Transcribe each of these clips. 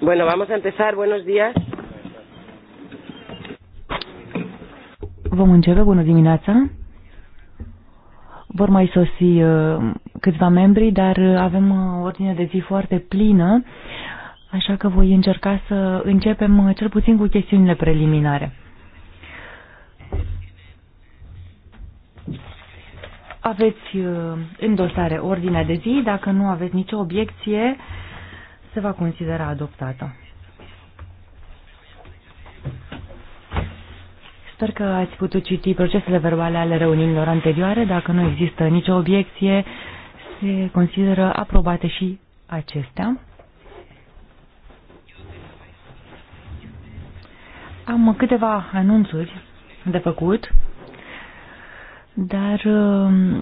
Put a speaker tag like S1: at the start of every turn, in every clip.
S1: Bueno, vamos a empezar. Buenos días. Vom începe. Bună dimineața. Vor mai sosi uh, câțiva membri, dar uh, avem uh, o ordine de zi foarte plină așa că voi încerca să începem uh, cel puțin cu chestiunile preliminare. Aveți uh, în dosare ordinea de zi, dacă nu aveți nicio obiecție, se va considera adoptată. Sper că ați putut citi procesele verbale ale reuniunilor anterioare. Dacă nu există nicio obiecție, se consideră aprobate și acestea. Am câteva anunțuri de făcut, dar uh,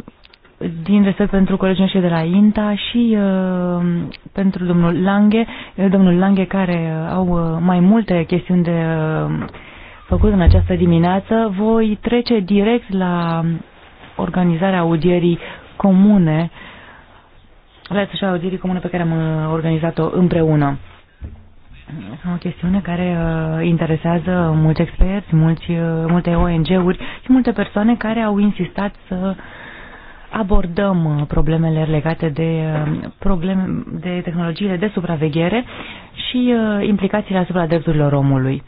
S1: din respect pentru colegii noștri de la INTA și uh, pentru domnul Lange, domnul Lange care uh, au mai multe chestiuni de făcut în această dimineață, voi trece direct la organizarea audierii comune, la audierii comune pe care am organizat-o împreună. O chestiune care uh, interesează mulți experți, mulți, uh, multe ONG-uri și multe persoane care au insistat să abordăm uh, problemele legate de, uh, probleme, de tehnologiile de supraveghere și uh, implicațiile asupra drepturilor omului.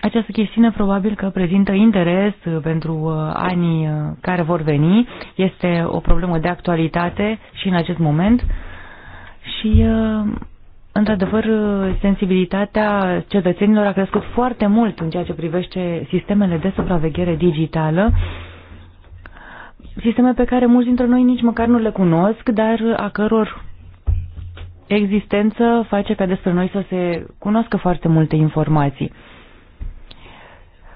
S1: Această chestiune probabil că prezintă interes uh, pentru uh, anii care vor veni. Este o problemă de actualitate și în acest moment și uh, Într-adevăr, sensibilitatea cetățenilor a crescut foarte mult în ceea ce privește sistemele de supraveghere digitală, sisteme pe care mulți dintre noi nici măcar nu le cunosc, dar a căror existență face ca despre noi să se cunoască foarte multe informații.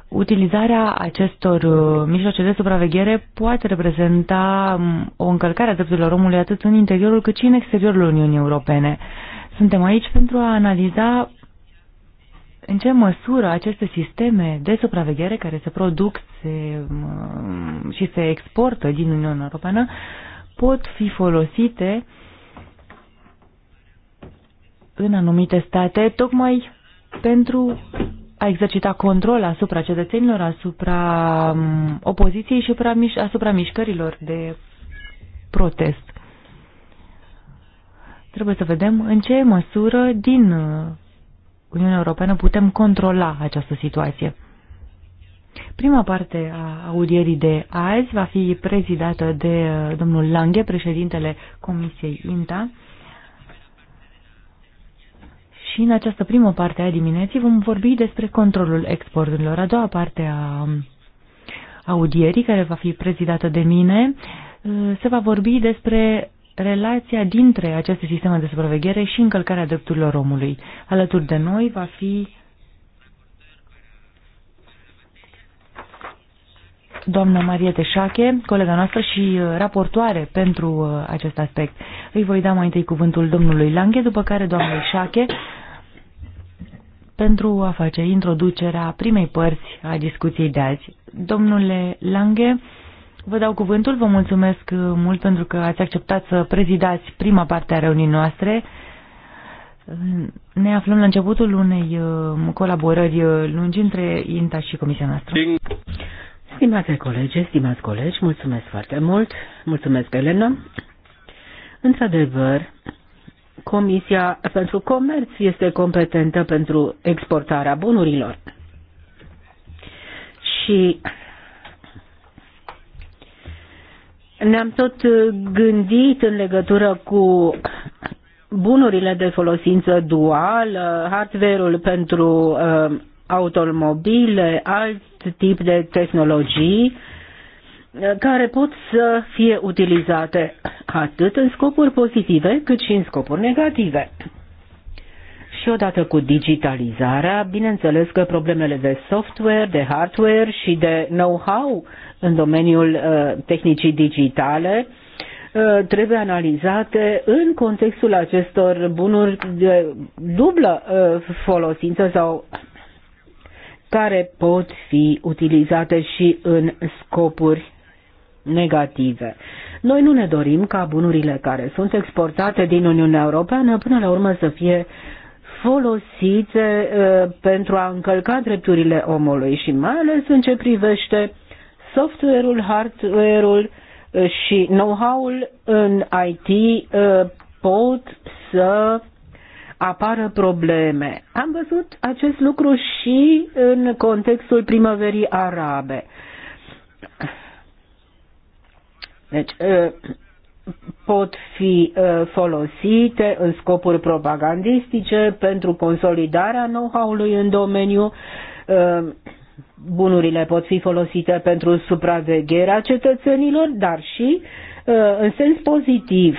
S1: Utilizarea acestor uh, mijloace de supraveghere poate reprezenta um, o încălcare a drepturilor omului atât în interiorul cât și în exteriorul Uniunii Europene. Suntem aici pentru a analiza în ce măsură aceste sisteme de supraveghere care se produc se, uh, și se exportă din Uniunea Europeană pot fi folosite în anumite state tocmai pentru a exercita control asupra cetățenilor, asupra um, opoziției și asupra mișcărilor de protest. Trebuie să vedem în ce măsură din uh, Uniunea Europeană putem controla această situație. Prima parte a audierii de azi va fi prezidată de uh, domnul Lange, președintele Comisiei INTA. Și în această primă parte a dimineții vom vorbi despre controlul exporturilor. A doua parte a um, audierii, care va fi prezidată de mine, uh, se va vorbi despre relația dintre aceste sisteme de supraveghere și încălcarea drepturilor omului. Alături de noi va fi doamna Maria Teșache, colega noastră și uh, raportoare pentru uh, acest aspect. Îi voi da mai întâi cuvântul domnului Lange, după care doamna Teșache, pentru a face introducerea primei părți a discuției de azi. Domnule Lange, Vă dau cuvântul, vă mulțumesc uh, mult pentru că ați acceptat să prezidați prima parte a reunii noastre. Ne aflăm la începutul unei uh, colaborări uh, lungi între INTA și Comisia noastră. Stimate colegi, stimați colegi, mulțumesc foarte mult. Mulțumesc, Elena. Într-adevăr,
S2: Comisia pentru Comerț este competentă pentru exportarea bunurilor. Și ne-am tot uh, gândit în legătură cu bunurile de folosință duală, hardware-ul pentru uh, automobile, alt tip de tehnologii uh, care pot să fie utilizate atât în scopuri pozitive cât și în scopuri negative. Și odată cu digitalizarea, bineînțeles că problemele de software, de hardware și de know-how în domeniul uh, tehnicii digitale uh, trebuie analizate în contextul acestor bunuri de dublă uh, folosință sau care pot fi utilizate și în scopuri negative. Noi nu ne dorim ca bunurile care sunt exportate din Uniunea Europeană până la urmă să fie folosite uh, pentru a încălca drepturile omului și mai ales în ce privește software-ul, hardware-ul uh, și know-how-ul în IT uh, pot să apară probleme. Am văzut acest lucru și în contextul primăverii arabe. Deci, uh, pot fi folosite în scopuri propagandistice pentru consolidarea know-how-ului în domeniu bunurile pot fi folosite pentru supravegherea cetățenilor, dar și uh, în sens pozitiv.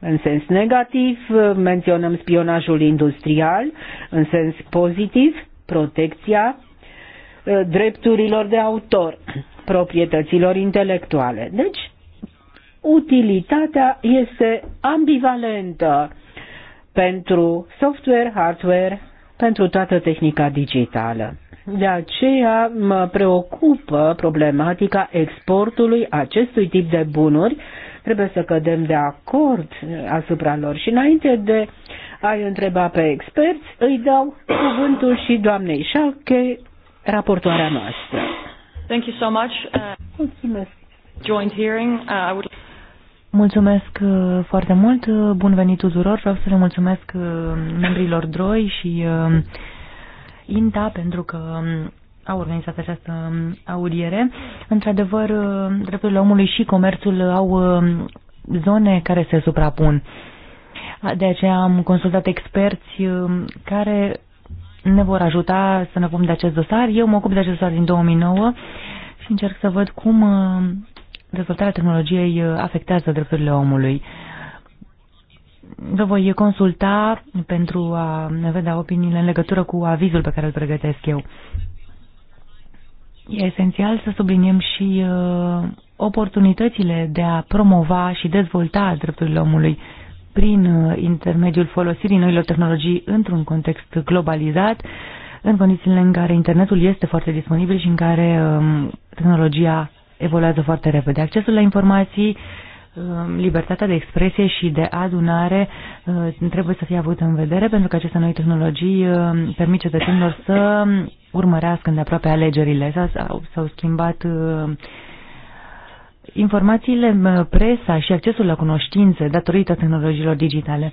S2: În sens negativ, uh, menționăm spionajul industrial, în sens pozitiv, protecția uh, drepturilor de autor, proprietăților intelectuale. Deci, utilitatea este ambivalentă pentru software, hardware, pentru toată tehnica digitală. De aceea mă preocupă problematica exportului acestui tip de bunuri. Trebuie să cădem de acord asupra lor. Și înainte de a-i întreba pe experți, îi dau cuvântul și doamnei Șalche, raportoarea noastră.
S1: Thank you so much. Uh, mulțumesc. Joint hearing. Uh, I would... Mulțumesc uh, foarte mult, bun venit tuturor, vreau să le mulțumesc uh, membrilor DROI și INTA pentru că um, au organizat această um, audiere. Într-adevăr, uh, drepturile omului și comerțul au um, zone care se suprapun. De aceea am consultat experți care ne vor ajuta să ne ocupăm de acest dosar. Eu mă ocup de acest dosar din 2009 și încerc să văd cum dezvoltarea tehnologiei uh, afectează drepturile omului vă voi consulta pentru a ne vedea opiniile în legătură cu avizul pe care îl pregătesc eu. E esențial să subliniem și uh, oportunitățile de a promova și dezvolta drepturile omului prin uh, intermediul folosirii noilor tehnologii într-un context globalizat, în condițiile în care internetul este foarte disponibil și în care uh, tehnologia evoluează foarte repede. Accesul la informații, Um, libertatea de expresie și de adunare uh, trebuie să fie avută în vedere pentru că aceste noi tehnologii uh, permit cetățenilor să urmărească îndeaproape alegerile. S-au schimbat uh, informațiile, presa și accesul la cunoștințe datorită tehnologiilor digitale.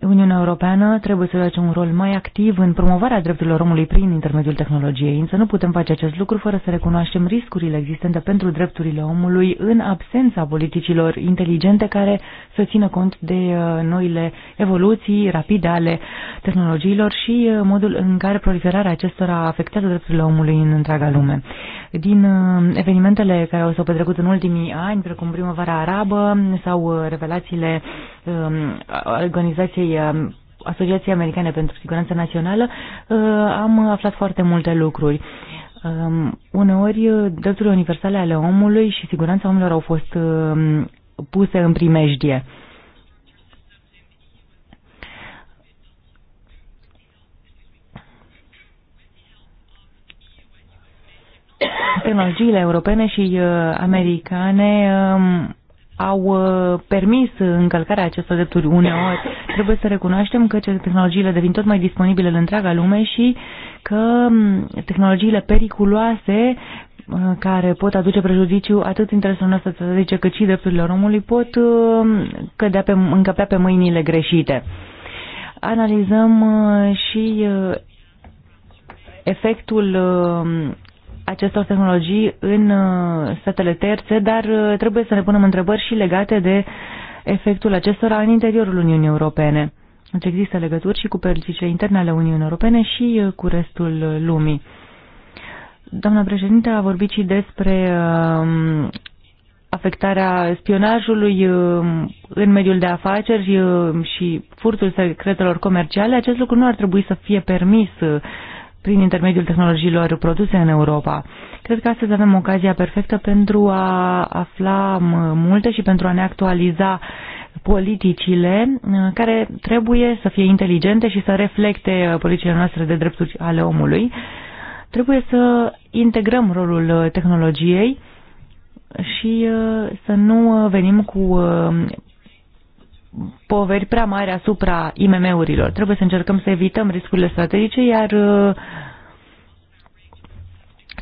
S1: Uniunea Europeană trebuie să joace un rol mai activ în promovarea drepturilor omului prin intermediul tehnologiei, însă nu putem face acest lucru fără să recunoaștem riscurile existente pentru drepturile omului în absența politicilor inteligente care să țină cont de noile evoluții rapide ale tehnologiilor și modul în care proliferarea acestora afectează drepturile omului în întreaga lume. Din evenimentele care au s-au petrecut în ultimii ani, precum primăvara arabă sau uh, revelațiile um, organizației um, Asociației Americane pentru Siguranță Națională, uh, am aflat foarte multe lucruri. Um, uneori, uh, drepturile universale ale omului și siguranța omilor au fost puse în primejdie. tehnologiile europene și uh, americane um, au uh, permis încălcarea acestor drepturi uneori. Trebuie să recunoaștem că tehnologiile devin tot mai disponibile în întreaga lume și că um, tehnologiile periculoase uh, care pot aduce prejudiciu atât interesul nostru zice cât și drepturile omului pot um, cădea pe, încăpea pe mâinile greșite. Analizăm și efectul acestor tehnologii în uh, statele terțe, dar uh, trebuie să ne punem întrebări și legate de efectul acestora în interiorul Uniunii Europene. Deci există legături și cu politicile interne ale Uniunii Europene și uh, cu restul lumii. Doamna președinte a vorbit și despre um, afectarea spionajului um, în mediul de afaceri um, și furtul secretelor comerciale. Acest lucru nu ar trebui să fie permis prin intermediul tehnologiilor produse în Europa. Cred că astăzi avem ocazia perfectă pentru a afla multe și pentru a ne actualiza politicile care trebuie să fie inteligente și să reflecte uh, politicile noastre de drepturi ale omului. Trebuie să integrăm rolul uh, tehnologiei și uh, să nu venim cu poveri prea mari asupra IMM-urilor. Trebuie să încercăm să evităm riscurile strategice, iar uh,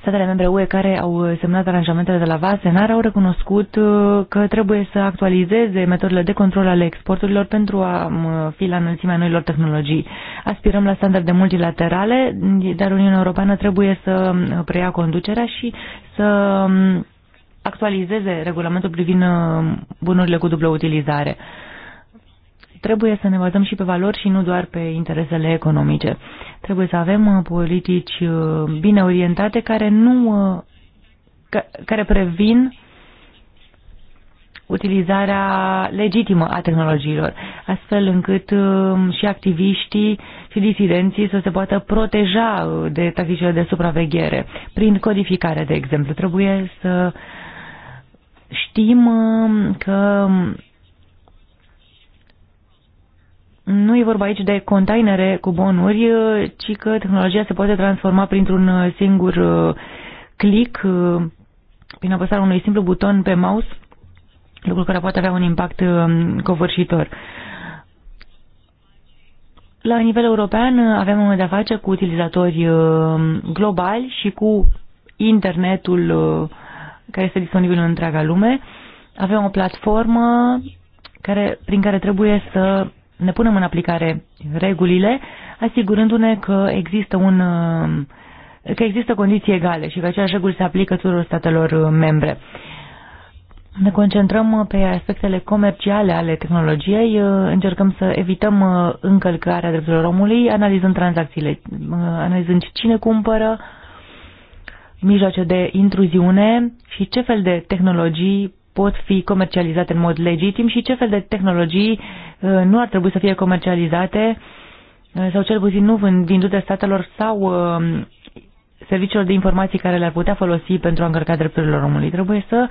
S1: statele membre UE care au semnat aranjamentele de la Vasenar au recunoscut uh, că trebuie să actualizeze metodele de control ale exporturilor pentru a um, fi la înălțimea noilor tehnologii. Aspirăm la standarde multilaterale, dar Uniunea Europeană trebuie să um, preia conducerea și să um, actualizeze regulamentul privind bunurile cu dublă utilizare trebuie să ne bazăm și pe valori și nu doar pe interesele economice. Trebuie să avem uh, politici uh, bine orientate care nu uh, care previn utilizarea legitimă a tehnologiilor, astfel încât și activiștii și disidenții să se poată proteja de tacticile de supraveghere prin codificare, de exemplu. Trebuie să știm că nu e vorba aici de containere cu bonuri, ci că tehnologia se poate transforma printr-un singur uh, click, uh, prin apăsarea unui simplu buton pe mouse, lucru care poate avea un impact um, covârșitor. La nivel european uh, avem de-a face cu utilizatori globali și cu internetul care este disponibil în întreaga lume. Avem o platformă care, prin care trebuie să ne punem în aplicare regulile, asigurându-ne că există un că există condiții egale și că aceleași reguli se aplică tuturor statelor membre. Ne concentrăm pe aspectele comerciale ale tehnologiei, încercăm să evităm încălcarea drepturilor omului, analizând tranzacțiile, analizând cine cumpără, mijloace de intruziune și ce fel de tehnologii pot fi comercializate în mod legitim și ce fel de tehnologii uh, nu ar trebui să fie comercializate uh, sau cel puțin nu vândute statelor sau uh, serviciilor de informații care le-ar putea folosi pentru a încărca drepturile omului. Trebuie să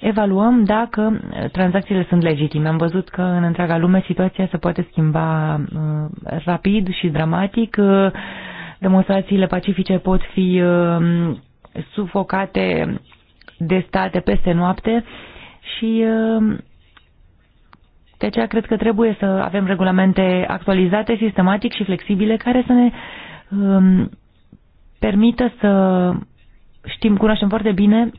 S1: evaluăm dacă tranzacțiile sunt legitime. Am văzut că în întreaga lume situația se poate schimba rapid și dramatic. Demonstrațiile pacifice pot fi sufocate de state peste noapte și uh, de aceea cred că trebuie să avem regulamente actualizate, sistematic și flexibile, care să ne um, permită să știm, cunoaștem foarte bine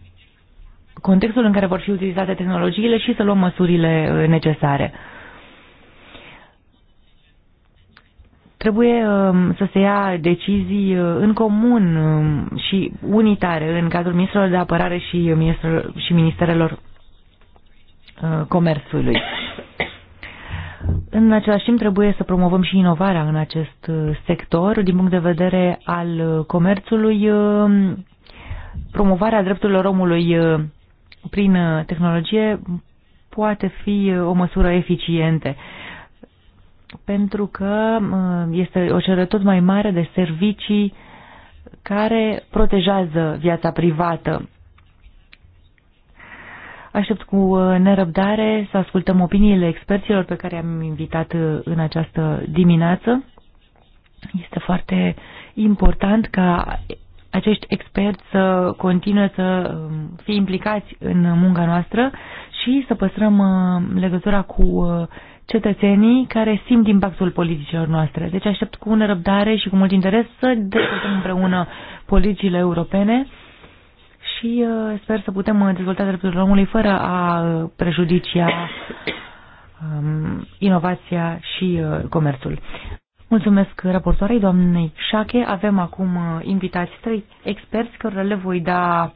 S1: contextul în care vor fi utilizate tehnologiile și să luăm măsurile uh, necesare. Trebuie um, să se ia decizii uh, în comun um, și unitare în cadrul ministrilor de apărare și, uh, și ministerelor Uh, comerțului. În același timp trebuie să promovăm și inovarea în acest uh, sector din punct de vedere al uh, comerțului, promovarea drepturilor omului prin tehnologie poate fi o măsură eficientă pentru că este o cerere tot mai mare de servicii care protejează viața privată Aștept cu uh, nerăbdare să ascultăm opiniile experților pe care am invitat uh, în această dimineață. Este foarte important ca acești experți să continue să um, fie implicați în munca noastră și să păstrăm uh, legătura cu cetățenii care simt impactul politicilor noastre. Deci aștept cu nerăbdare și cu mult interes să dezvoltăm împreună politicile europene și uh, sper să putem uh, dezvolta drepturile omului fără a uh, prejudicia um, inovația și comerțul. Mulțumesc raportoarei doamnei Șache. Avem acum invitați trei experți care le voi da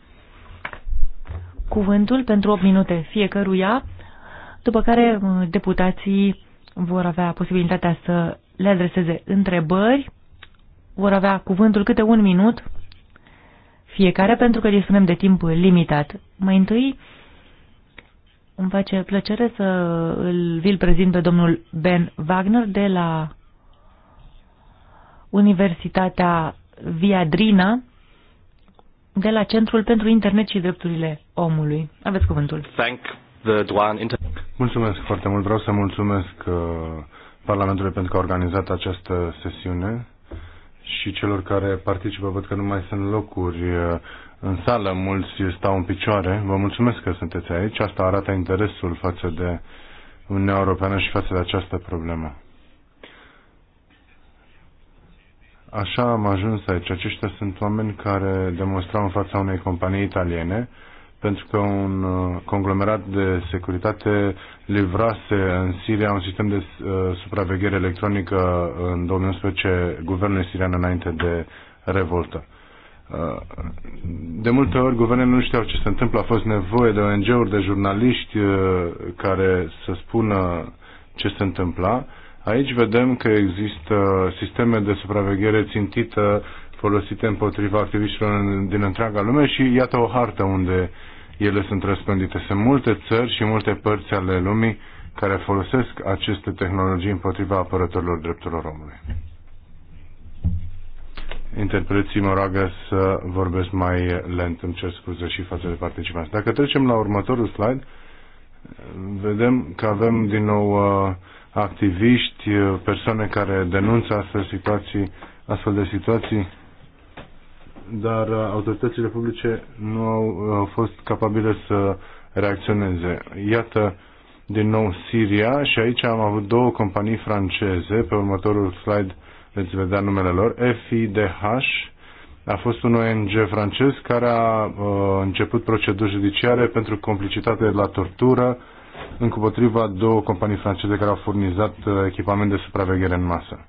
S1: cuvântul pentru 8 minute fiecăruia, după care deputații vor avea posibilitatea să le adreseze întrebări, vor avea cuvântul câte un minut fiecare pentru că dispunem de timp limitat. Mai întâi îmi face plăcere să îl vi-l prezint pe domnul Ben Wagner de la Universitatea Viadrina de la Centrul pentru Internet și Drepturile Omului. Aveți cuvântul.
S3: Thank the Duan Mulțumesc foarte mult. Vreau să mulțumesc uh, Parlamentului pentru că a organizat această sesiune și celor care participă văd că nu mai sunt locuri uh, în sală, mulți stau în picioare. Vă mulțumesc că sunteți aici. Asta arată interesul față de Uniunea Europeană și față de această problemă. Așa am ajuns aici. Aceștia sunt oameni care demonstrau în fața unei companii italiene pentru că un uh, conglomerat de securitate livrase în Siria un sistem de uh, supraveghere electronică în 2011 guvernul sirian înainte de revoltă. Uh, de multe ori, guvernele nu știau ce se întâmplă. A fost nevoie de ONG-uri, de jurnaliști care să spună ce se întâmpla. Aici vedem că există sisteme de supraveghere țintită folosite împotriva activiștilor din întreaga lume și iată o hartă unde ele sunt răspândite. Sunt multe țări și multe părți ale lumii care folosesc aceste tehnologii împotriva apărătorilor drepturilor omului. Interpreții mă roagă să vorbesc mai lent, îmi cer scuze și față de participanți. Dacă trecem la următorul slide, vedem că avem din nou uh, activiști, uh, persoane care denunță astfel, situații, astfel de situații dar uh, autoritățile publice nu au, uh, au fost capabile să reacționeze. Iată din nou Siria și aici am avut două companii franceze, pe următorul slide veți vedea numele lor, FIDH, a fost un ONG francez care a uh, început proceduri judiciare pentru complicitate la tortură împotriva două companii franceze care au furnizat uh, echipament de supraveghere în masă.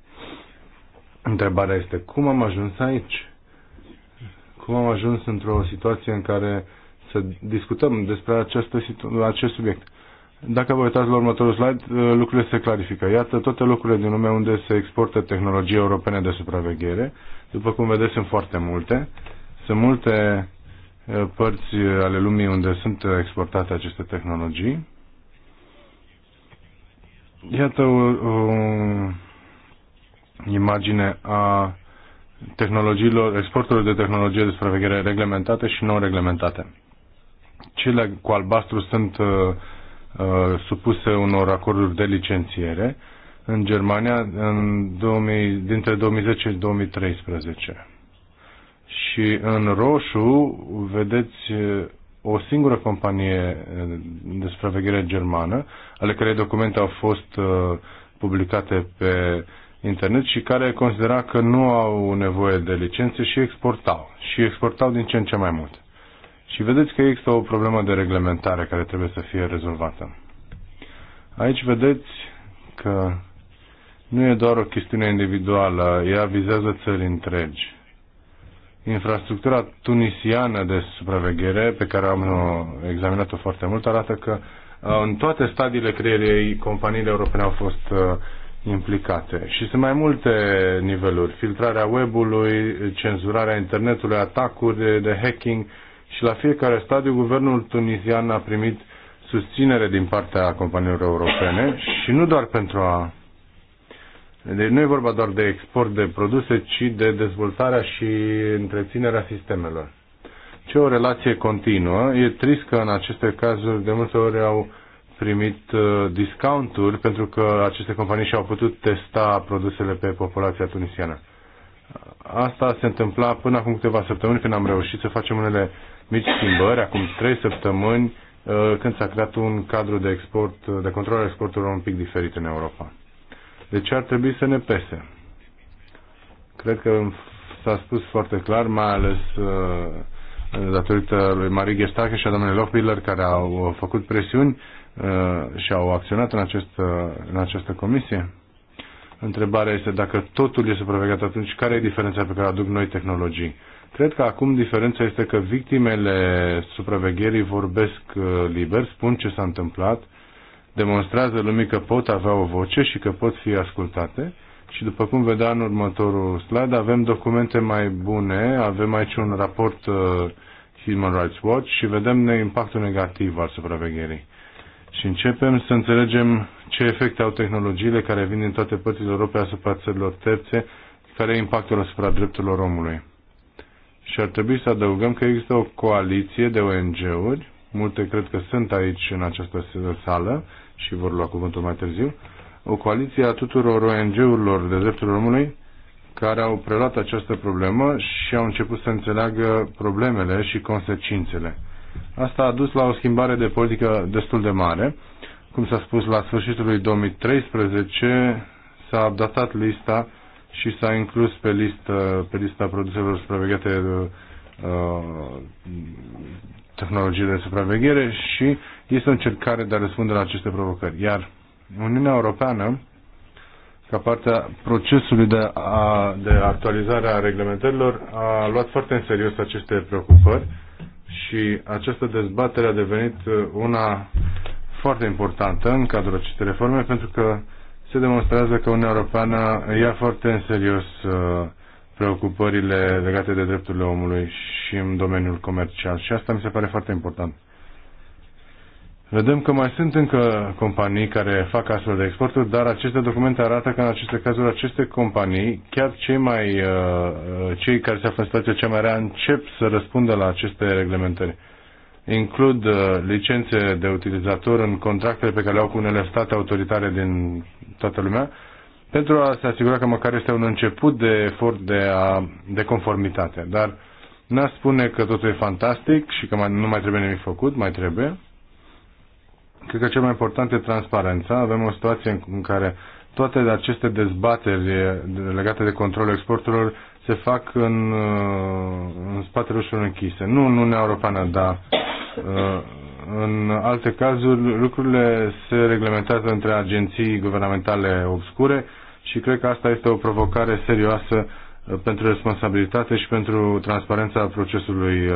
S3: Întrebarea este cum am ajuns aici? cum am ajuns într-o situație în care să discutăm despre această, acest subiect. Dacă vă uitați la următorul slide, uh, lucrurile se clarifică. Iată toate locurile din lume unde se exportă tehnologie europene de supraveghere. După cum vedeți, sunt foarte multe. Sunt multe uh, părți ale lumii unde sunt exportate aceste tehnologii. Iată o, o imagine a tehnologiilor, exporturilor de tehnologie de supraveghere reglementate și non-reglementate. Cele cu albastru sunt uh, uh, supuse unor acorduri de licențiere în Germania în 2000, dintre 2010 și 2013. Și în roșu vedeți uh, o singură companie uh, de supraveghere germană, ale cărei documente au fost uh, publicate pe internet și care considera că nu au nevoie de licențe și exportau. Și exportau din ce în ce mai mult. Și vedeți că există o problemă de reglementare care trebuie să fie rezolvată. Aici vedeți că nu e doar o chestiune individuală, ea vizează țări întregi. Infrastructura tunisiană de supraveghere, pe care am uh, examinat-o foarte mult, arată că uh, în toate stadiile creierii companiile europene au fost uh, implicate. Și sunt mai multe niveluri. Filtrarea webului, cenzurarea internetului, atacuri de, de hacking și la fiecare stadiu guvernul tunisian a primit susținere din partea companiilor europene și nu doar pentru a deci nu e vorba doar de export de produse, ci de dezvoltarea și întreținerea sistemelor. Ce o relație continuă. E trist că în aceste cazuri de multe ori au primit uh, discounturi pentru că aceste companii și-au putut testa produsele pe populația tunisiană. Asta se întâmpla până acum câteva săptămâni când am reușit să facem unele mici schimbări, acum trei săptămâni, uh, când s-a creat un cadru de export, de control al exporturilor un pic diferit în Europa. Deci ar trebui să ne pese. Cred că s-a spus foarte clar, mai ales uh, datorită lui Marie Gestache și a domnului Lochbiller, care au făcut presiuni, Uh, și au acționat în, acest, uh, în această comisie? Întrebarea este dacă totul este supravegat atunci, care e diferența pe care aduc noi tehnologii? Cred că acum diferența este că victimele supravegherii vorbesc uh, liber, spun ce s-a întâmplat, demonstrează lumii că pot avea o voce și că pot fi ascultate și după cum vedea în următorul slide, avem documente mai bune, avem aici un raport uh, Human Rights Watch și vedem impactul negativ al supravegherii și începem să înțelegem ce efecte au tehnologiile care vin din toate părțile Europei asupra țărilor terțe, care e impactul asupra drepturilor omului. Și ar trebui să adăugăm că există o coaliție de ONG-uri, multe cred că sunt aici în această sală și vor lua cuvântul mai târziu, o coaliție a tuturor ONG-urilor de drepturile omului care au preluat această problemă și au început să înțeleagă problemele și consecințele. Asta a dus la o schimbare de politică destul de mare. Cum s-a spus, la sfârșitul lui 2013 s-a updatat lista și s-a inclus pe, listă, pe lista produselor supravegheate de uh, tehnologie de supraveghere și este o încercare de a răspunde la aceste provocări. Iar Uniunea Europeană, ca parte a procesului de, a, de actualizare a reglementărilor, a luat foarte în serios aceste preocupări și această dezbatere a devenit uh, una foarte importantă în cadrul acestei reforme pentru că se demonstrează că Uniunea Europeană ia foarte în serios uh, preocupările legate de drepturile omului și în domeniul comercial și asta mi se pare foarte important. Vedem că mai sunt încă companii care fac astfel de exporturi, dar aceste documente arată că în aceste cazuri aceste companii, chiar cei, mai, uh, uh, cei care se află în situația cea mai rea, încep să răspundă la aceste reglementări. Includ uh, licențe de utilizator în contractele pe care le au cu unele state autoritare din toată lumea, pentru a se asigura că măcar este un început de efort de, a, de conformitate. Dar n-a spune că totul e fantastic și că mai, nu mai trebuie nimic făcut, mai trebuie Cred că cel mai important e transparența. Avem o situație în care toate aceste dezbateri legate de controlul exporturilor se fac în, uh, în spatele ușor închise. Nu în Uniunea Europeană, dar uh, în alte cazuri lucrurile se reglementează între agenții guvernamentale obscure și cred că asta este o provocare serioasă uh, pentru responsabilitate și pentru transparența procesului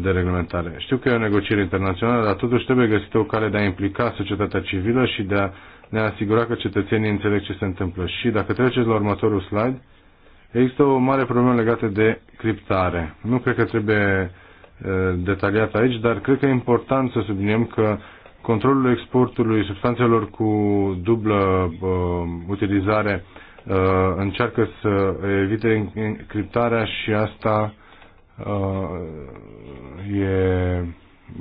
S3: de reglementare. Știu că e o negociere internațională, dar totuși trebuie găsită o cale de a implica societatea civilă și de a ne asigura că cetățenii înțeleg ce se întâmplă. Și dacă treceți la următorul slide, există o mare problemă legată de criptare. Nu cred că trebuie detaliat aici, dar cred că e important să subliniem că controlul exportului substanțelor cu dublă uh, utilizare uh, încearcă să evite criptarea și asta uh, Uh, e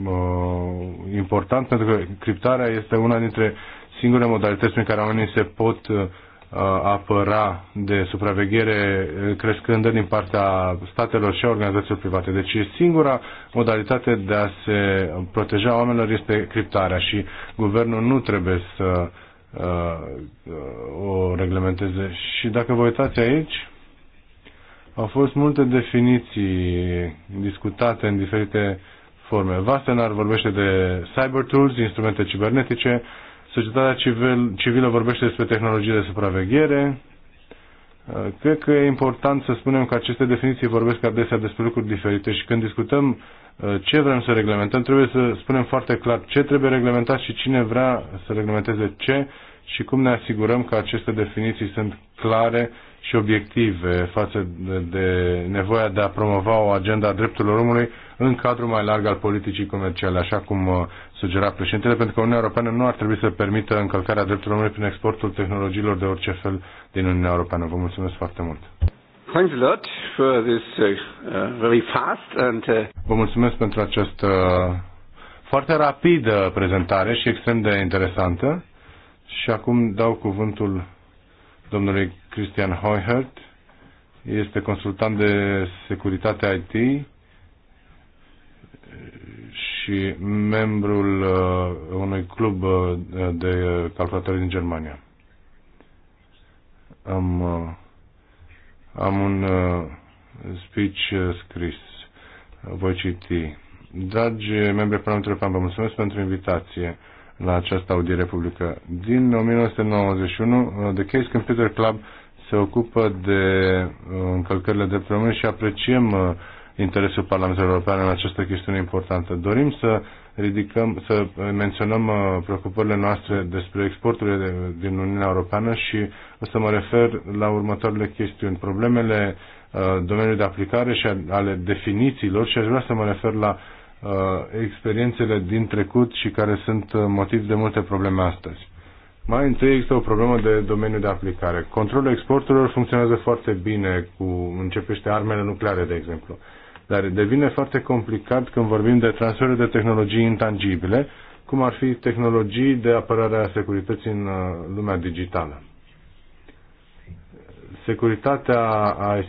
S3: uh, important pentru că criptarea este una dintre singure modalități prin care oamenii se pot uh, apăra de supraveghere crescândă din partea statelor și a organizațiilor private. Deci singura modalitate de a se proteja oamenilor este criptarea și guvernul nu trebuie să o reglementeze. Și dacă vă uitați aici, au fost multe definiții discutate în diferite forme. Vastenar vorbește de cyber tools, instrumente cibernetice, societatea civil, civilă vorbește despre tehnologie de supraveghere. Uh, cred că e important să spunem că aceste definiții vorbesc adesea despre lucruri diferite și când discutăm uh, ce vrem să reglementăm, trebuie să spunem foarte clar ce trebuie reglementat și cine vrea să reglementeze ce și cum ne asigurăm că aceste definiții sunt clare și obiective față de nevoia de a promova o agenda a drepturilor omului în cadrul mai larg al politicii comerciale, așa cum uh, sugera președintele, pentru că Uniunea Europeană nu ar trebui să permită încălcarea drepturilor omului prin exportul tehnologiilor de orice fel din Uniunea Europeană. Vă mulțumesc foarte mult!
S2: Thanks a lot
S4: for this uh, very fast and uh...
S3: Vă mulțumesc pentru această uh, foarte rapidă prezentare și extrem de interesantă. Și acum dau cuvântul domnului Christian Hoyhert, este consultant de securitate IT și membrul uh, unui club uh, de calculatori din Germania. Am, uh, am un speech scris. Voi citi. Dragi membri Parlamentului European, vă mulțumesc pentru invitație la această audiere publică. Din 1991, The Case Computer Club se ocupă de uh, încălcările de omului și apreciem uh, interesul Parlamentului European în această chestiune importantă. Dorim să ridicăm, să uh, menționăm preocupările noastre despre exporturile din Uniunea Europeană și o să mă refer la următoarele chestiuni. Problemele domeniului de aplicare și ale definițiilor și aș vrea să mă refer la experiențele din trecut și care sunt motiv de multe probleme astăzi. Mai întâi există o problemă de domeniu de aplicare. Controlul exporturilor funcționează foarte bine cu începește armele nucleare, de exemplu. Dar devine foarte complicat când vorbim de transferul de tehnologii intangibile, cum ar fi tehnologii de apărare a securității în uh, lumea digitală. Securitatea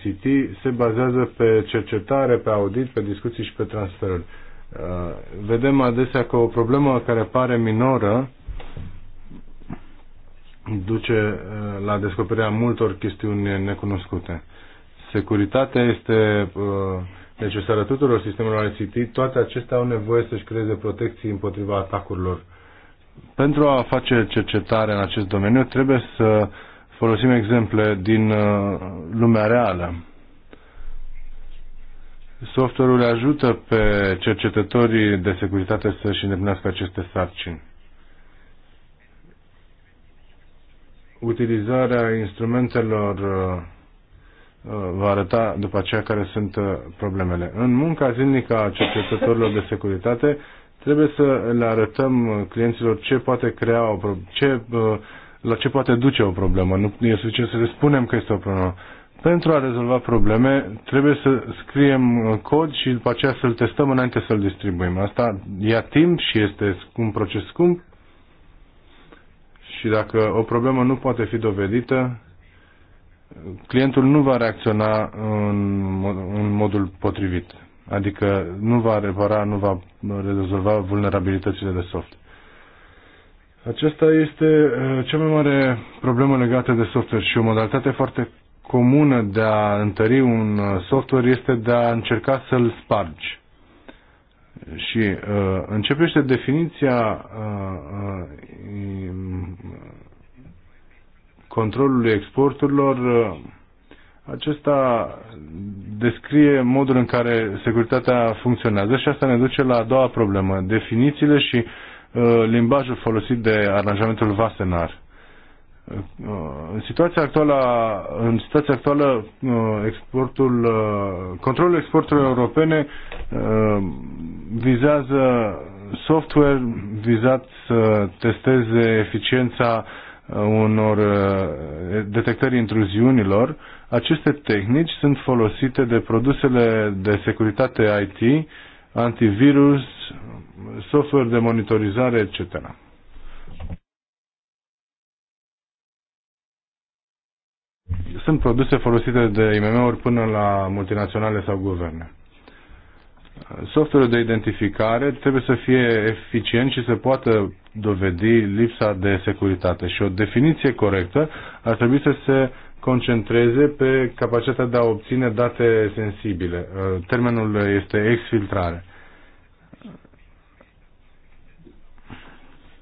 S3: ICT se bazează pe cercetare, pe audit, pe discuții și pe transferuri. Uh, vedem adesea că o problemă care pare minoră duce uh, la descoperirea multor chestiuni necunoscute. Securitatea este uh, necesară tuturor sistemelor ICT, toate acestea au nevoie să-și creeze protecții împotriva atacurilor. Pentru a face cercetare în acest domeniu, trebuie să folosim exemple din uh, lumea reală. Software-ul ajută pe cercetătorii de securitate să-și îndeplinească aceste sarcini. utilizarea instrumentelor uh, uh, va arăta după aceea care sunt uh, problemele. În munca zilnică a cercetătorilor de securitate trebuie să le arătăm clienților ce poate crea o ce, la ce poate duce o problemă. Nu e suficient să le spunem că este o problemă. Pentru a rezolva probleme trebuie să scriem cod și după aceea să-l testăm înainte să-l distribuim. Asta ia timp și este un proces scump și dacă o problemă nu poate fi dovedită, clientul nu va reacționa în, în modul potrivit. Adică nu va repara, nu va rezolva vulnerabilitățile de soft. Aceasta este uh, cea mai mare problemă legată de software și o modalitate foarte comună de a întări un uh, software este de a încerca să-l spargi. Și uh, începește definiția uh, uh, controlului exporturilor. Uh, acesta descrie modul în care securitatea funcționează și asta ne duce la a doua problemă, definițiile și uh, limbajul folosit de aranjamentul Vasenar. Uh, în situația actuală, în situația actuală uh, exportul, uh, controlul exporturilor europene vizează software vizat să testeze eficiența unor detectări intruziunilor. Aceste tehnici sunt folosite de produsele de securitate IT, antivirus, software de monitorizare, etc. sunt produse folosite de IMM-uri până la multinaționale sau guverne. Softurile de identificare trebuie să fie eficient și să poată dovedi lipsa de securitate și o definiție corectă ar trebui să se concentreze pe capacitatea de a obține date sensibile. Uh, termenul este exfiltrare.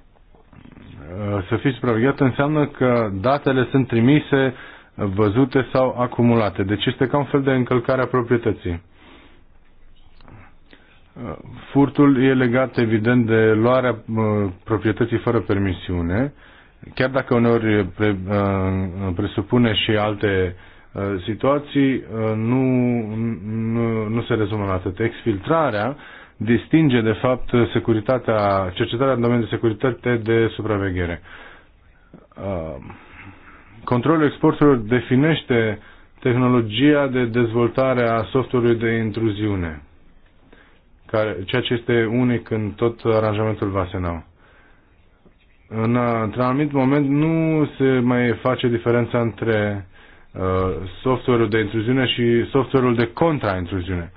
S3: Uh, să fiți supravegheat înseamnă că datele sunt trimise văzute sau acumulate. Deci este ca un fel de încălcare a proprietății. Furtul e legat, evident, de luarea uh, proprietății fără permisiune, chiar dacă uneori uh, uh, presupune și alte situații, nu, nu, nu se rezumă la atât. Exfiltrarea distinge, de fapt, securitatea, cercetarea în domeniul de securitate de supraveghere. Controlul exporturilor definește tehnologia de dezvoltare a softului de intruziune, care, ceea ce este unic în tot aranjamentul Vasenau. În, într-un anumit moment nu se mai face diferența între uh, software-ul de intruziune și software-ul de contraintruziune.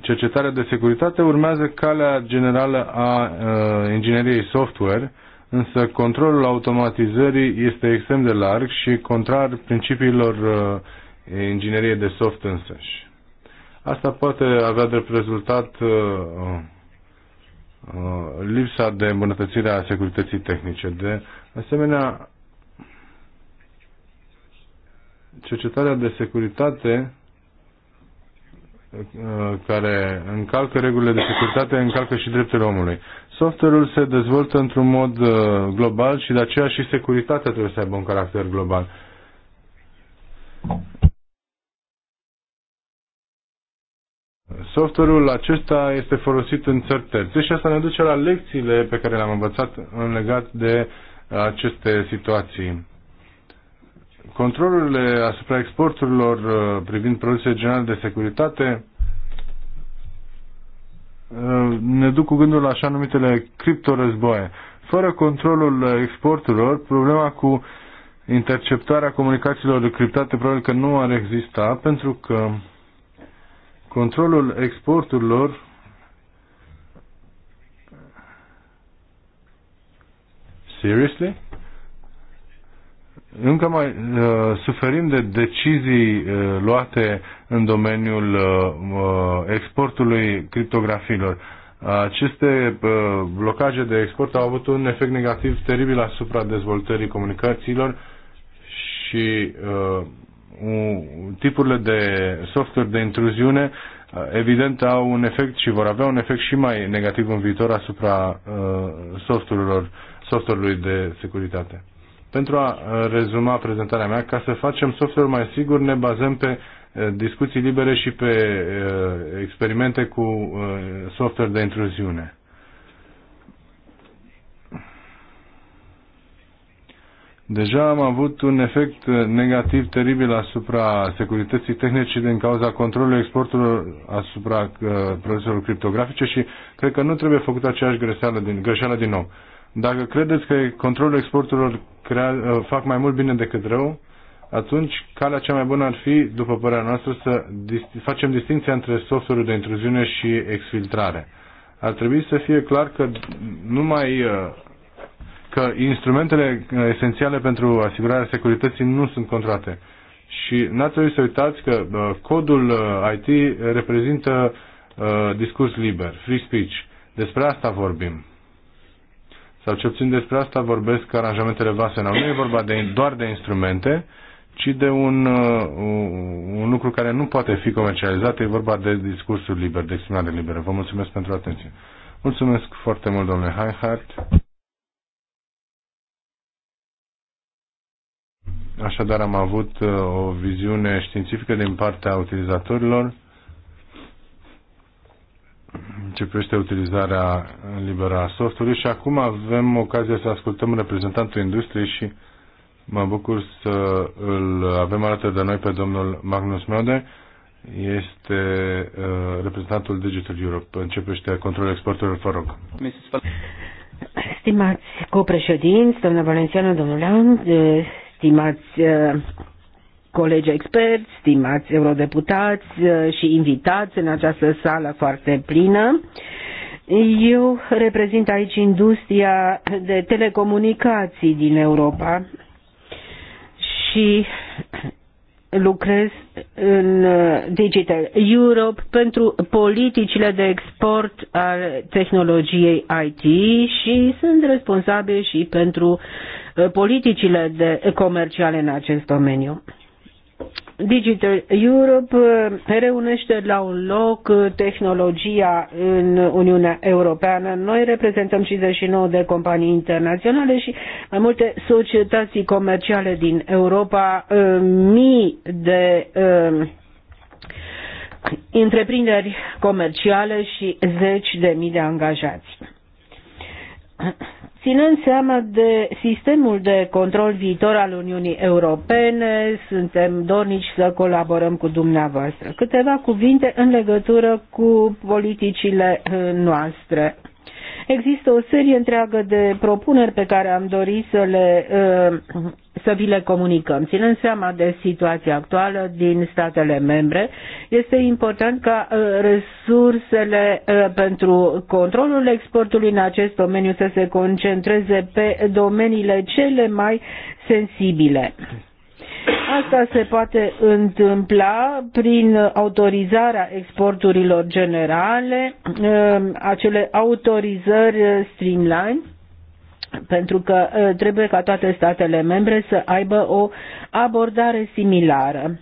S3: Cercetarea de securitate urmează calea generală a uh, ingineriei software uh, însă controlul automatizării este extrem de larg și contrar principiilor uh, ingineriei de soft însăși. Asta poate avea drept rezultat uh, uh, uh lipsa de îmbunătățire a securității tehnice. De asemenea, cercetarea de securitate care încalcă regulile de securitate, încalcă și drepturile omului. Software-ul se dezvoltă într-un mod uh, global și de aceea și securitatea trebuie să aibă un caracter global. Software-ul acesta este folosit în țări terțe și asta ne duce la lecțiile pe care le-am învățat în legat de aceste situații. Controlurile asupra exporturilor uh, privind produse generale de securitate uh, ne duc cu gândul la așa numitele criptorăzboaie. Fără controlul exporturilor, problema cu interceptarea comunicațiilor criptate probabil că nu ar exista, pentru că controlul exporturilor Seriously? încă mai uh, suferim de decizii uh, luate în domeniul uh, uh, exportului criptografiilor. Aceste uh, blocaje de export au avut un efect negativ teribil asupra dezvoltării comunicațiilor și uh, tipurile de software de intruziune uh, evident au un efect și vor avea un efect și mai negativ în viitor asupra uh, softurilor, software-ului de securitate. Pentru a rezuma prezentarea mea, ca să facem software mai sigur, ne bazăm pe discuții libere și pe experimente cu software de intruziune. Deja am avut un efect negativ teribil asupra securității tehnice din cauza controlului exporturilor asupra uh, produselor criptografice și cred că nu trebuie făcut aceeași greșeală din, greșeală din nou. Dacă credeți că controlul exporturilor crea, uh, fac mai mult bine decât rău, atunci calea cea mai bună ar fi, după părerea noastră, să dist- facem distinția între software de intruziune și exfiltrare. Ar trebui să fie clar că numai uh, că instrumentele uh, esențiale pentru asigurarea securității nu sunt controlate. Și n-ați trebui să uitați că codul IT reprezintă discurs liber, free speech. Despre asta vorbim sau cel puțin despre asta vorbesc aranjamentele Wassenaar. Nu e vorba de, doar de instrumente, ci de un, uh, un lucru care nu poate fi comercializat, e vorba de discursul liber, de exprimare liberă. Vă mulțumesc pentru atenție. Mulțumesc foarte mult, domnule Heinhardt. Așadar am avut uh, o viziune științifică din partea utilizatorilor ce privește utilizarea liberă a softului și acum avem ocazia să ascultăm reprezentantul industriei și mă bucur să îl avem alături de noi pe domnul Magnus Mode, este uh, reprezentantul Digital Europe, începește controlul exporturilor, vă rog.
S2: Stimați copreședinți, domnul Valențianu, domnul Leon, uh, stimați uh, colegi experți, stimați eurodeputați uh, și invitați în această sală foarte plină. Eu reprezint aici industria de telecomunicații din Europa și lucrez în uh, Digital Europe pentru politicile de export al tehnologiei IT și sunt responsabil și pentru uh, politicile de comerciale în acest domeniu. Digital Europe uh, reunește la un loc uh, tehnologia în Uniunea Europeană. Noi reprezentăm 59 de companii internaționale și mai multe societății comerciale din Europa, uh, mii de întreprinderi comerciale și zeci de mii de angajați Ținând seama de sistemul de control viitor al Uniunii Europene, suntem dornici să colaborăm cu dumneavoastră. Câteva cuvinte în legătură cu politicile noastre. Există o serie întreagă de propuneri pe care am dorit să, le, uh, să vi le comunicăm. Ținând seama de situația actuală din statele membre, este important ca uh, resursele uh, pentru controlul exportului în acest domeniu să se concentreze pe domeniile cele mai sensibile. Asta se poate întâmpla prin autorizarea exporturilor generale, um, acele autorizări streamline, pentru că uh, trebuie ca toate statele membre să aibă o abordare similară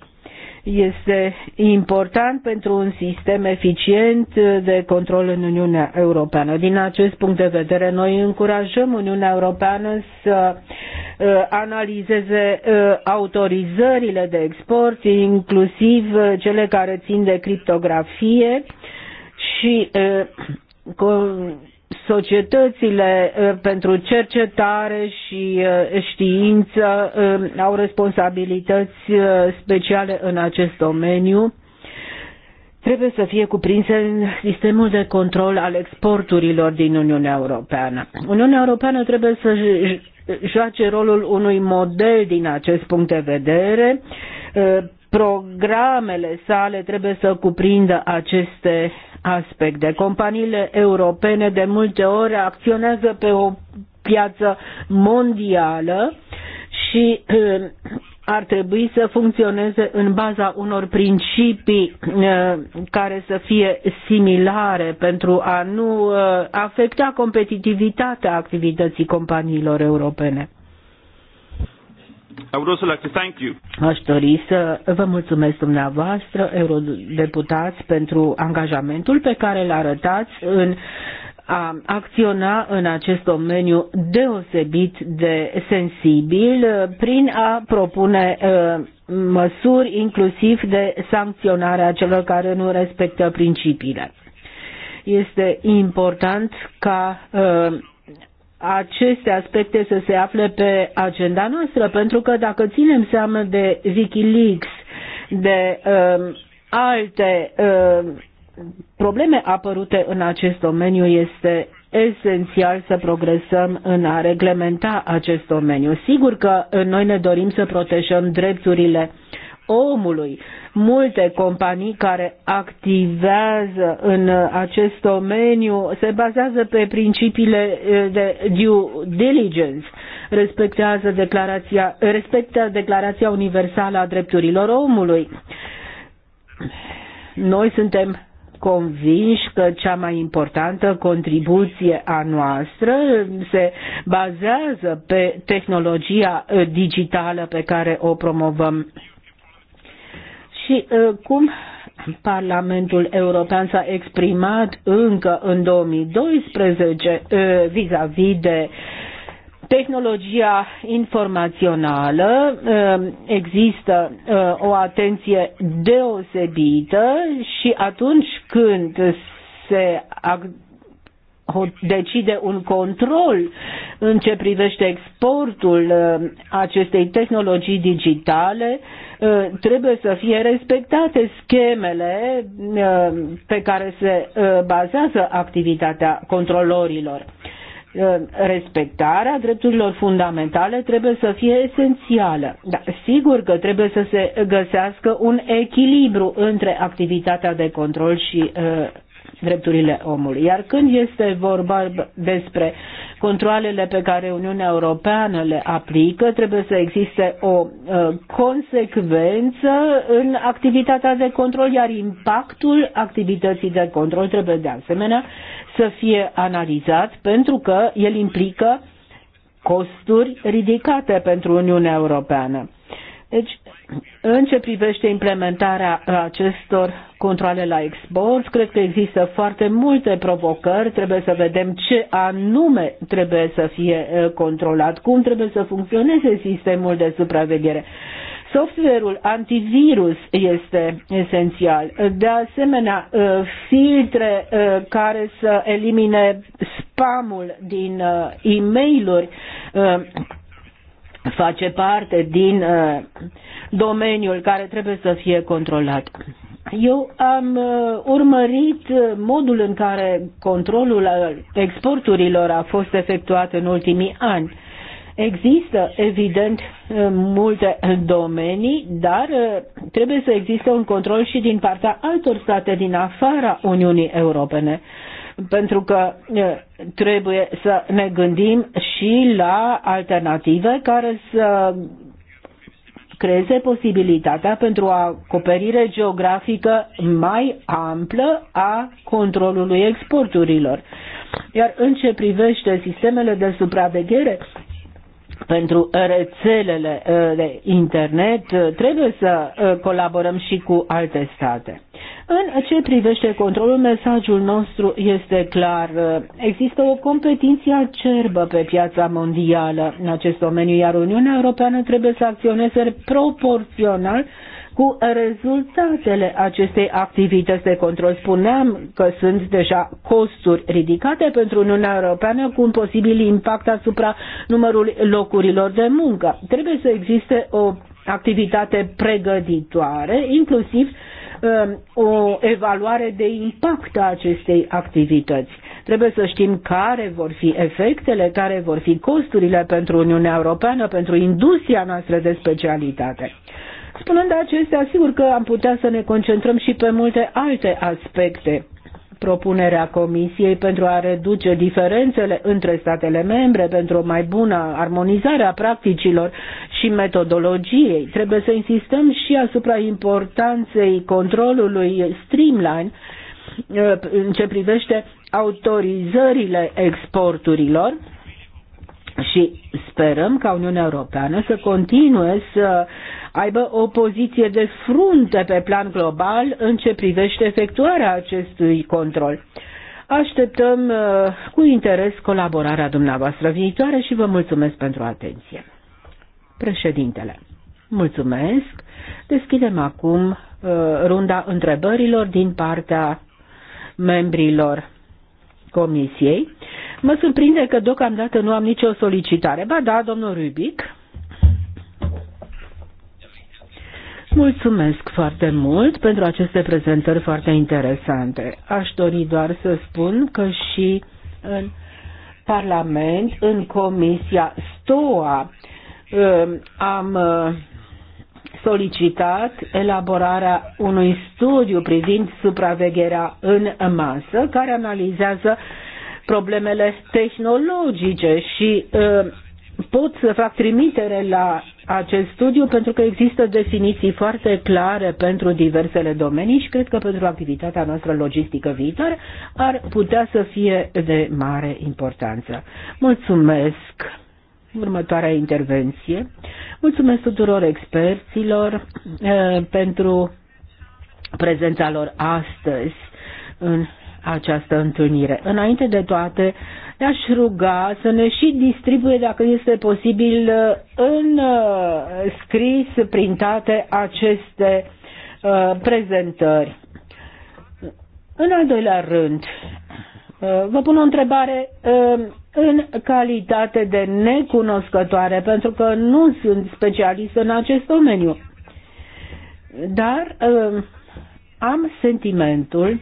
S2: este important pentru un sistem eficient de control în Uniunea Europeană. Din acest punct de vedere, noi încurajăm Uniunea Europeană să uh, analizeze uh, autorizările de export, inclusiv uh, cele care țin de criptografie și societățile uh, pentru cercetare și uh, știință uh, au responsabilități speciale în acest domeniu trebuie să fie cuprinse în sistemul de control al exporturilor din Uniunea Europeană. Uniunea Europeană trebuie să joace rolul unui model din acest punct de vedere. Programele sale trebuie să cuprindă aceste aspecte. Companiile europene de multe ori acționează pe o piață mondială și eh, ar trebui să funcționeze în baza unor principii eh, care să fie similare pentru a nu eh, afecta competitivitatea activității companiilor europene.
S4: I would also like to thank you.
S2: Aș dori să vă mulțumesc dumneavoastră, eurodeputați, pentru angajamentul pe care l arătați în a acționa în acest domeniu deosebit de sensibil prin a propune uh, măsuri inclusiv de sancționare a celor care nu respectă principiile. Este important ca uh, aceste aspecte să se afle pe agenda noastră, pentru că dacă ținem seama de Wikileaks, de uh, alte uh, probleme apărute în acest domeniu, este esențial să progresăm în a reglementa acest domeniu. Sigur că noi ne dorim să protejăm drepturile uh, omului. Multe companii care activează în acest domeniu se bazează pe principiile de due diligence, respectează declarația, respectă Declarația Universală a Drepturilor Omului. Noi suntem convinși că cea mai importantă contribuție a noastră se bazează pe tehnologia digitală pe care o promovăm și uh, cum Parlamentul European s-a exprimat încă în 2012 uh, vis-a-vis -vis de tehnologia informațională, uh, există o atenție deosebită și atunci când se decide un control în ce privește exportul acestei tehnologii digitale, Uh, trebuie să fie respectate schemele uh, pe care se uh, bazează activitatea controlorilor. Respectarea drepturilor fundamentale trebuie să fie esențială. Dar sigur că trebuie să se găsească un echilibru între activitatea de control și drepturile omului. Iar când este vorba despre controlele pe care Uniunea Europeană le aplică, trebuie să existe o uh, consecvență în activitatea de control, iar impactul activității de control trebuie de asemenea să fie analizat pentru că el implică costuri ridicate pentru Uniunea Europeană. Deci, în ce privește implementarea acestor controle la export. Cred că există foarte multe provocări. Trebuie să vedem ce anume trebuie să fie controlat, cum trebuie să funcționeze sistemul de supraveghere. Software-ul antivirus este esențial. De asemenea, filtre care să elimine spamul din e mail face parte din domeniul care trebuie să fie controlat. Eu am uh, urmărit uh, modul în care controlul uh, exporturilor a fost efectuat în ultimii ani. Există, evident, multe domenii, dar trebuie să existe un control și din partea altor state din afara Uniunii Europene, pentru că trebuie să ne gândim și la alternative care să creeze posibilitatea pentru o acoperire geografică mai amplă a controlului exporturilor. Iar în ce privește sistemele de supraveghere, pentru rețelele eh, de internet eh, trebuie să eh, colaborăm și cu alte state. În ce privește controlul, mesajul nostru este clar. Există o competiție acerbă pe piața mondială în acest domeniu, iar Uniunea Europeană trebuie să acționeze proporțional cu rezultatele acestei activități de control. Spuneam că sunt deja costuri ridicate pentru Uniunea Europeană cu un posibil impact asupra numărului locurilor de muncă. Trebuie să existe o activitate pregătitoare, inclusiv Um, o evaluare de impact a acestei activități. Trebuie să știm care vor fi efectele, care vor fi costurile pentru Uniunea Europeană, pentru industria noastră de specialitate. Spunând acestea, sigur că am putea să ne concentrăm și pe multe alte aspecte propunerea Comisiei pentru a reduce diferențele între statele membre, pentru o mai bună armonizare a practicilor și metodologiei. Trebuie să insistăm și asupra importanței controlului streamline uh, în ce privește autorizările exporturilor și sperăm ca Uniunea Europeană să continue să aibă o poziție de frunte pe plan global în ce privește efectuarea acestui control. Așteptăm uh, cu interes colaborarea dumneavoastră viitoare și vă mulțumesc pentru atenție. Președintele, mulțumesc. Deschidem acum uh, runda întrebărilor din partea membrilor comisiei. Mă surprinde că deocamdată nu am nicio solicitare. Ba da, domnul Rubic. Mulțumesc foarte mult pentru aceste prezentări foarte interesante. Aș dori doar să spun că și în Parlament, în Comisia STOA, um, am uh, solicitat elaborarea unui studiu privind supravegherea în masă care analizează problemele tehnologice și ă, pot să fac trimitere la acest studiu pentru că există definiții foarte clare pentru diversele domenii și cred că pentru activitatea noastră logistică viitoare ar putea să fie de mare importanță. Mulțumesc! Următoarea intervenție. Mulțumesc tuturor experților ă, pentru prezența lor astăzi în această întâlnire. Înainte de toate, ne-aș ruga să ne și distribuie, dacă este posibil, în uh, scris, printate aceste uh, prezentări. În al doilea rând, uh, vă pun o întrebare în calitate de necunoscătoare, pentru că nu sunt specialist în acest domeniu. Dar am sentimentul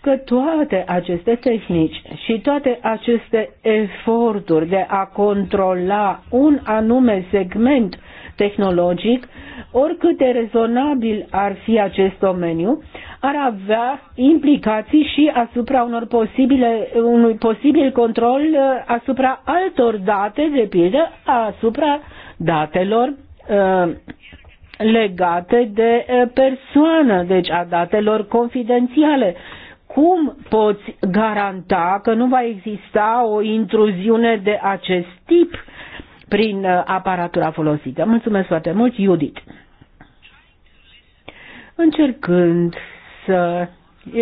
S2: folosească toate aceste tehnici și toate aceste eforturi de a controla un anume segment tehnologic, oricât de rezonabil ar fi acest domeniu, ar avea implicații și asupra unor posibile, unui posibil control uh, asupra altor date, de pildă asupra datelor uh, legate de uh, persoană, deci a datelor confidențiale cum poți garanta că nu va exista o intruziune de acest tip prin uh, aparatura folosită? Mulțumesc foarte mult, Judith. Încercând să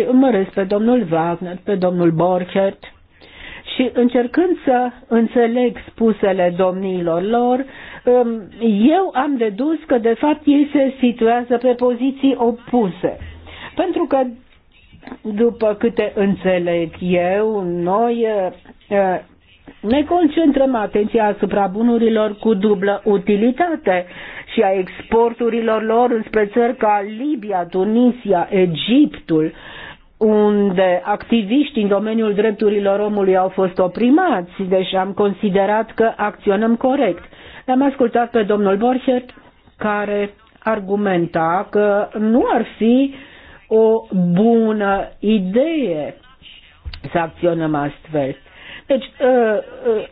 S2: urmăresc pe domnul Wagner, pe domnul Borchert, și încercând să înțeleg spusele domniilor lor, um, eu am dedus că de fapt ei se situează pe poziții opuse. Pentru că după câte înțeleg eu, noi eh, eh, ne concentrăm atenția asupra bunurilor cu dublă utilitate și a exporturilor lor înspre țări ca Libia, Tunisia, Egiptul, unde activiști în domeniul drepturilor omului au fost oprimați, deci am considerat că acționăm corect. am ascultat pe domnul Borchert, care argumenta că nu ar fi uh, o bună idee să acționăm astfel. Deci, ă, ă,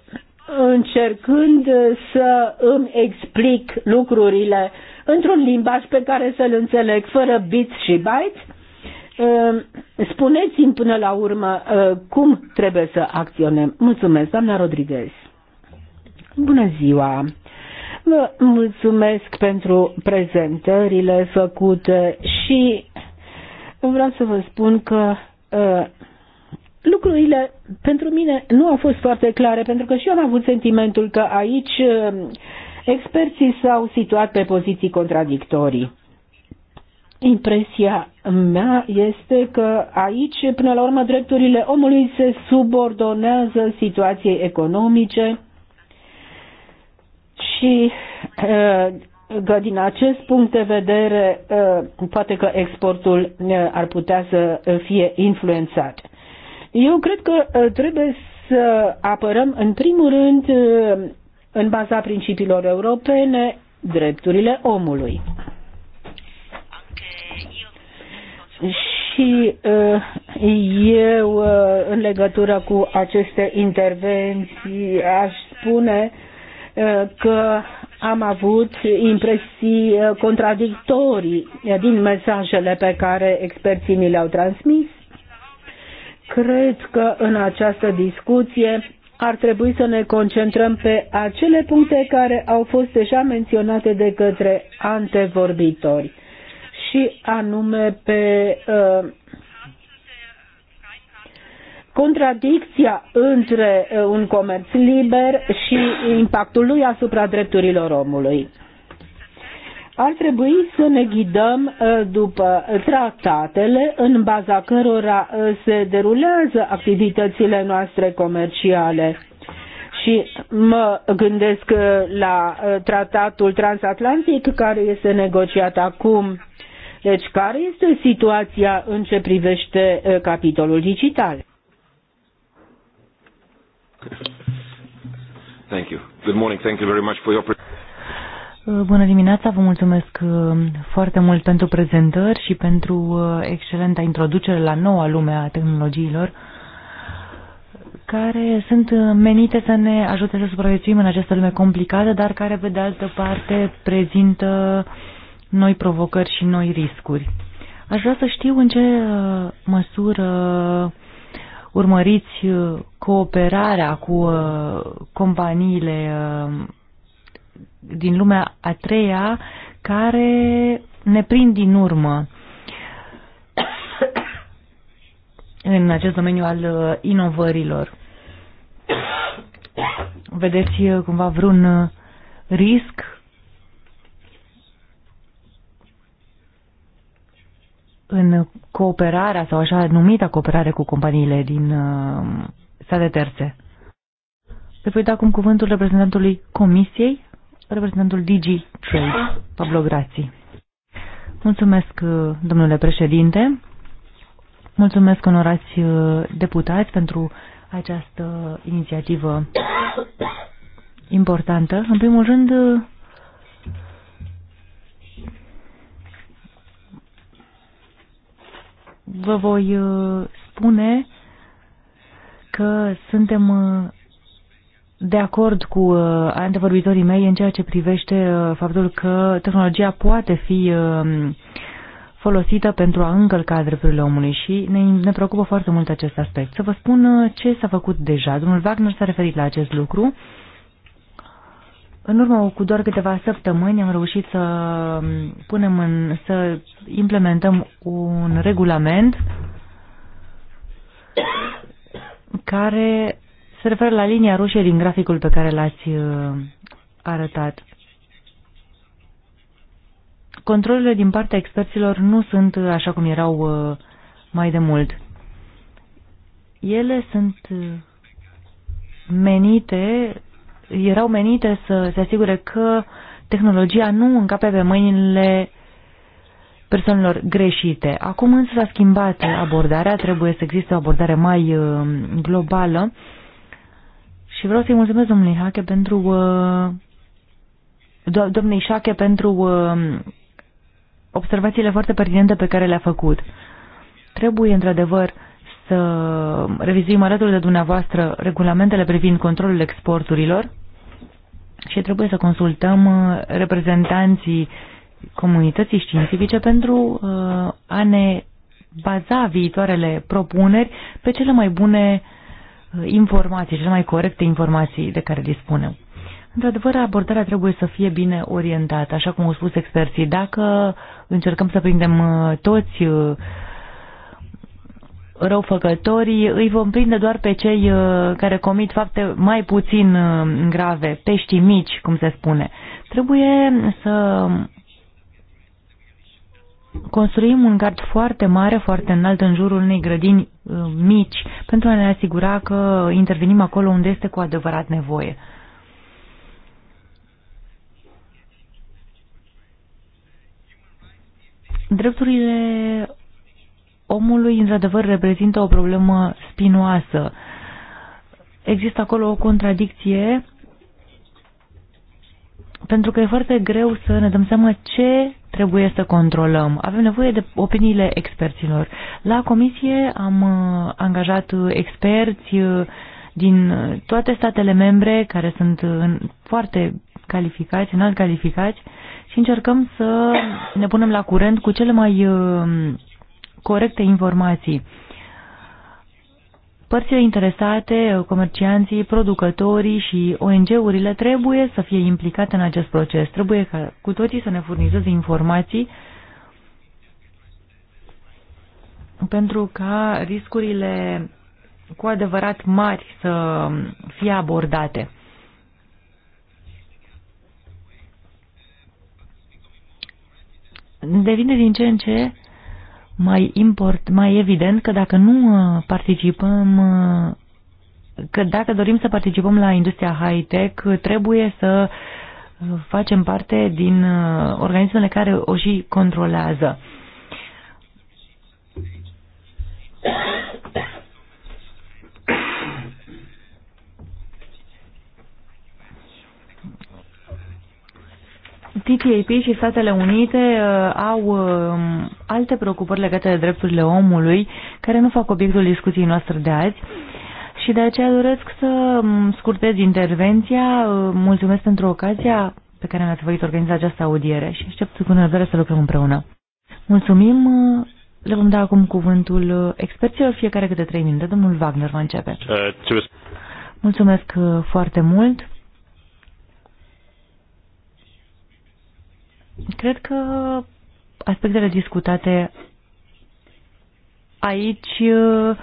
S2: încercând să îmi explic lucrurile într-un limbaj pe care să-l înțeleg fără bits și bytes, ă, spuneți-mi până la urmă cum trebuie să acționăm. Mulțumesc, doamna Rodriguez. Bună ziua! Vă mulțumesc pentru prezentările făcute și vreau să vă spun că uh, lucrurile pentru mine nu au fost foarte clare, pentru că și eu am avut sentimentul că aici uh, experții s-au situat pe poziții contradictorii. Impresia mea este că aici, până la urmă, drepturile omului se subordonează situației economice și uh, că din acest punct de vedere ă, poate că exportul ă, ar putea să fie influențat. Eu cred că ă, trebuie să apărăm în primul rând în baza principiilor europene drepturile omului. Și eu, în legătură cu aceste intervenții, aș spune că am avut impresii eh, contradictorii eh, din mesajele pe care experții mi le-au transmis. Cred că în această discuție ar trebui să ne concentrăm pe acele puncte care au fost deja menționate de către antevorbitori și anume pe uh, contradicția între uh, un comerț liber și impactul lui asupra drepturilor omului. Ar trebui să ne ghidăm uh, după tratatele în baza cărora uh, se derulează activitățile noastre comerciale și mă gândesc la tratatul transatlantic care este negociat acum. Deci, care este situația în ce privește capitolul digital?
S4: Thank you. Good morning. Thank you very much for your
S1: uh, Bună dimineața, vă mulțumesc uh, foarte mult pentru prezentări și pentru uh, excelenta introducere la noua lume a tehnologiilor care sunt menite să ne ajute să supraviețuim în această lume complicată, dar care, pe de altă parte, prezintă noi provocări și noi riscuri. Aș vrea să știu în ce măsură urmăriți uh, cooperarea cu uh, companiile uh, din lumea a treia care ne prind din urmă în acest domeniu al inovărilor. Vedeți cumva vreun risc în cooperarea sau așa numita cooperare cu companiile din uh, state terțe. Se voi da acum cuvântul reprezentantului Comisiei, reprezentantul DG Trade, Pablo Grații. Mulțumesc, uh, domnule președinte. Mulțumesc, onorați uh, deputați, pentru această inițiativă importantă. În primul rând, uh, vă voi uh, spune că suntem uh, de acord cu uh, antevorbitorii mei în ceea ce privește faptul că tehnologia poate fi folosită pentru a încălca drepturile omului și ne, ne preocupă foarte mult acest aspect. Să vă spun ce s-a făcut deja. Domnul Wagner s-a referit la acest lucru. Uh, în urmă cu doar câteva săptămâni am reușit să punem în, să implementăm un regulament care se referă la linia roșie din graficul pe care l-ați uh, arătat. Controlele din partea experților nu sunt așa cum erau uh, mai de mult. Ele sunt uh, menite erau menite să se asigure că tehnologia nu încape pe mâinile persoanelor greșite. Acum însă s-a schimbat abordarea, trebuie să existe o abordare mai uh, globală și vreau să-i mulțumesc domnului Hache pentru uh, do domnului Șache pentru uh, observațiile foarte pertinente pe care le-a făcut. Trebuie într-adevăr să revizuim alături de dumneavoastră regulamentele privind controlul exporturilor și trebuie să consultăm uh, reprezentanții comunității științifice pentru uh, a ne baza viitoarele propuneri pe cele mai bune uh, informații, cele mai corecte informații de care dispunem. Într-adevăr, abordarea trebuie să fie bine orientată, așa cum au spus experții. Dacă încercăm să prindem toți răufăcătorii îi vom prinde doar pe cei uh, care comit fapte mai puțin uh, grave, pești mici, cum se spune. Trebuie să construim un gard foarte mare, foarte înalt în jurul unei grădini uh, mici, pentru a ne asigura că intervenim acolo unde este cu adevărat nevoie. Drepturile omului, într-adevăr, reprezintă o problemă spinoasă. Există acolo o contradicție pentru că e foarte greu să ne dăm seama ce trebuie să controlăm. Avem nevoie de opiniile experților. La comisie am uh, angajat experți uh, din toate statele membre care sunt uh, foarte calificați, înalt calificați și încercăm să ne punem la curent cu cele mai corecte informații. Părțile interesate, comercianții, producătorii și ONG-urile trebuie să fie implicate în acest proces. Trebuie ca cu toții să ne furnizeze informații pentru ca riscurile cu adevărat mari să fie abordate. Devine din ce în ce mai, import, mai evident că dacă nu uh, participăm, uh, că dacă dorim să participăm la industria high-tech, uh, trebuie să facem parte din organismele care o și controlează. TTIP și Statele Unite uh, au um, alte preocupări legate de drepturile omului care nu fac obiectul discuției noastre de azi și de aceea doresc să um, scurtez intervenția. Uh, mulțumesc pentru ocazia pe care mi-ați văzut organiza această audiere și aștept cu nerăbdare să lucrăm împreună. Mulțumim. Uh, le vom da acum cuvântul experților, fiecare câte trei minute. Domnul Wagner va începe. Mulțumesc foarte mult. Cred că aspectele discutate aici uh,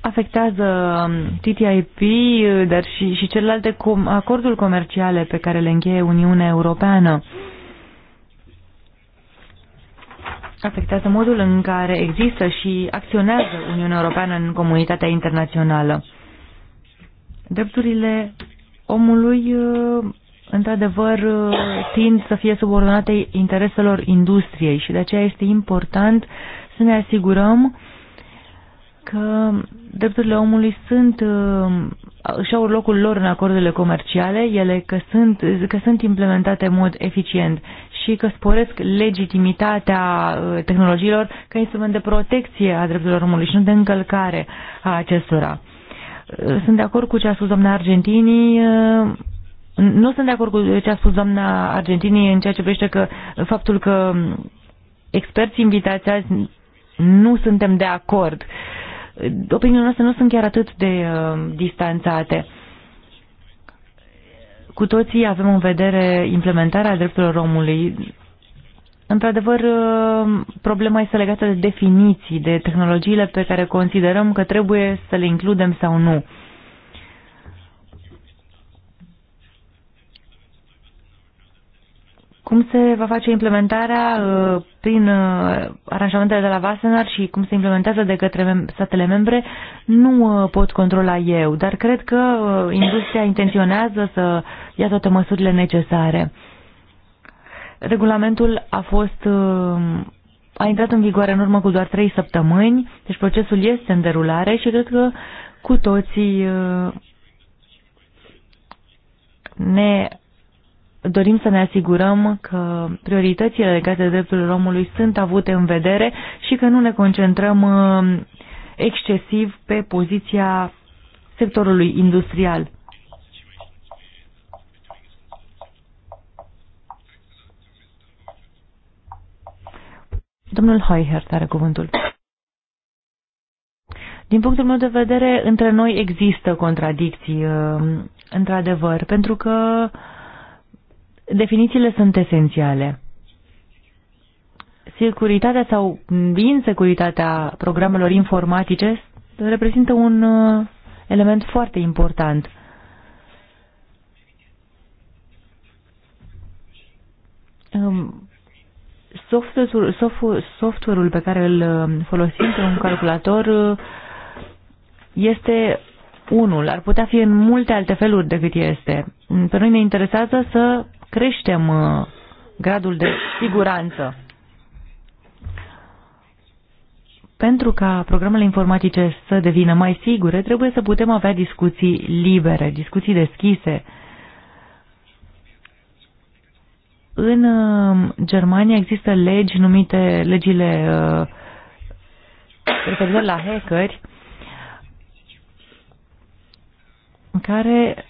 S1: afectează TTIP, uh, dar și, și celelalte com acorduri comerciale pe care le încheie Uniunea Europeană. Afectează modul în care există și acționează Uniunea Europeană în comunitatea internațională. Drepturile omului uh, într-adevăr uh, tind să fie subordonate intereselor industriei și de aceea este important să ne asigurăm că drepturile omului sunt uh, și au locul lor în acordurile comerciale, ele că sunt, că sunt implementate în mod eficient și că sporesc legitimitatea tehnologiilor ca instrument de protecție a drepturilor omului și nu de încălcare a acestora. Sunt de acord cu ce a spus doamna Argentinii. Uh, nu sunt de acord cu ce a spus doamna Argentinii în ceea ce privește că faptul că experți invitați azi nu suntem de acord. Opiniile noastre nu sunt chiar atât de uh, distanțate. Cu toții avem în vedere implementarea drepturilor omului Într-adevăr, problema este legată de definiții, de tehnologiile pe care considerăm că trebuie să le includem sau nu. Cum se va face implementarea uh, prin uh, aranjamentele de la Wassenaar și cum se implementează de către statele membre, nu uh, pot controla eu, dar cred că industria intenționează să ia toate măsurile necesare. Regulamentul a fost uh, a intrat în vigoare în urmă cu doar trei săptămâni, deci procesul este în derulare și cred că cu toții uh, ne dorim să ne asigurăm că prioritățile legate de drepturile omului sunt avute în vedere și că nu ne concentrăm uh, excesiv pe poziția sectorului industrial. Domnul Hoihert are cuvântul. Din punctul meu de vedere, între noi există contradicții, um, într-adevăr, pentru că definițiile sunt esențiale. Securitatea sau insecuritatea programelor informatice reprezintă un uh, element foarte important. Um, software-ul, software pe care îl um, folosim pe un calculator uh, este unul, ar putea fi în multe alte feluri decât este. Pe noi ne interesează să creștem uh, gradul de siguranță. Pentru ca programele informatice să devină mai sigure, trebuie să putem avea discuții libere, discuții deschise, În um, Germania există legi numite legile uh, referitor la hackeri care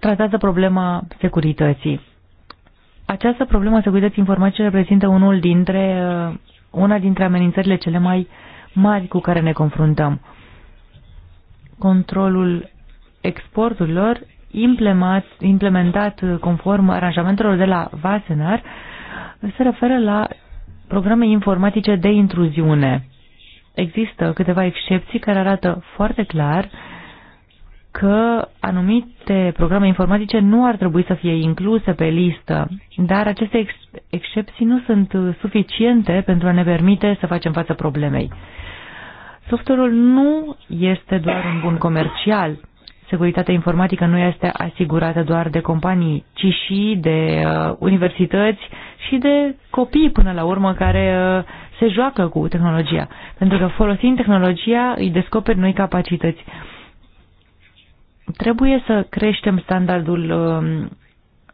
S1: tratează problema securității. Această problemă a securității informatice reprezintă unul dintre, uh, una dintre amenințările cele mai mari cu care ne confruntăm. Controlul exporturilor implementat, implementat conform aranjamentelor de la Wassenaar se referă la programe informatice de intruziune. Există câteva excepții care arată foarte clar că anumite programe informatice nu ar trebui să fie incluse pe listă, dar aceste ex excepții nu sunt suficiente pentru a ne permite să facem față problemei. Software-ul nu este doar un bun comercial, securitatea informatică nu este asigurată doar de companii, ci și de uh, universități și de copii până la urmă care uh, se joacă cu tehnologia. Pentru că folosind tehnologia îi descoperi noi capacități. Trebuie să creștem standardul uh,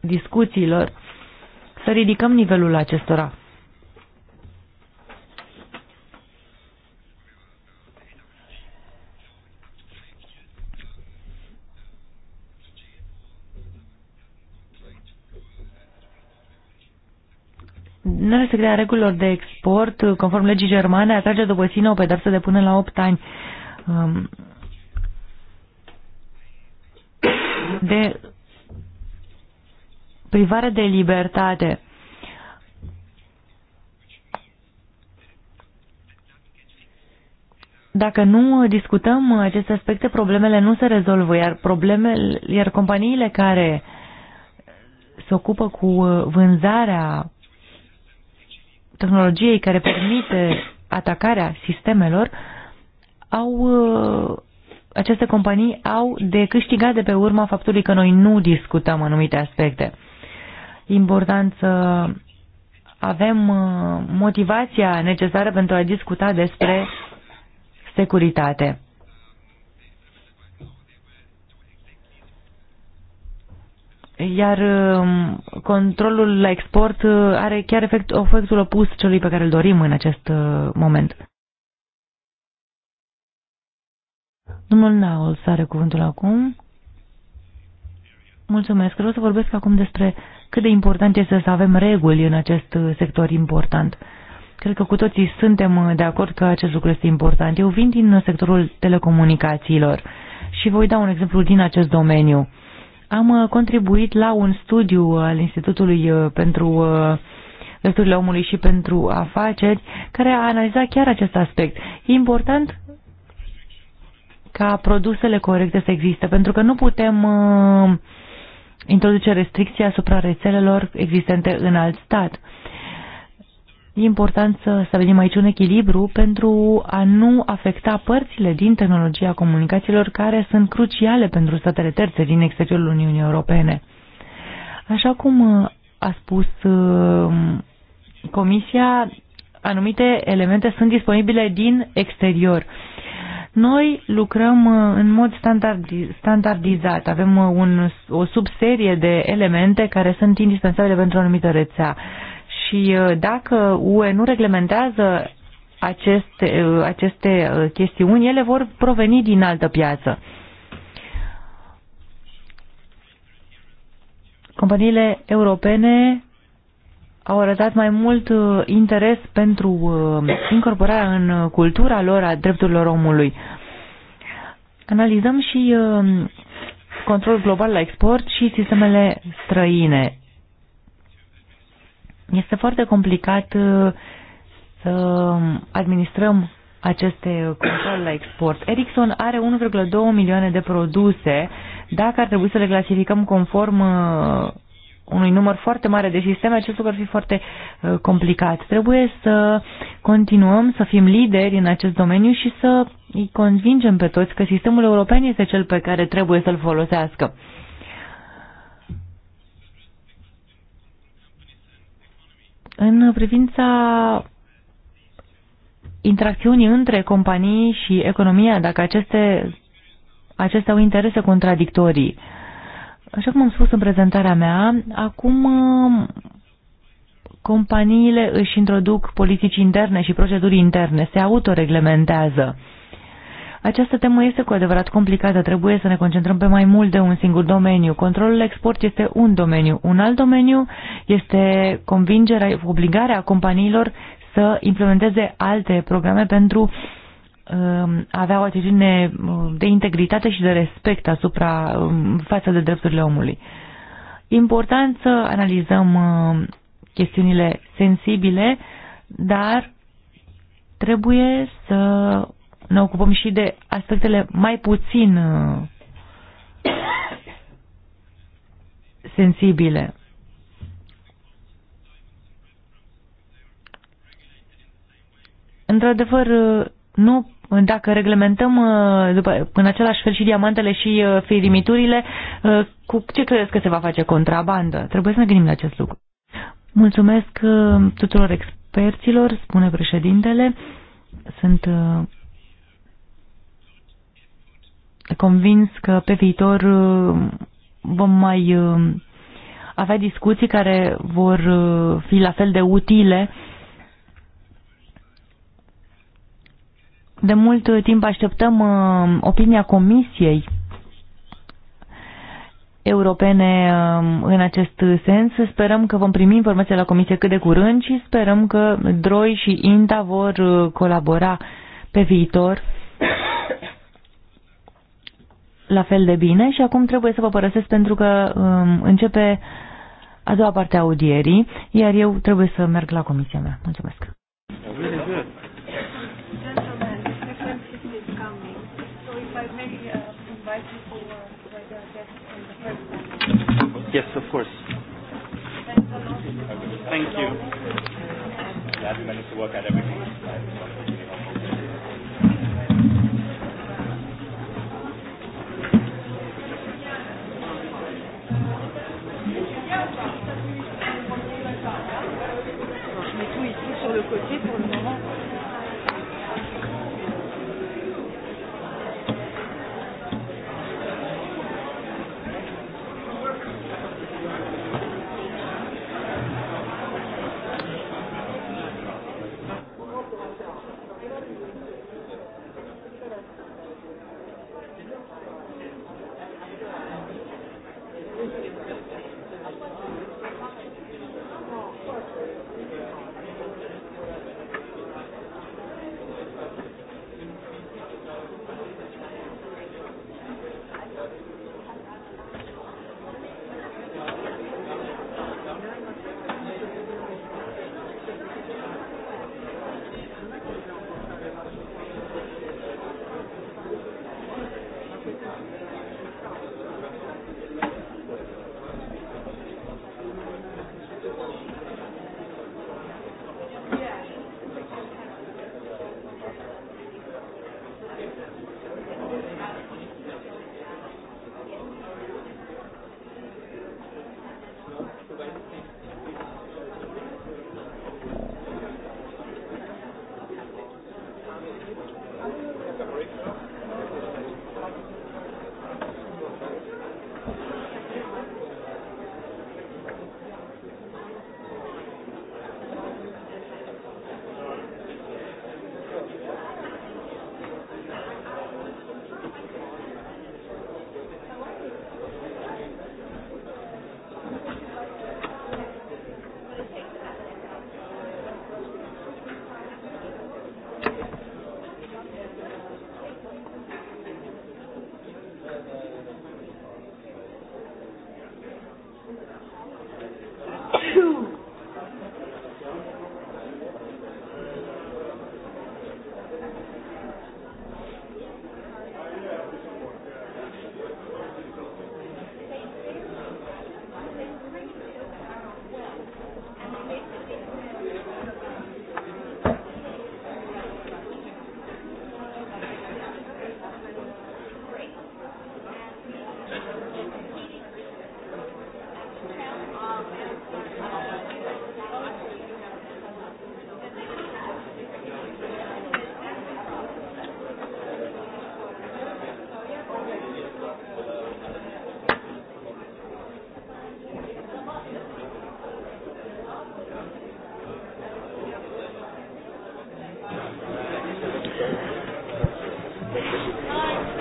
S1: discuțiilor, să ridicăm nivelul acestora. nerespectarea regulilor de export, conform legii germane, atrage după sine o pedapsă de până la 8 ani um, de privare de libertate. Dacă nu discutăm aceste aspecte, problemele nu se rezolvă, iar, problemele, iar companiile care se ocupă cu vânzarea tehnologiei care permite atacarea sistemelor, au, uh, aceste companii au de câștigat de pe urma faptului că noi nu discutăm anumite aspecte. Important să avem uh, motivația necesară pentru a discuta despre securitate. iar um, controlul la export uh, are chiar efect, efectul opus celui pe care îl dorim în acest uh, moment. Domnul Naul are cuvântul acum. Mulțumesc. Vreau să vorbesc acum despre cât de important este să avem reguli în acest uh, sector important. Cred că cu toții suntem de acord că acest lucru este important. Eu vin din sectorul telecomunicațiilor și voi da un exemplu din acest domeniu am uh, contribuit la un studiu uh, al Institutului uh, pentru drepturile omului și pentru afaceri, care a analizat chiar acest aspect. E important ca produsele corecte să existe, pentru că nu putem uh, introduce restricții asupra rețelelor existente în alt stat. E important să stabilim aici un echilibru pentru a nu afecta părțile din tehnologia comunicațiilor care sunt cruciale pentru statele terțe din exteriorul Uniunii Europene. Așa cum uh, a spus uh, Comisia, anumite elemente sunt disponibile din exterior. Noi lucrăm uh, în mod standardizat. Avem un, o subserie de elemente care sunt indispensabile pentru o anumită rețea. Și uh, dacă UE nu reglementează aceste, uh, aceste uh, chestiuni, ele vor proveni din altă piață. Companiile europene au arătat mai mult interes pentru incorporarea în cultura lor a drepturilor omului. Analizăm și control global la export și sistemele străine. Este foarte complicat uh, să administrăm aceste control la export. Ericsson are 1,2 milioane de produse. Dacă ar trebui să le clasificăm conform uh, unui număr foarte mare de sisteme, acest lucru ar fi foarte uh, complicat. Trebuie să continuăm să fim lideri în acest domeniu și să îi convingem pe toți că sistemul european este cel pe care trebuie să-l folosească. În privința interacțiunii între companii și economia, dacă aceste, acestea au interese contradictorii, așa cum am spus în prezentarea mea, acum um, companiile își introduc politici interne și proceduri interne, se autoreglementează. Această temă este cu adevărat complicată, trebuie să ne concentrăm pe mai mult de un singur domeniu. Controlul export este un domeniu. Un alt domeniu este convingerea, obligarea companiilor să implementeze alte programe pentru um, a avea o atitudine um, de integritate și de respect asupra um, față de drepturile omului. Important să analizăm chestiunile sensibile, dar trebuie să ne ocupăm și de aspectele mai puțin uh, sensibile. Într-adevăr, uh, nu dacă reglementăm uh, după, în același fel și diamantele și firimiturile, cu ce credeți că se va face contrabandă? Trebuie să ne gândim la acest lucru. Mulțumesc tuturor experților, spune președintele. Sunt convins că pe viitor uh, vom mai uh, avea discuții care vor uh, fi la fel de utile. De mult timp așteptăm opinia Comisiei europene în acest sens. Sperăm că vom primi informații la Comisie cât de curând și sperăm că DROI și INTA vor colabora pe viitor la fel de bine și acum trebuie să vă părăsesc pentru că um, începe a doua parte a audierii, iar eu trebuie să merg la comisia mea.
S4: Mulțumesc! Yes, of course. Thank you. Glad we côté pour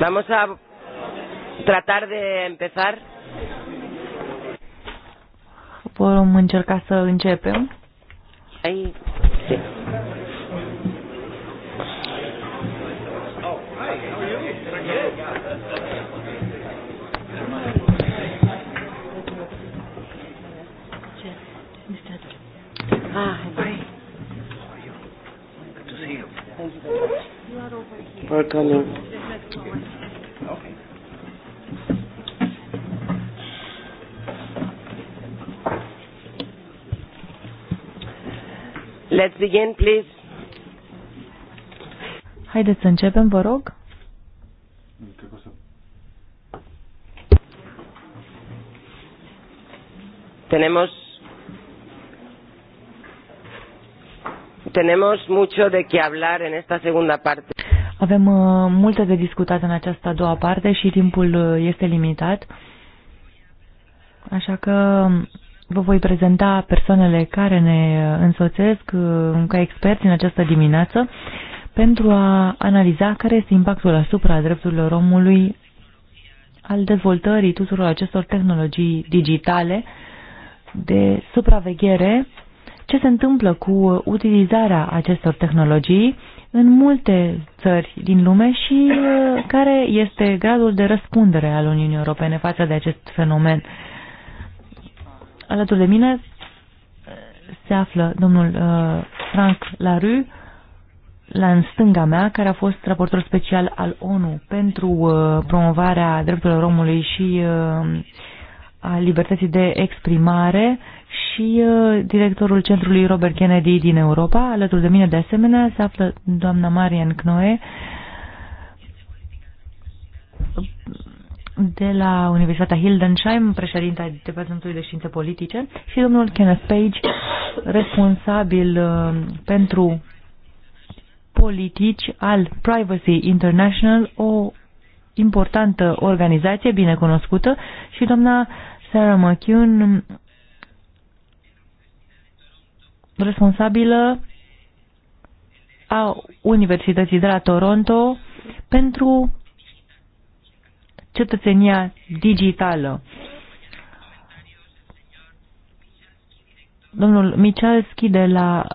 S1: Vamos a tratar de empezar. Vom încerca să începem.
S4: Let's begin, please.
S1: Haideți să începem, vă rog. Tenemos tenemos mucho de qué hablar en esta segunda parte. Avem uh, multe de discutat în această a doua parte și timpul uh, este limitat. Așa că Vă voi prezenta persoanele care ne însoțesc uh, ca experți în această dimineață pentru a analiza care este impactul asupra drepturilor omului al dezvoltării tuturor acestor tehnologii digitale de supraveghere, ce se întâmplă cu utilizarea acestor tehnologii în multe țări din lume și uh, care este gradul de răspundere al Uniunii Europene față de acest fenomen. Alături de mine se află domnul uh, Frank Larue, la în stânga mea, care a fost raportor special al ONU pentru uh, promovarea drepturilor omului și uh, a libertății de exprimare și uh, directorul centrului Robert Kennedy din Europa. Alături de mine, de asemenea, se află doamna Marian Knoe, de la Universitatea Hildensheim, președinta Departamentului de Științe Politice, și domnul Kenneth Page, responsabil uh, pentru politici al Privacy International, o importantă organizație bine cunoscută, și doamna Sarah McCune, responsabilă a Universității de la Toronto pentru cetățenia digitală. Domnul Michalski de la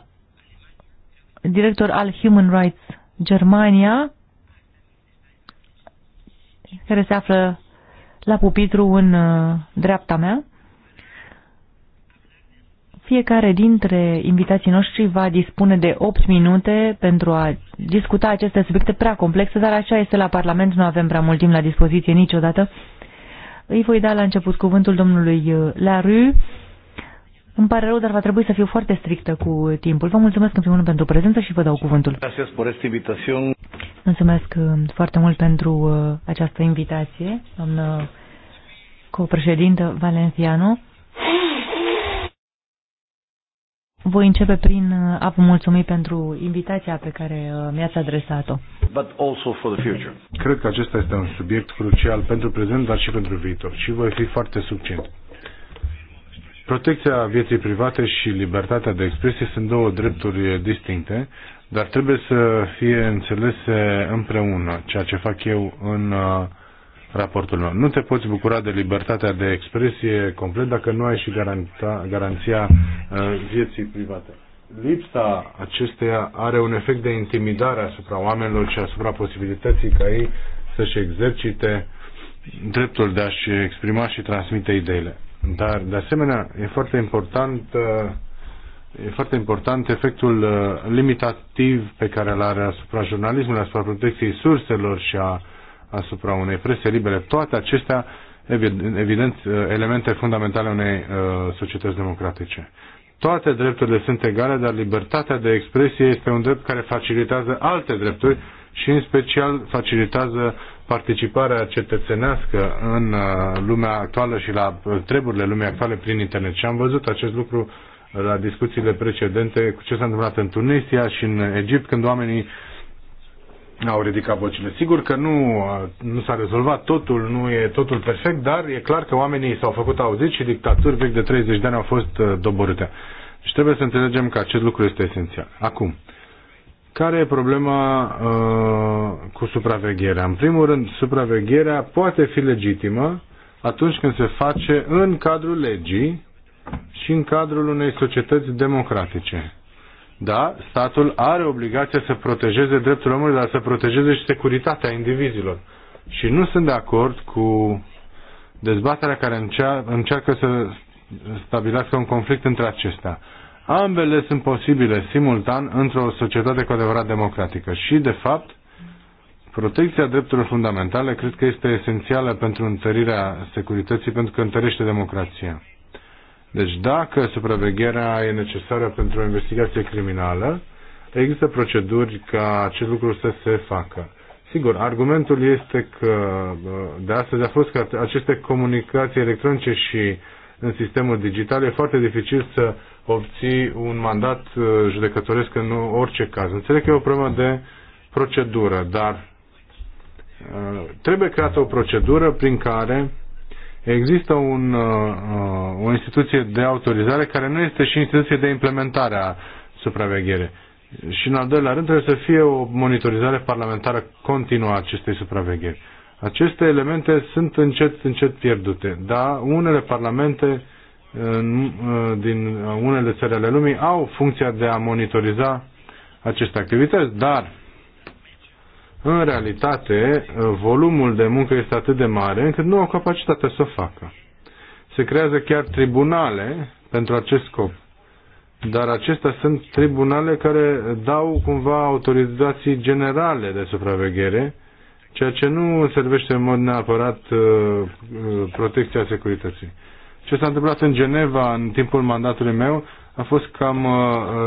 S1: director al Human Rights Germania, care se află la pupitru în uh, dreapta mea, fiecare dintre invitații noștri va dispune de 8 minute pentru a discuta aceste subiecte prea complexe, dar așa este la Parlament, nu avem prea mult timp la dispoziție niciodată. Îi voi da la început cuvântul domnului uh, Larue. Îmi pare rău, dar va trebui să fiu foarte strictă cu timpul. Vă mulțumesc în primul rând pentru prezență și vă dau cuvântul. Mulțumesc uh, foarte mult pentru uh, această invitație, doamnă copreședintă Valenciano. Voi începe prin uh, a vă mulțumi pentru invitația pe care uh, mi-ați adresat-o.
S3: But also for the future. Cred că acesta este un subiect crucial pentru prezent, dar și pentru viitor și voi fi foarte succint. Protecția vieții private și libertatea de expresie sunt două drepturi uh, distincte, dar trebuie să fie înțelese împreună ceea ce fac eu în raportul meu. Nu te poți bucura de libertatea de expresie complet dacă nu ai și garanta, garanția uh, vieții private. Lipsa acesteia are un efect de intimidare asupra oamenilor și asupra posibilității ca ei să-și exercite dreptul de a-și exprima și transmite ideile. Dar, de asemenea, e foarte important uh, e foarte important efectul uh, limitativ pe care îl are asupra jurnalismului, asupra protecției surselor și a uh, asupra unei prese libere. Toate acestea, evident, uh, elemente fundamentale unei uh, societăți democratice. Toate drepturile sunt egale, dar libertatea de expresie este un drept care facilitează alte drepturi și în special facilitează participarea cetățenească în uh, lumea actuală și la treburile lumii actuale prin internet. Și am văzut acest lucru la discuțiile precedente cu ce s-a întâmplat în Tunisia și în Egipt, când oamenii au ridicat vocile. Sigur că nu, nu s-a rezolvat totul, nu e totul perfect, dar e clar că oamenii s-au făcut auziți și dictaturi vechi de 30 de ani au fost uh, doborâte. Și deci trebuie să înțelegem că acest lucru este esențial. Acum, care e problema uh, cu supravegherea? În primul rând, supravegherea poate fi legitimă atunci când se face în cadrul legii și în cadrul unei societăți democratice. Da, statul are obligația să protejeze dreptul omului, dar să protejeze și securitatea indivizilor. Și nu sunt de acord cu dezbaterea care încearcă să stabilească un conflict între acestea. Ambele sunt posibile simultan într-o societate cu adevărat democratică și, de fapt, protecția drepturilor fundamentale cred că este esențială pentru întărirea securității, pentru că întărește democrația. Deci dacă supravegherea e necesară pentru o investigație criminală, există proceduri ca acest lucru să se facă. Sigur, argumentul este că de astăzi a fost că aceste comunicații electronice și în sistemul digital e foarte dificil să obții un mandat uh, judecătoresc în orice caz. Înțeleg că e o problemă de procedură, dar uh, trebuie creată o procedură prin care există un, uh, o instituție de autorizare care nu este și instituție de implementare a supraveghere. Și în al doilea rând trebuie să fie o monitorizare parlamentară continuă a acestei supravegheri. Aceste elemente sunt încet, încet pierdute, dar unele parlamente uh, din unele țări ale lumii au funcția de a monitoriza aceste activități, dar în realitate, volumul de muncă este atât de mare încât nu au capacitatea să o facă. Se creează chiar tribunale pentru acest scop. Dar acestea sunt tribunale care dau cumva autorizații generale de supraveghere, ceea ce nu servește în mod neapărat uh, uh, protecția securității. Ce s-a întâmplat în Geneva în timpul mandatului meu a fost că am uh,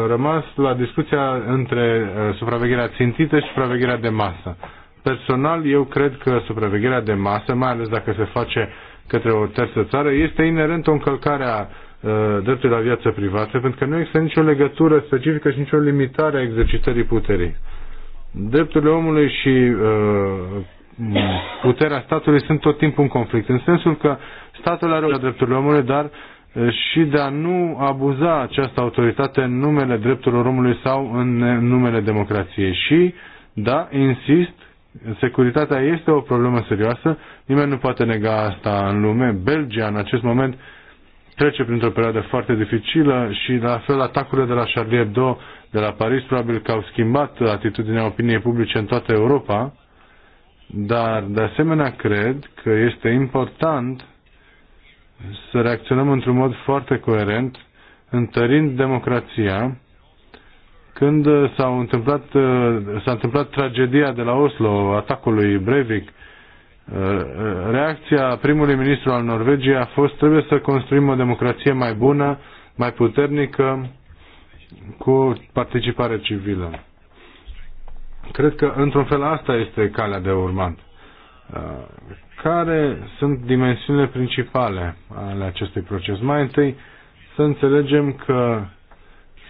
S3: rămas la discuția între uh, supravegherea țintită și supravegherea de masă. Personal, eu cred că supravegherea de masă, mai ales dacă se face către o terță țară, este inerent o încălcare a uh, dreptului la viață privată, pentru că nu există nicio legătură specifică și nicio limitare a exercitării puterii. Drepturile omului și uh, puterea statului sunt tot timpul în conflict, în sensul că statul are drepturile omului, dar și de a nu abuza această autoritate în numele drepturilor omului sau în numele democrației. Și, da, insist, securitatea este o problemă serioasă, nimeni nu poate nega asta în lume. Belgia, în acest moment, trece printr-o perioadă foarte dificilă și, la fel, atacurile de la Charlie Hebdo, de la Paris, probabil că au schimbat atitudinea opiniei publice în toată Europa, dar, de asemenea, cred că este important să reacționăm într-un mod foarte coerent, întărind democrația. Când s-a întâmplat, s-a întâmplat tragedia de la Oslo, atacul lui Breivik, reacția primului ministru al Norvegiei a fost trebuie să construim o democrație mai bună, mai puternică, cu participare civilă. Cred că, într-un fel, asta este calea de urmat care sunt dimensiunile principale ale acestui proces. Mai întâi să înțelegem că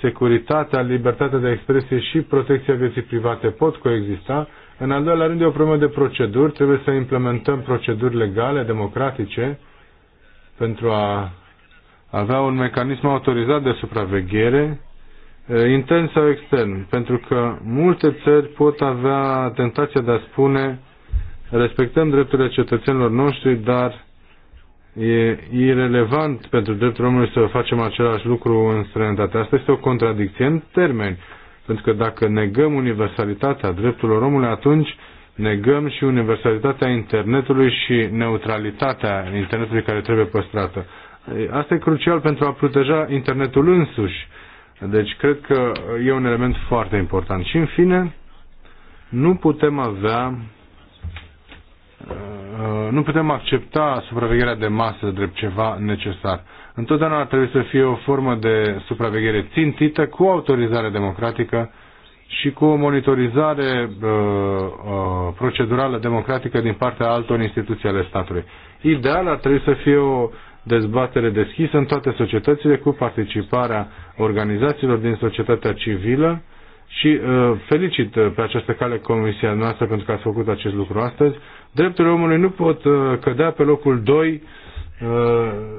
S3: securitatea, libertatea de expresie și protecția vieții private pot coexista. În al doilea rând e o problemă de proceduri. Trebuie să implementăm proceduri legale, democratice, pentru a avea un mecanism autorizat de supraveghere, eh, intern sau extern, pentru că multe țări pot avea tentația de a spune respectăm drepturile cetățenilor noștri, dar e irelevant pentru dreptul omului să facem același lucru în străinătate. Asta este o contradicție în termeni, pentru că dacă negăm universalitatea drepturilor omului, atunci negăm și universalitatea internetului și neutralitatea internetului care trebuie păstrată. Asta e crucial pentru a proteja internetul însuși. Deci cred că e un element foarte important. Și în fine, nu putem avea Uh, nu putem accepta supravegherea de masă drept ceva necesar. Întotdeauna ar trebui să fie o formă de supraveghere țintită cu autorizare democratică și cu o monitorizare uh, uh, procedurală democratică din partea altor instituții ale statului. Ideal ar trebui să fie o dezbatere deschisă în toate societățile cu participarea organizațiilor din societatea civilă și uh, felicit uh, pe această cale comisia noastră pentru că ați făcut acest lucru astăzi drepturile omului nu pot uh, cădea pe locul 2 uh,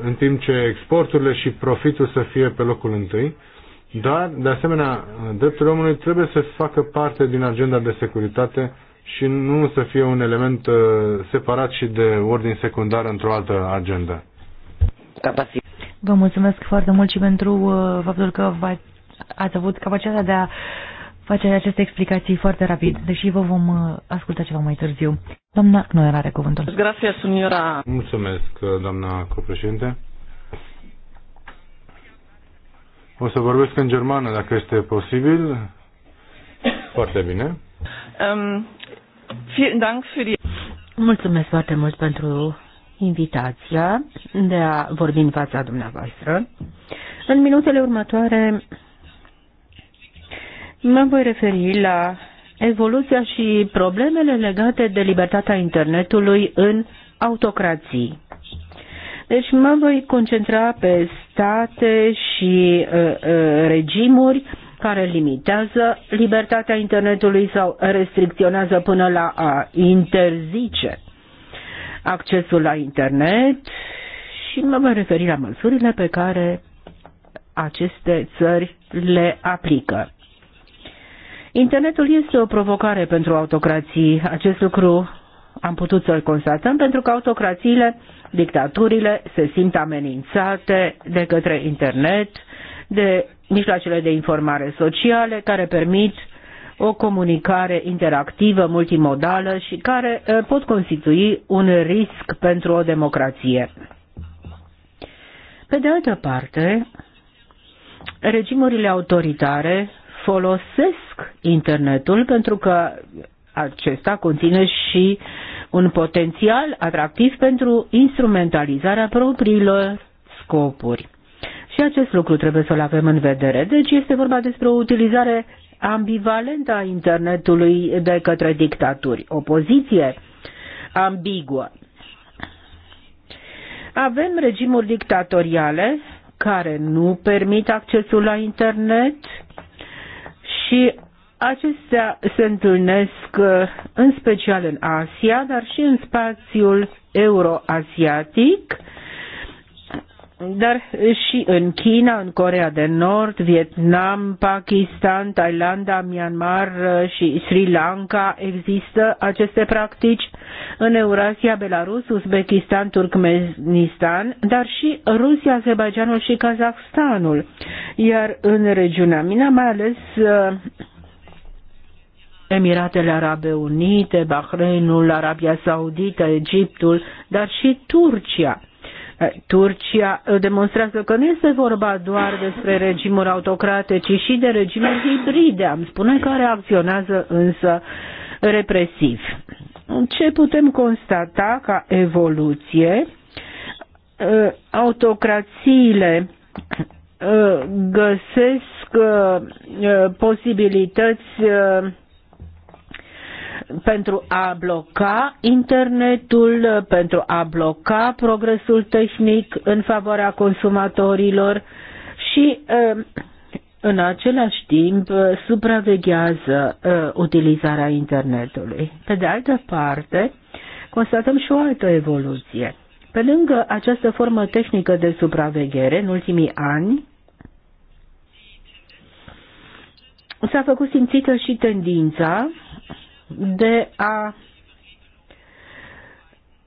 S3: în timp ce exporturile și profitul să fie pe locul 1. Dar, de asemenea, drepturile omului trebuie să facă parte din agenda de securitate și nu să fie un element uh, separat și de ordin secundar într-o altă agenda.
S1: Vă mulțumesc foarte mult și pentru faptul că ați avut capacitatea de a face aceste explicații foarte rapid, deși vă vom uh, asculta ceva mai târziu. Doamna Knoer are cuvântul.
S3: Grazie, signora. Mulțumesc, doamna copreședinte. O să vorbesc în germană, dacă este posibil. Foarte bine.
S4: Um,
S2: Mulțumesc foarte mult pentru invitația de a vorbi în fața dumneavoastră. În minutele următoare Mă voi referi la evoluția și problemele legate de libertatea internetului în autocrații. Deci mă voi concentra pe state și uh, uh, regimuri care limitează libertatea internetului sau restricționează până la a interzice accesul la internet și mă voi referi la măsurile pe care aceste țări le aplică. Internetul este o provocare pentru autocrații. Acest lucru am putut să-l constatăm pentru că autocrațiile, dictaturile se simt amenințate de către internet, de mijloacele de informare sociale care permit o comunicare interactivă, multimodală și care eh, pot constitui un risc pentru o democrație. Pe de altă parte, regimurile autoritare folosesc internetul pentru că acesta conține și un potențial atractiv pentru instrumentalizarea propriilor scopuri. Și acest lucru trebuie să-l avem în vedere. Deci este vorba despre o utilizare ambivalentă a internetului de către dictaturi. O poziție ambiguă. Avem regimuri dictatoriale care nu permit accesul la internet, și acestea se întâlnesc uh, în special în Asia, dar și în spațiul euroasiatic dar și în China, în Corea de Nord, Vietnam, Pakistan, Thailanda, Myanmar uh, și Sri Lanka există aceste practici, în Eurasia, Belarus, Uzbekistan, Turkmenistan, dar și Rusia, Azerbaijanul și Kazahstanul. Iar în regiunea Mina, mai ales uh, Emiratele Arabe Unite, Bahreinul, Arabia Saudită, Egiptul, dar și Turcia Turcia demonstrează că nu este vorba doar despre regimuri autocrate, ci și de regimuri hibride, am spune, care acționează însă represiv. Ce putem constata ca evoluție? Autocrațiile găsesc posibilități pentru a bloca internetul, pentru a bloca progresul tehnic în favoarea consumatorilor și um, în același timp supraveghează uh, utilizarea internetului. Pe de altă parte, constatăm și o altă evoluție. Pe lângă această formă tehnică de supraveghere, în ultimii ani, s-a făcut simțită și tendința de a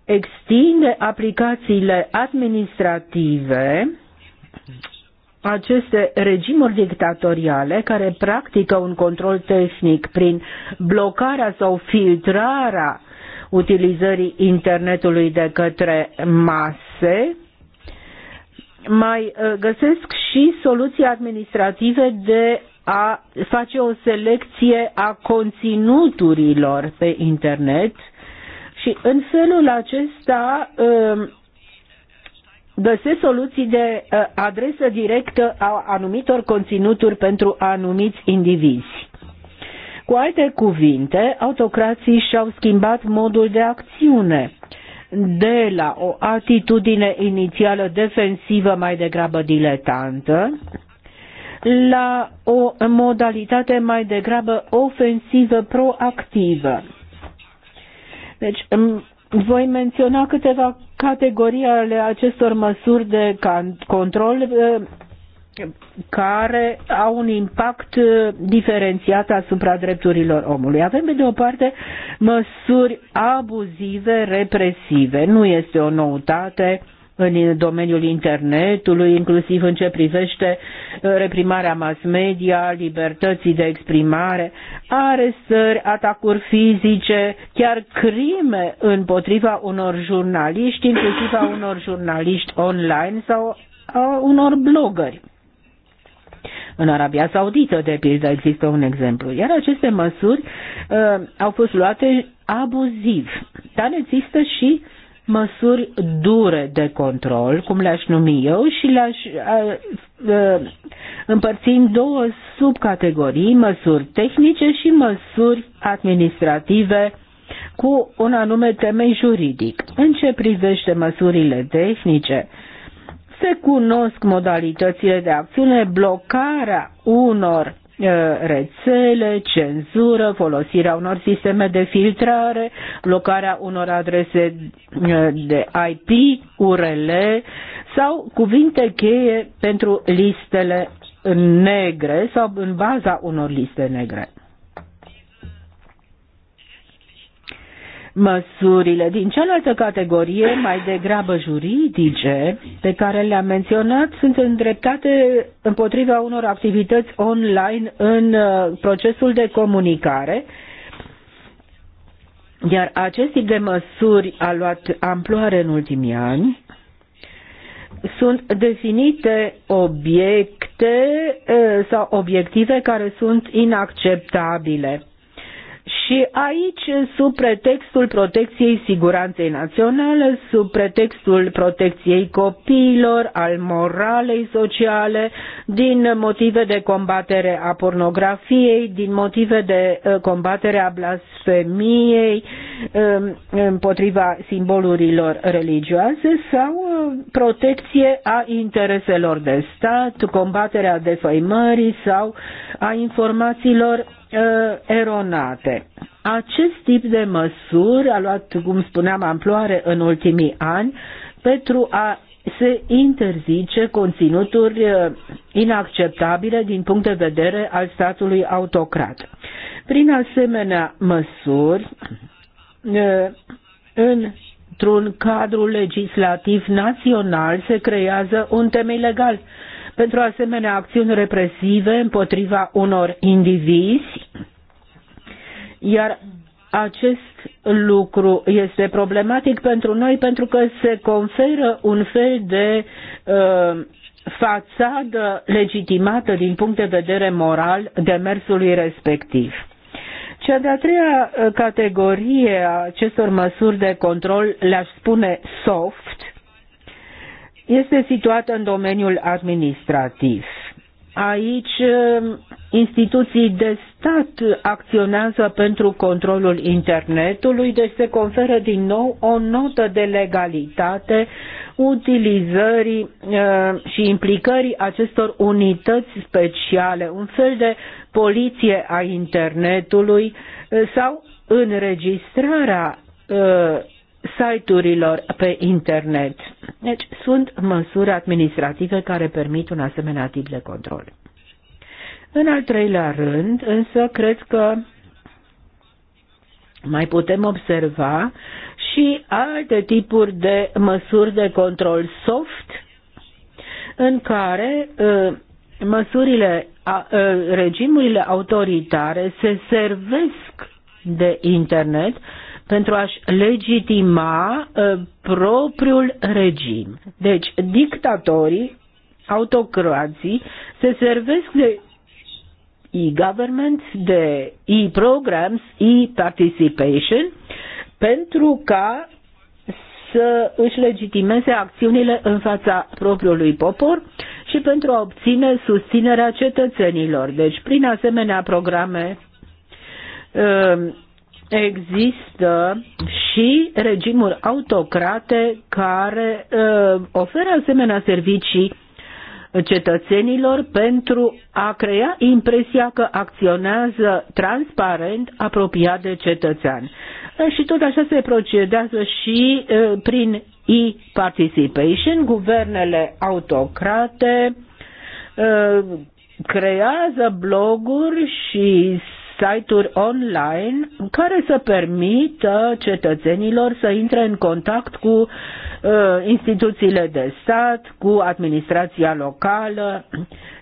S2: extinde aplicațiile administrative aceste regimuri dictatoriale care practică un control tehnic prin blocarea sau filtrarea utilizării internetului de către mase, mai uh, găsesc și soluții administrative de a face o selecție a conținuturilor pe internet și în felul acesta um, găsesc soluții de uh, adresă directă a anumitor conținuturi pentru anumiți indivizi. Cu alte cuvinte, autocrații și-au schimbat modul de acțiune de la o atitudine inițială defensivă mai degrabă diletantă la o modalitate mai degrabă ofensivă, proactivă. Deci, voi menționa câteva categorii ale acestor măsuri de control eh, care au un impact eh, diferențiat asupra drepturilor omului. Avem, pe de o parte, măsuri abuzive, represive. Nu este o noutate în domeniul internetului, inclusiv în ce privește uh, reprimarea mass media, libertății de exprimare, arestări, atacuri fizice, chiar crime împotriva unor jurnaliști, inclusiv a unor jurnaliști online sau a unor blogări. În Arabia Saudită, de pildă, există un exemplu. Iar aceste măsuri uh, au fost luate abuziv. Dar există și măsuri dure de control, cum le-aș numi eu, și le-aș împărți în două subcategorii, măsuri tehnice și măsuri administrative cu un anume temei juridic. În ce privește măsurile tehnice, se cunosc modalitățile de acțiune, blocarea unor Eh, rețele, cenzură, folosirea unor sisteme de filtrare, blocarea unor adrese eh, de IP, URL sau cuvinte cheie pentru listele negre sau în baza unor liste negre. măsurile din cealaltă categorie, mai degrabă juridice, pe care le-am menționat, sunt îndreptate împotriva unor activități online în uh, procesul de comunicare, iar acest tip de măsuri a luat amploare în ultimii ani. Sunt definite obiecte uh, sau obiective care sunt inacceptabile și aici, sub pretextul protecției siguranței naționale, sub pretextul protecției copiilor, al moralei sociale, din motive de combatere a pornografiei, din motive de uh, combatere a blasfemiei um, împotriva simbolurilor religioase sau uh, protecție a intereselor de stat, combaterea defăimării sau a informațiilor Uh, eronate. Acest tip de măsuri a luat, cum spuneam, amploare în ultimii ani pentru a se interzice conținuturi uh, inacceptabile din punct de vedere al statului autocrat. Prin asemenea măsuri, uh, într-un cadru legislativ național se creează un temei legal pentru asemenea acțiuni represive împotriva unor indivizi, iar acest lucru este problematic pentru noi pentru că se conferă un fel de uh, fațadă legitimată din punct de vedere moral demersului respectiv. Cea de-a treia uh, categorie a acestor măsuri de control le-aș spune soft, este situată în domeniul administrativ. Aici uh, instituții de stat acționează pentru controlul internetului, deci se conferă din nou o notă de legalitate utilizării uh, și implicării acestor unități speciale, un fel de poliție a internetului uh, sau înregistrarea site-urilor pe internet. Deci sunt măsuri administrative care permit un asemenea tip de control. În al treilea rând, însă, cred că mai putem observa și alte tipuri de măsuri de control soft, în care ă, măsurile, ă, regimurile autoritare se servesc de internet pentru a-și legitima uh, propriul regim. Deci, dictatorii, autocrații, se servesc de e-government, de e-programs, e-participation, pentru ca să își legitimeze acțiunile în fața propriului popor și pentru a obține susținerea cetățenilor. Deci, prin asemenea programe uh, există și regimuri autocrate care uh, oferă asemenea servicii cetățenilor pentru a crea impresia că acționează transparent, apropiat de cetățean. Uh, și tot așa se procedează și uh, prin e-participation. Guvernele autocrate uh, creează bloguri și site-uri online care să permită cetățenilor să intre în contact cu uh, instituțiile de stat, cu administrația locală,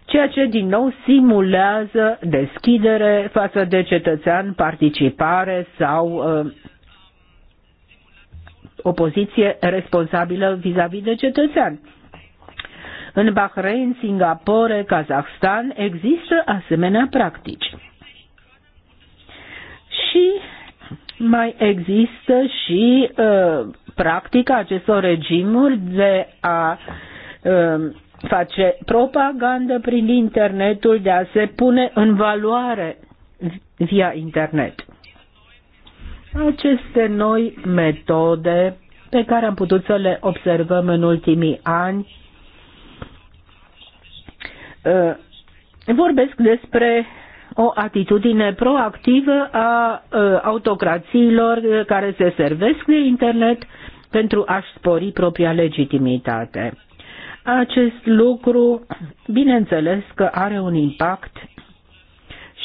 S2: ceea ce din nou simulează deschidere față de cetățean, participare sau uh, o poziție responsabilă vis-a-vis -vis de cetățean. În Bahrain, Singapore, Kazahstan există asemenea practici și mai există și uh, practica acestor regimuri de a uh, face propagandă prin internetul, de a se pune în valoare via internet. Aceste noi metode pe care am putut să le observăm în ultimii ani uh, vorbesc despre o atitudine proactivă a ă, autocrațiilor care se servesc de internet pentru a-și spori propria legitimitate. Acest lucru, bineînțeles că are un impact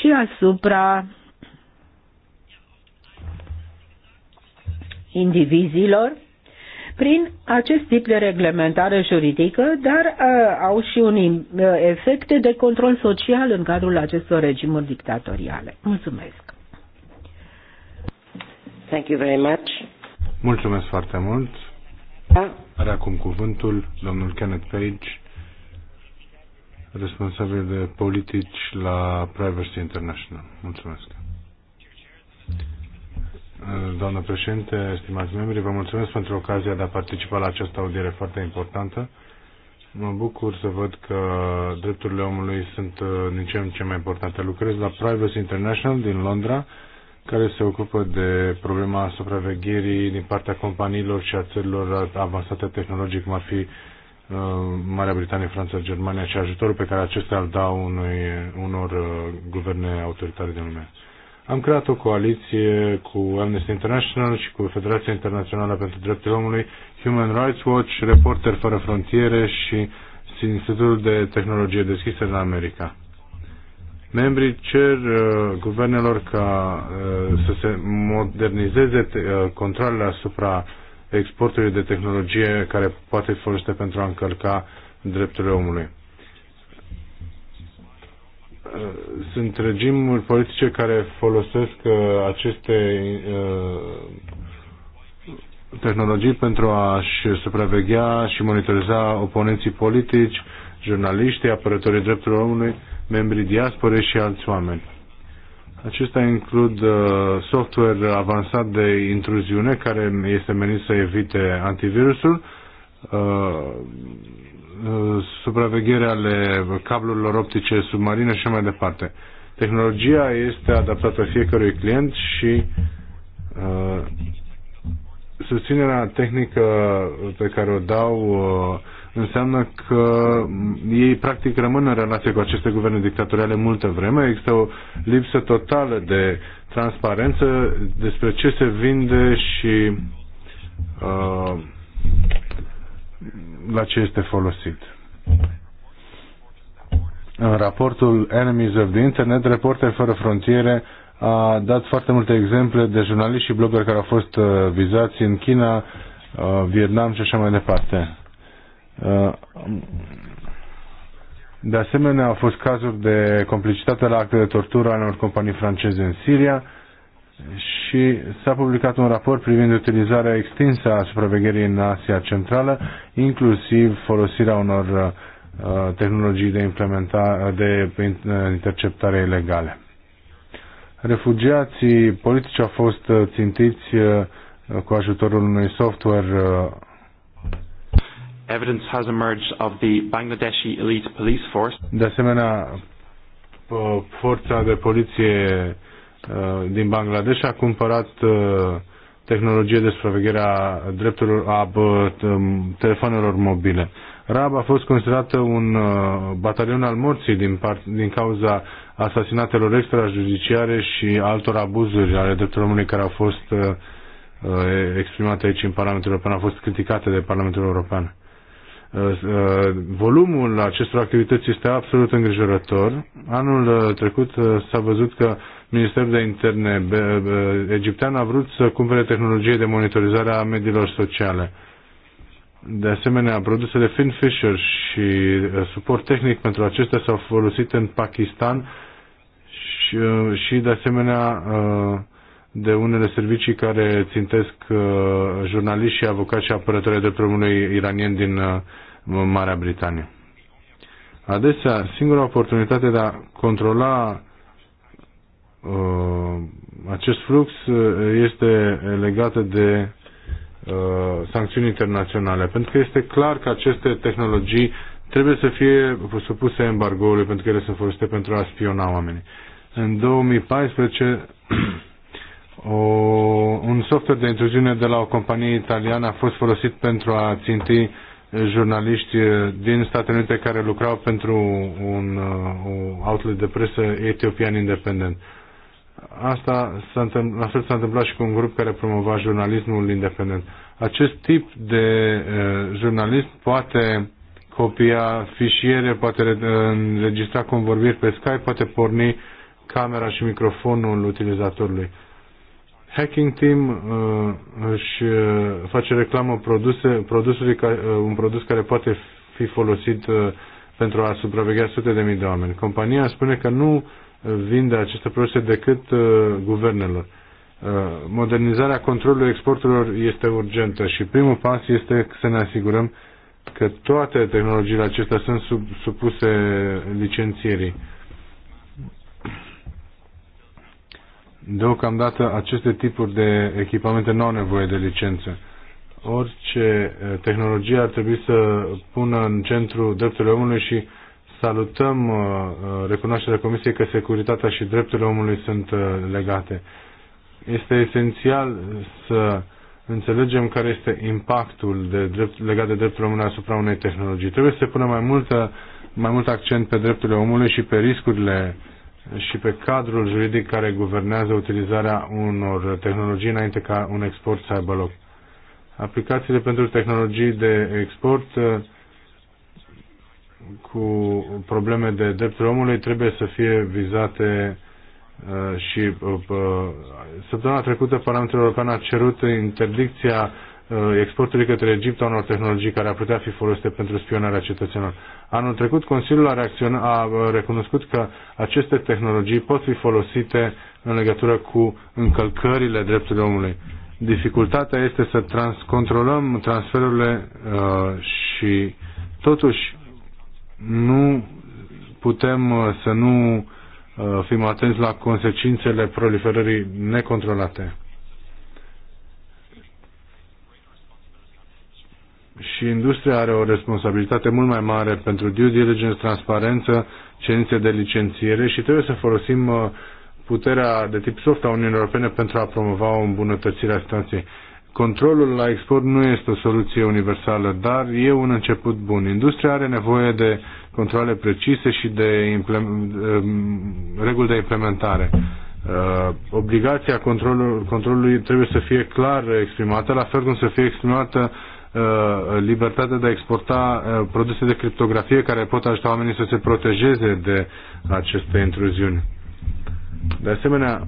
S2: și asupra indivizilor prin acest tip de reglementare juridică, dar uh, au și un uh, efecte de control social în cadrul acestor regimuri
S3: dictatoriale.
S2: Mulțumesc.
S4: Thank you very much.
S3: Mulțumesc foarte mult. Da. Are acum cuvântul domnul Kenneth Page, responsabil de politici la Privacy International. Mulțumesc doamnă președinte, stimați membri, vă mulțumesc pentru ocazia de a participa la această audiere foarte importantă. Mă bucur să văd că drepturile omului sunt uh, din ce în ce mai importante. Lucrez la Privacy International din Londra, care se ocupă de problema supravegherii din partea companiilor și a țărilor avansate tehnologic, cum ar fi uh, Marea Britanie, Franța, Germania și ajutorul pe care acestea îl dau unui, unor uh, guverne autoritare din lume. Am creat o coaliție cu Amnesty International și cu Federația Internațională pentru Drepturile Omului, Human Rights Watch, Reporter Fără Frontiere și Institutul de Tehnologie Deschisă în America. Membrii cer uh, guvernelor ca uh, să se modernizeze uh, controlele asupra exportului de tehnologie care poate fi folosită pentru a încălca drepturile omului sunt regimuri politice care folosesc uh, aceste uh, tehnologii pentru a-și supraveghea și monitoriza oponenții politici, jurnaliștii, apărătorii drepturilor omului, membrii diaspore și alți oameni. Acestea includ uh, software avansat de intruziune care este menit să evite antivirusul, Uh, supraveghere ale cablurilor optice submarine și mai departe. Tehnologia este adaptată fiecărui client și uh, susținerea tehnică pe care o dau uh, înseamnă că ei practic rămân în relație cu aceste guverne dictatoriale multă vreme. Există o lipsă totală de transparență despre ce se vinde și uh, la ce este folosit. În raportul Enemies of the Internet, Reporter fără frontiere a dat foarte multe exemple de jurnaliști și blogger care au fost uh, vizați în China, uh, Vietnam și așa mai departe. Uh, de asemenea, au fost cazuri de complicitate la acte de tortură ale unor companii franceze în Siria și s-a publicat un raport privind utilizarea extinsă a supravegherii în Asia Centrală, inclusiv folosirea unor uh, tehnologii de, de uh, interceptare ilegale. Refugiații politici au fost uh, țintiți cu ajutorul unui software
S4: Evidence has emerged of the Bangladeshi elite police force.
S3: De asemenea, forța de poliție Uh, din Bangladesh a cumpărat uh, tehnologie de supraveghere a drepturilor a uh, um, telefonelor mobile. Rab a fost considerat un batalion al morții din, part, din cauza asasinatelor extrajudiciare și altor abuzuri ale drepturilor omului care au fost exprimate aici în Parlamentul European, au fost criticate de Parlamentul European. Volumul acestor activități este absolut îngrijorător. Anul trecut s-a văzut că Ministerul de Interne egiptean a vrut să cumpere tehnologie de monitorizare a mediilor sociale. De asemenea, produsele Finfisher și uh, suport tehnic pentru acestea s-au folosit în Pakistan și, uh, de asemenea uh, de unele servicii care țintesc jurnaliști și avocați și apărători de omului iranien din Marea Britanie. Adesea, singura oportunitate de a controla Uh, acest flux uh, este legat de uh, sancțiuni internaționale, pentru că este clar că aceste tehnologii trebuie să fie supuse embargoului pentru că ele sunt folosite pentru a spiona oamenii. În 2014, o, un software de intruziune de la o companie italiană a fost folosit pentru a ținti jurnaliști din Statele Unite care lucrau pentru un, un outlet de presă etiopian independent. Uh, Asta s-a la fel s-a întâmplat și cu un grup care promova jurnalismul independent. Acest tip de uh, eh, jurnalist poate copia fișiere, poate înregistra convorbiri pe Skype, poate porni camera și microfonul utilizatorului. Hacking Team uh, își uh, face reclamă produse, produsului ca, uh, un produs care poate fi folosit uh, pentru a supraveghea sute de mii de oameni. Compania spune că nu uh, vinde aceste produse decât uh, guvernelor. Uh, modernizarea controlului exporturilor este urgentă și primul pas este să ne asigurăm că toate tehnologiile acestea sunt sub, supuse licențierii. Deocamdată aceste tipuri de echipamente nu au nevoie de licență. Orice tehnologie ar trebui să pună în centru drepturile omului și Salutăm uh, uh, recunoașterea Comisiei că securitatea și drepturile omului sunt uh, legate. Este esențial să înțelegem care este impactul de drept, legat de drepturile omului asupra unei tehnologii. Trebuie să se pună mai, multă, mai mult accent pe drepturile omului și pe riscurile și pe cadrul juridic care guvernează utilizarea unor tehnologii înainte ca un export să aibă loc. Aplicațiile pentru tehnologii de export cu probleme de drepturi omului trebuie să fie vizate uh, și uh, uh, săptămâna trecută Parlamentul European a cerut interdicția exportului către Egipt a unor tehnologii care ar putea fi folosite pentru spionarea cetățenilor. Anul trecut Consiliul a, a recunoscut că aceste tehnologii pot fi folosite în legătură cu încălcările drepturilor omului. Dificultatea este să trans- controlăm transferurile uh, și totuși nu putem uh, să nu uh, fim atenți la consecințele proliferării necontrolate. Și industria are o responsabilitate mult mai mare pentru due diligence, transparență, cerințe de licențiere și trebuie să folosim uh, puterea de tip soft a Uniunii Europene pentru a promova o îmbunătățire a situației. Controlul la export nu este o soluție universală, dar e un început bun. Industria are nevoie de controle precise și de um, reguli de implementare. Uh, obligația controlul, controlului trebuie să fie clar exprimată, la fel cum să fie exprimată uh, libertatea de a exporta uh, produse de criptografie care pot ajuta oamenii să se protejeze de aceste intruziuni. De asemenea,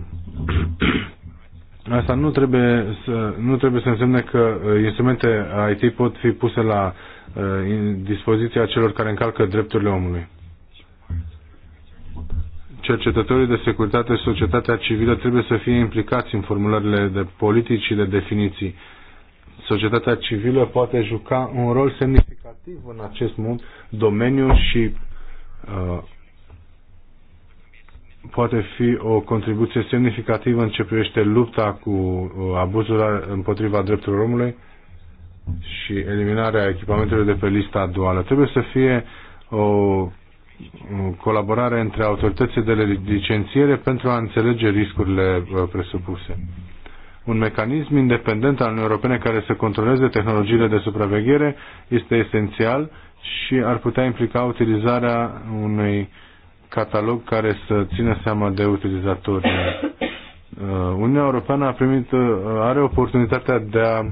S3: Asta nu trebuie să, nu trebuie să însemne că uh, instrumente IT pot fi puse la uh, dispoziția celor care încalcă drepturile omului. Cercetătorii de securitate și societatea civilă trebuie să fie implicați în formulările de politici și de definiții. Societatea civilă poate juca un rol semnificativ în acest domeniu și uh, poate fi o contribuție semnificativă în ce privește lupta cu uh, abuzul împotriva drepturilor omului și eliminarea echipamentelor de pe lista duală. Trebuie să fie o colaborare între autoritățile de licențiere pentru a înțelege riscurile uh, presupuse. Un mecanism independent al Uniunii Europene care să controleze tehnologiile de supraveghere este esențial și ar putea implica utilizarea unui catalog care să țină seama de utilizatori.
S4: Uh,
S3: Uniunea Europeană a primit, uh, are oportunitatea de a uh,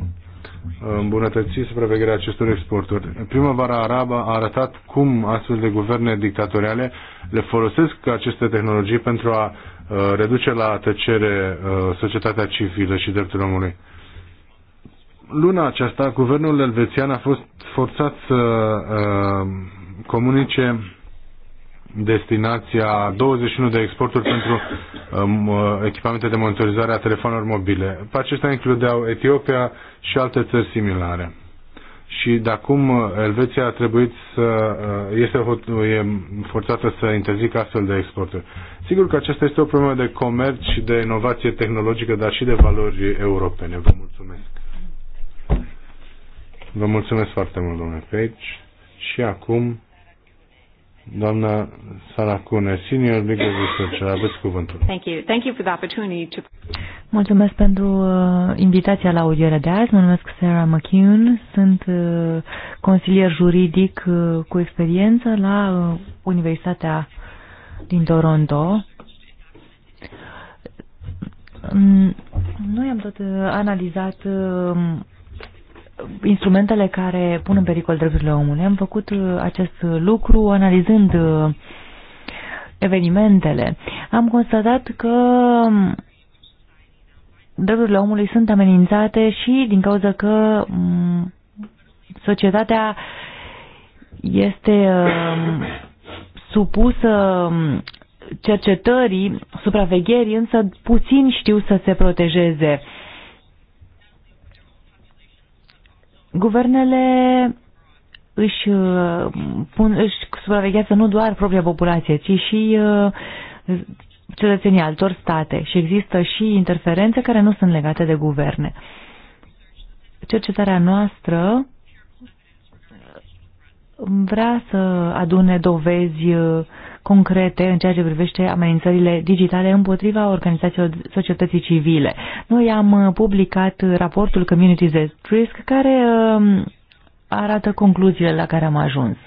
S3: îmbunătăți supravegherea acestor exporturi. Primăvara arabă a arătat cum astfel de guverne dictatoriale le folosesc aceste tehnologii pentru a reduce la tăcere societatea civilă și drepturile omului. Luna aceasta, guvernul elvețian a fost forțat să comunice destinația 21 de exporturi pentru um, uh, echipamente de monitorizare a telefonelor mobile. Acestea includeau Etiopia și alte țări similare. Și de acum uh, Elveția a trebuit să uh, este e forțată să interzică astfel de exporturi. Sigur că aceasta este o problemă de comerț și de inovație tehnologică, dar și de valori europene. Vă mulțumesc. Vă mulțumesc foarte mult, domnule Page. Și acum Doamna Saracune, senior legal researcher, aveți cuvântul.
S1: Thank
S4: you. Thank you for the opportunity to...
S1: Mulțumesc pentru uh, invitația la audierea de azi. Mă numesc Sarah McCune, sunt uh, consilier juridic uh, cu experiență la uh, Universitatea din Toronto. Mm, noi am tot uh, analizat uh, instrumentele care pun în pericol drepturile omului. Am făcut uh, acest lucru analizând uh, evenimentele. Am constatat că um, drepturile omului sunt amenințate și din cauza că um, societatea este um, supusă cercetării, supravegherii, însă puțin știu să se protejeze Guvernele își, uh, pun, își supraveghează nu doar propria populație, ci și uh, cetățenii altor state și există și interferențe care nu sunt legate de guverne. Cercetarea noastră vrea să adune dovezi uh, concrete în ceea ce privește amenințările digitale împotriva organizațiilor societății civile. Noi am uh, publicat raportul Communities at Risk care um, arată concluziile la care am ajuns.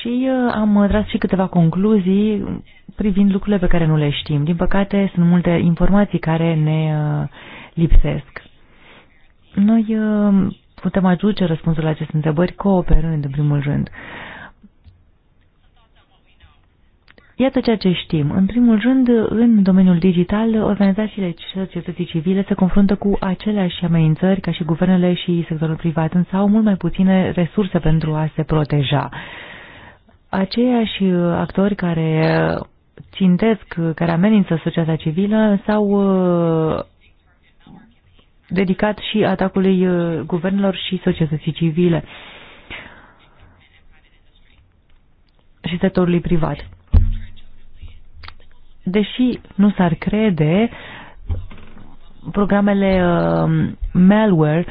S1: Și uh, am tras și câteva concluzii privind lucrurile pe care nu le știm. Din păcate, sunt multe informații care ne uh, lipsesc. Noi um, putem aduce răspunsul la aceste întrebări cooperând, în primul rând. Iată ceea ce știm. În primul rând, în domeniul digital, organizațiile societății civile se confruntă cu aceleași amenințări ca și guvernele și sectorul privat, însă au mult mai puține resurse pentru a se proteja. Aceiași actori care țintesc, care amenință societatea civilă, s-au dedicat și atacului uh, guvernelor și societății civile și sectorului privat. Deși nu s-ar crede, programele uh, malware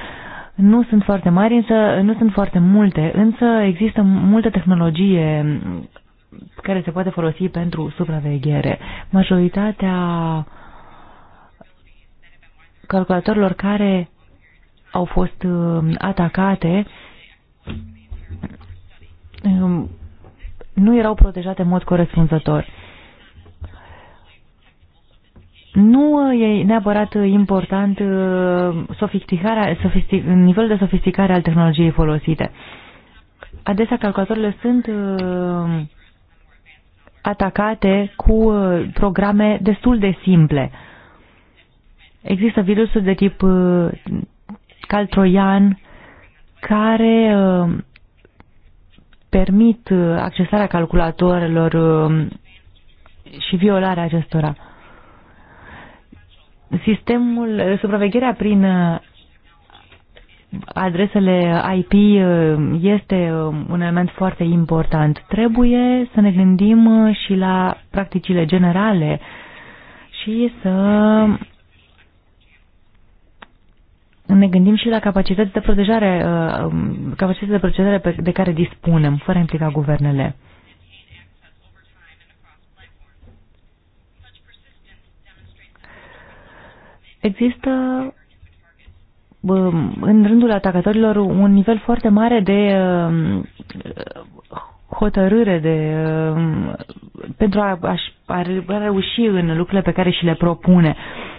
S1: nu sunt foarte mari, însă nu sunt foarte multe, însă există multă tehnologie care se poate folosi pentru supraveghere. Majoritatea uh, calculatorilor care au fost uh, atacate um, nu erau protejate în mod corespunzător. Nu uh, e neapărat uh, important sofisticarea, nivelul de sofisticare al tehnologiei folosite. Adesea calculatorile sunt atacate cu programe destul de simple. Există virusuri de tip uh, cal care uh, permit uh, accesarea calculatoarelor um, și violarea acestora. Sistemul, supravegherea prin adresele IP este um, un element foarte important. Trebuie să ne gândim și la practicile generale și să ne gândim și la capacități de protejare, uh, um, capacități de protejare de care dispunem, fără a implica guvernele. Există um, în rândul atacatorilor un nivel foarte mare de um, hotărâre de, pentru a, a, a reuși în lucrurile pe care și le propune. Uh,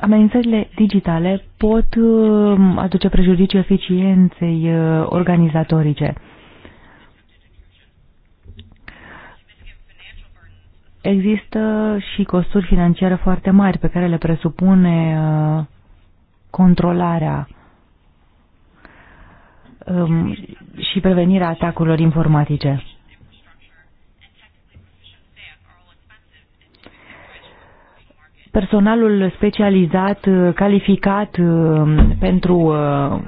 S1: amenințările digitale pot uh, aduce prejudicii eficienței uh, organizatorice. Există și costuri financiare foarte mari pe care le presupune uh, controlarea um, și prevenirea atacurilor informatice. personalul specializat, uh, calificat uh, pentru uh,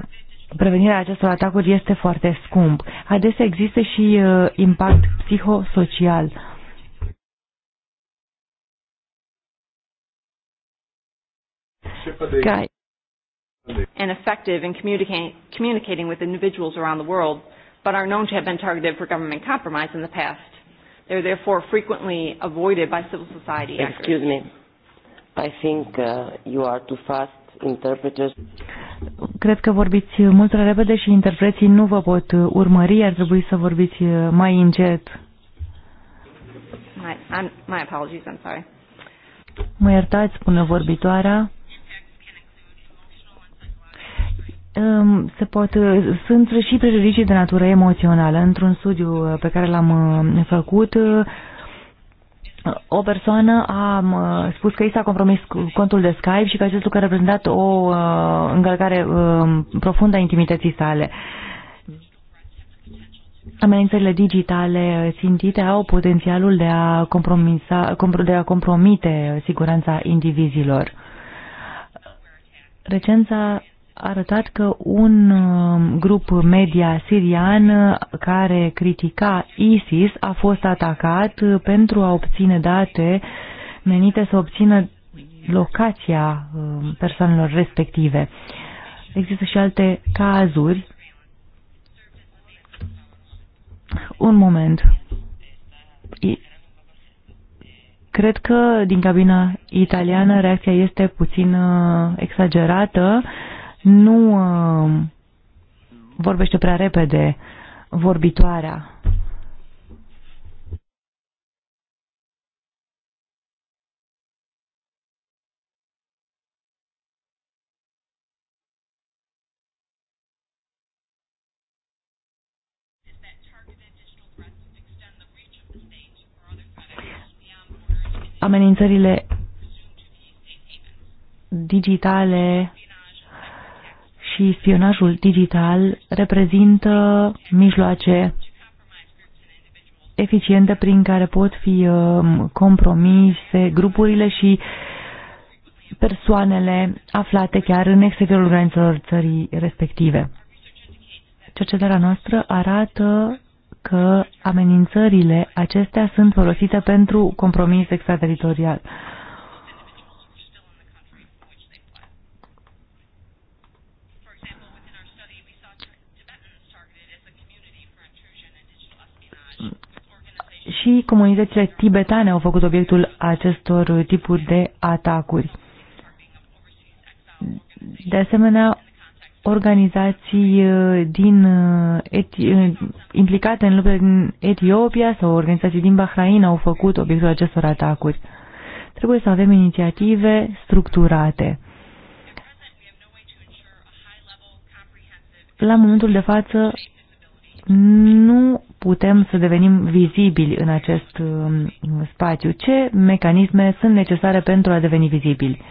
S1: prevenirea acestor atacuri este foarte scump. Adesea există și impact psihosocial. Ca
S4: and effective in communicating, communicating with individuals around the world, but are known to have been targeted for government compromise in the past. They are therefore frequently avoided by civil society actors. Excuse me. I think uh, you are too fast, interpreters.
S1: Cred că vorbiți mult prea repede și interpreții nu vă pot uh, urmări, ar trebui să vorbiți uh, mai încet.
S4: My, I'm, my apologies, I'm sorry.
S1: Mă iertați, spune vorbitoarea. Um, se pot, uh, sunt și prejudicii de natură emoțională. Într-un studiu pe care l-am făcut, o persoană a spus că i s-a compromis contul de Skype și că acest lucru a reprezentat o uh, încălcare um, profundă a intimității sale. Amenințările digitale simțite au potențialul de a, compromisa, de a compromite siguranța indivizilor. Recența arătat că un um, grup media sirian uh, care critica ISIS a fost atacat uh, pentru a obține date menite să obțină locația um, persoanelor respective. Există și alte cazuri. Un moment. Cred că din cabina italiană reacția este puțin uh, exagerată nu uh, vorbește prea repede vorbitoarea. Amenințările digitale și spionajul digital reprezintă mijloace eficiente prin care pot fi um, compromise grupurile și persoanele aflate chiar în exteriorul granițelor țării respective. Cercetarea noastră arată că amenințările acestea sunt folosite pentru compromis extrateritorial. și comunitățile tibetane au făcut obiectul acestor tipuri de atacuri. De asemenea, organizații uh, din, uh, eti, uh, implicate în lupte din Etiopia sau organizații din Bahrain au făcut obiectul acestor atacuri. Trebuie să avem inițiative structurate. La momentul de față nu putem să devenim vizibili în acest um, spațiu. Ce mecanisme sunt necesare pentru a deveni vizibili?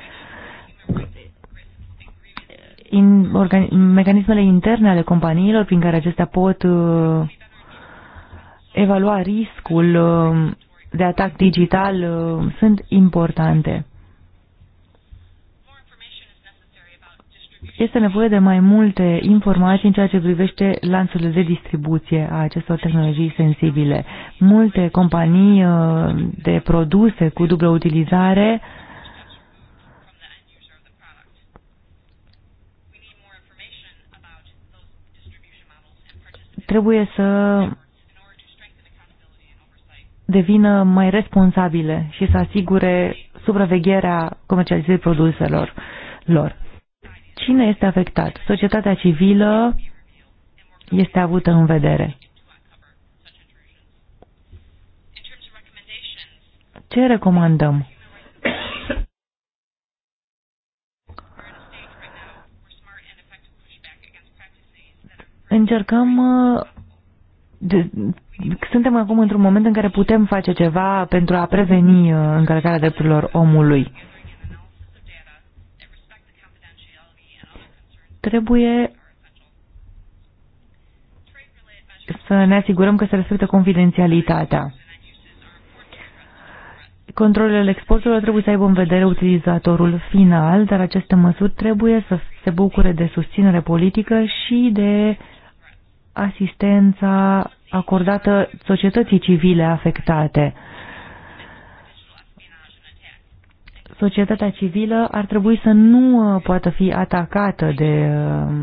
S1: In, mecanismele interne ale companiilor prin care acestea pot uh, evalua riscul uh, de atac digital uh, sunt importante. este nevoie de mai multe informații în ceea ce privește lanțurile de distribuție a acestor tehnologii sensibile. Multe companii uh, de produse cu dublă utilizare trebuie să devină mai responsabile și să asigure supravegherea comercializării produselor lor. Cine este afectat? Societatea civilă este avută în vedere. Ce recomandăm? Încercăm de, suntem acum într-un moment în care putem face ceva pentru a preveni uh, încălcarea drepturilor omului. Trebuie să ne asigurăm că se respectă confidențialitatea. Controlele exporturilor trebuie să aibă în vedere utilizatorul final, dar aceste măsuri trebuie să se bucure de susținere politică și de asistența acordată societății civile afectate. societatea civilă ar trebui să nu uh, poată fi atacată de, uh,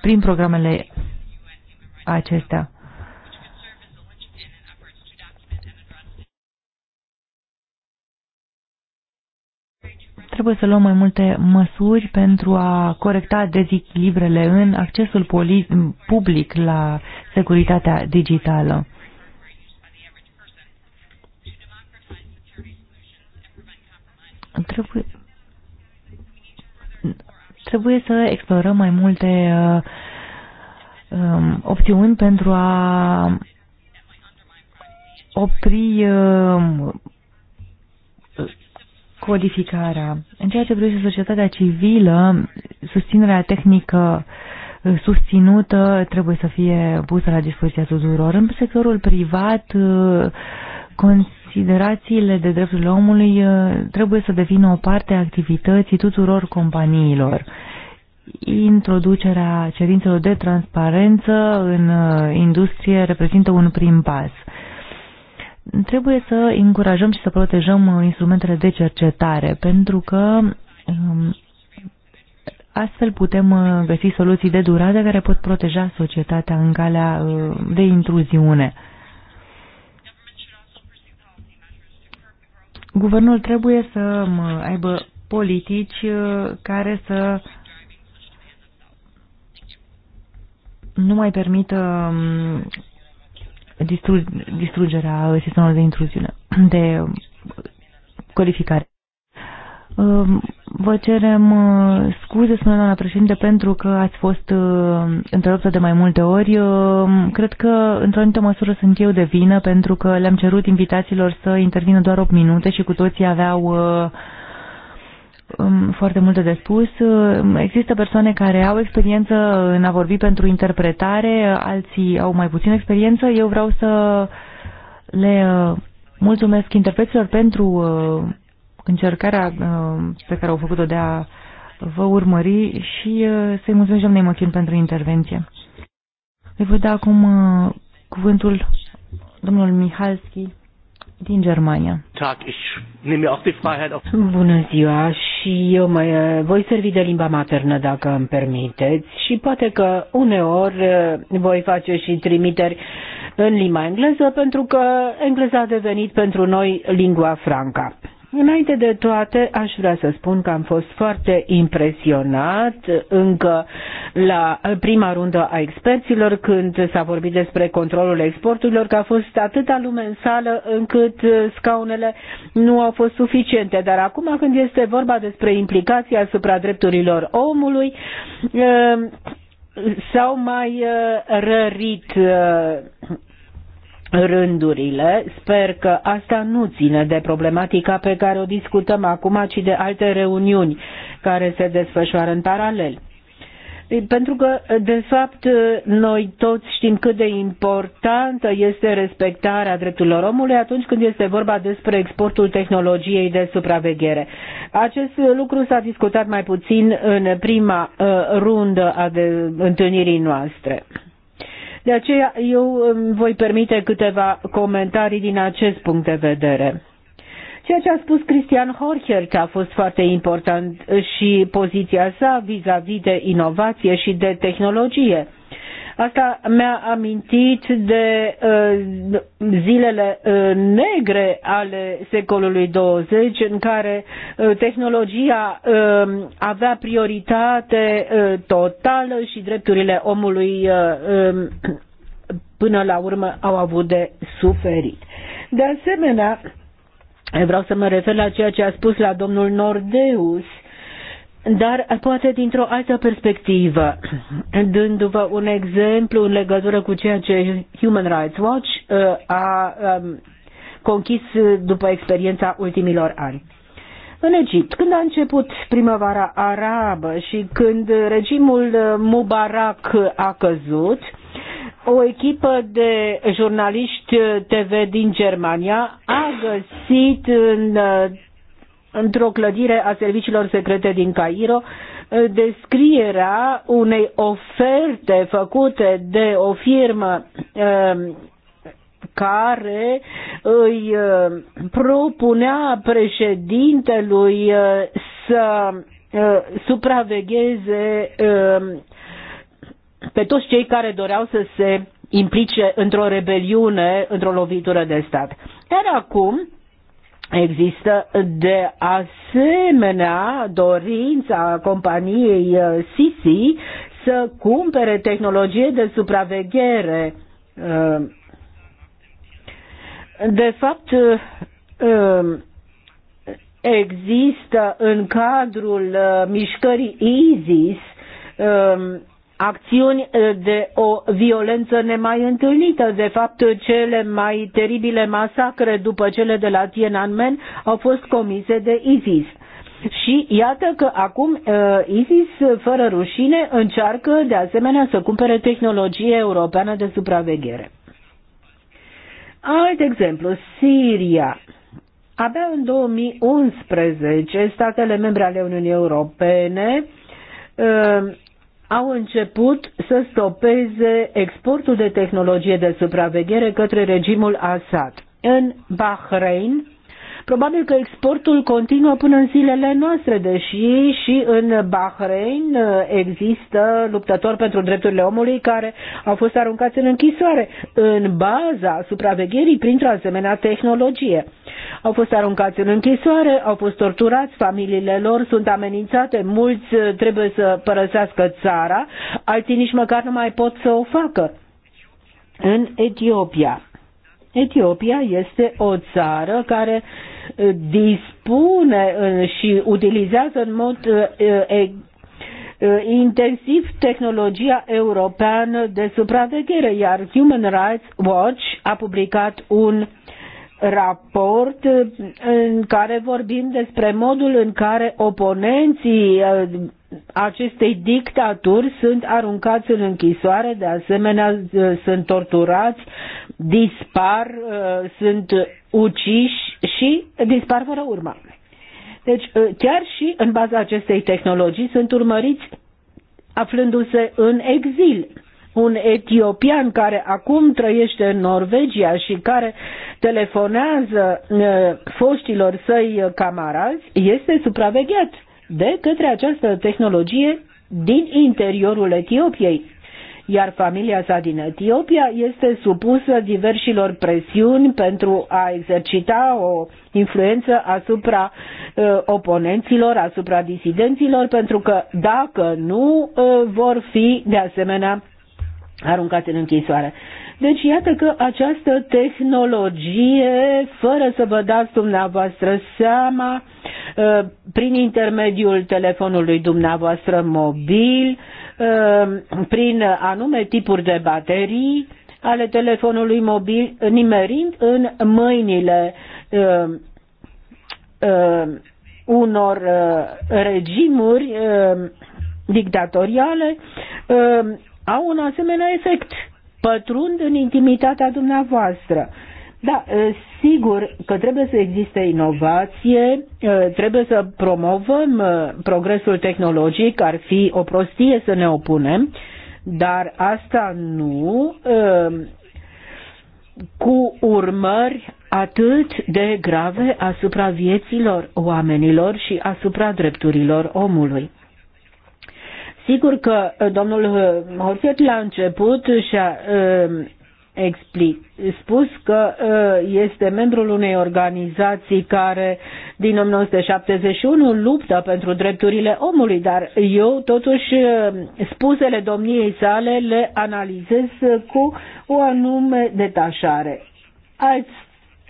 S1: prin programele acestea. Trebuie să luăm mai multe măsuri pentru a corecta dezechilibrele în accesul public la securitatea digitală. Trebuie, trebuie să explorăm mai multe uh, um, opțiuni pentru a opri uh, codificarea. În ceea ce privește societatea civilă, susținerea tehnică uh, susținută trebuie să fie pusă la dispoziția tuturor. În sectorul privat uh, Considerațiile de drepturile omului uh, trebuie să devină o parte a activității tuturor companiilor. Introducerea cerințelor de transparență în uh, industrie reprezintă un prim pas. Trebuie să încurajăm și să protejăm uh, instrumentele de cercetare, pentru că um, Astfel putem găsi soluții de durată care pot proteja societatea în calea de intruziune. Guvernul trebuie să aibă politici uh, care să nu mai permită um, distrugerea sistemului de intruziune, de codificare. Ehm, vă cerem uh, scuze, spune doamna președinte, pentru că ați fost uh, întreruptă de mai multe ori. Ehm, cred că, într-o anumită măsură, sunt eu de vină, pentru că le-am cerut invitațiilor să intervină doar 8 minute și cu toții aveau uh, um, foarte multe de spus. Ehm, există persoane care au experiență în a vorbi pentru interpretare, alții au mai puțină experiență. Eu vreau să le mulțumesc interpreților pentru încercarea uh, pe care au făcut-o de a vă urmări și uh, să-i mulțumesc doamnei Măchin pentru intervenție. Îi voi da acum uh, cuvântul domnul Mihalski din Germania.
S2: Bună ziua și eu mă voi servi de limba maternă dacă îmi permiteți și poate că uneori voi face și trimiteri în limba engleză pentru că engleza a devenit pentru noi lingua franca. Înainte de toate, aș vrea să spun că am fost foarte impresionat încă la prima rundă a experților când s-a vorbit despre controlul exporturilor, că a fost atâta lume în sală încât scaunele nu au fost suficiente. Dar acum când este vorba despre implicația asupra drepturilor omului, eh, s-au mai eh, rărit eh, rândurile. Sper că asta nu ține de problematica pe care o discutăm acum, ci de alte reuniuni care se desfășoară în paralel. Pentru că, de fapt, noi toți știm cât de importantă este respectarea drepturilor omului atunci când este vorba despre exportul tehnologiei de supraveghere. Acest lucru s-a discutat mai puțin în prima uh, rundă a de întâlnirii noastre. De aceea eu um, voi permite câteva comentarii din acest punct de vedere. Ceea ce a spus Cristian Horchert a fost foarte important și poziția sa vis-a-vis -vis de inovație și de tehnologie. Asta mi-a amintit de uh, zilele uh, negre ale secolului 20, în care uh, tehnologia uh, avea prioritate uh, totală și drepturile omului uh, uh, până la urmă au avut de suferit. De asemenea, vreau să mă refer la ceea ce a spus la domnul Nordeus, dar poate dintr-o altă perspectivă, dându-vă un exemplu în legătură cu ceea ce Human Rights Watch uh, a um, conchis după experiența ultimilor ani. În Egipt, când a început primăvara arabă și când regimul uh, Mubarak a căzut, o echipă de jurnaliști uh, TV din Germania a găsit în într-o clădire a serviciilor secrete din Cairo, eh, descrierea unei oferte făcute de o firmă eh, care îi eh, propunea președintelui să supravegheze pe toți cei care doreau să se implice într-o rebeliune, într-o lovitură de stat. Iar acum, Există de asemenea dorința companiei uh, Sisi să cumpere tehnologie de supraveghere. Uh, de fapt, uh, um, există în cadrul mișcării ISIS um, acțiuni eh, de o violență nemai întâlnită. De fapt, cele mai teribile masacre după cele de la Tiananmen au fost comise de ISIS. Și iată că acum eh, ISIS, fără rușine, încearcă de asemenea să cumpere tehnologie europeană de supraveghere. Alt exemplu, Siria. Abia în 2011, statele membre ale Uniunii Europene uh, au început să stopeze exportul de tehnologie de supraveghere către regimul Assad. În Bahrain, Probabil că exportul continuă până în zilele noastre, deși și în Bahrain uh, există luptători pentru drepturile omului care au fost aruncați în închisoare în baza supravegherii printr-o asemenea tehnologie. Au fost aruncați în închisoare, au fost torturați, familiile lor sunt amenințate, mulți uh, trebuie să părăsească țara, alții nici măcar nu mai pot să o facă. În Etiopia Etiopia este o țară care uh, dispune uh, și utilizează în mod uh, intensiv tehnologia europeană de supraveghere, iar Human Rights Watch a publicat un raport în care vorbim despre modul în care oponenții acestei dictaturi sunt aruncați în închisoare, de asemenea sunt torturați, dispar, uh, sunt uciși și dispar fără urmă. Deci, uh, chiar și în baza acestei tehnologii sunt urmăriți aflându-se în exil. Un etiopian care acum trăiește în Norvegia și care telefonează uh, foștilor săi camarazi este supravegheat de către această tehnologie din interiorul Etiopiei iar familia sa din Etiopia este supusă diversilor presiuni pentru a exercita o influență asupra uh, oponenților, asupra disidenților, pentru că dacă nu uh, vor fi de asemenea aruncați în închisoare. Deci iată că această tehnologie, fără să vă dați dumneavoastră seama, ă, prin intermediul telefonului dumneavoastră mobil, ă, prin anume tipuri de baterii ale telefonului mobil, nimerind în mâinile ă, unor regimuri dictatoriale, au un asemenea efect pătrund în intimitatea dumneavoastră. Da, sigur că trebuie să existe inovație, trebuie să promovăm progresul tehnologic, ar fi o prostie să ne opunem, dar asta nu cu urmări atât de grave asupra vieților oamenilor și asupra drepturilor omului. Sigur că uh, domnul uh, Horfiet la început și-a uh, explic, spus că este membrul unei organizații care din 1971 luptă pentru drepturile omului, dar eu totuși spusele domniei sale le analizez cu o anume detașare. Ați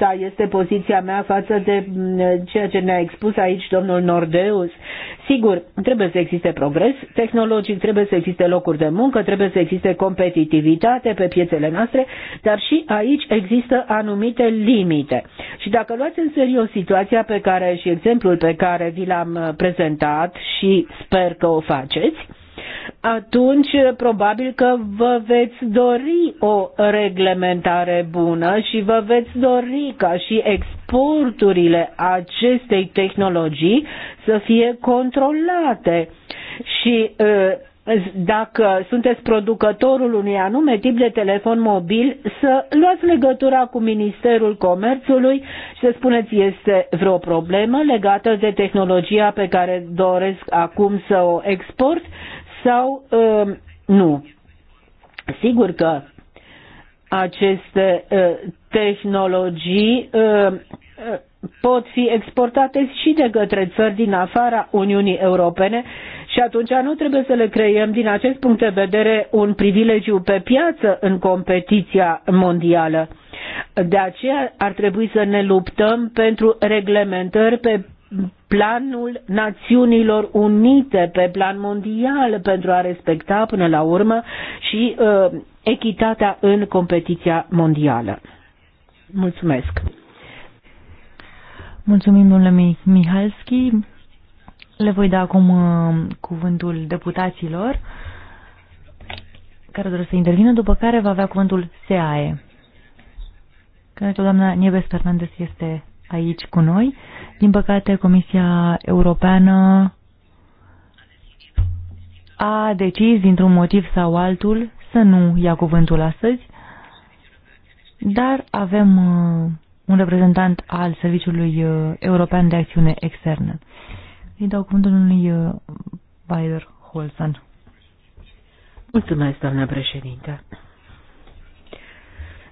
S2: asta este poziția mea față de mm, ceea ce ne-a expus aici domnul Nordeus. Sigur, trebuie să existe progres tehnologic, trebuie să existe locuri de muncă, trebuie să existe competitivitate pe piețele noastre, dar și aici există anumite limite. Și dacă luați în serios situația pe care și exemplul pe care vi l-am uh, prezentat și sper că o faceți, atunci probabil că vă veți dori o reglementare bună și vă veți dori ca și exporturile acestei tehnologii să fie controlate. Și uh, dacă sunteți producătorul unui anume tip de telefon mobil, să luați legătura cu Ministerul Comerțului și să spuneți este vreo problemă legată de tehnologia pe care doresc acum să o export sau uh, nu. Sigur că aceste uh, tehnologii uh, pot fi exportate și de către țări din afara Uniunii Europene și atunci nu trebuie să le creăm din acest punct de vedere un privilegiu pe piață în competiția mondială. De aceea ar trebui să ne luptăm pentru reglementări pe planul Națiunilor Unite pe plan mondial pentru a respecta până la urmă și uh, echitatea în competiția mondială.
S1: Mulțumesc! Mulțumim, domnule Mihalski. Le voi da acum uh, cuvântul deputaților care doresc să intervină, după care va avea cuvântul SEAE. Când doamna Nieves Fernandez este aici cu noi. Din păcate, Comisia Europeană a decis, dintr-un motiv sau altul, să nu ia cuvântul astăzi, dar avem uh, un reprezentant al Serviciului uh, European de Acțiune Externă. Îi dau cuvântul lui Bayer uh, Holson. Mulțumesc, doamna președinte.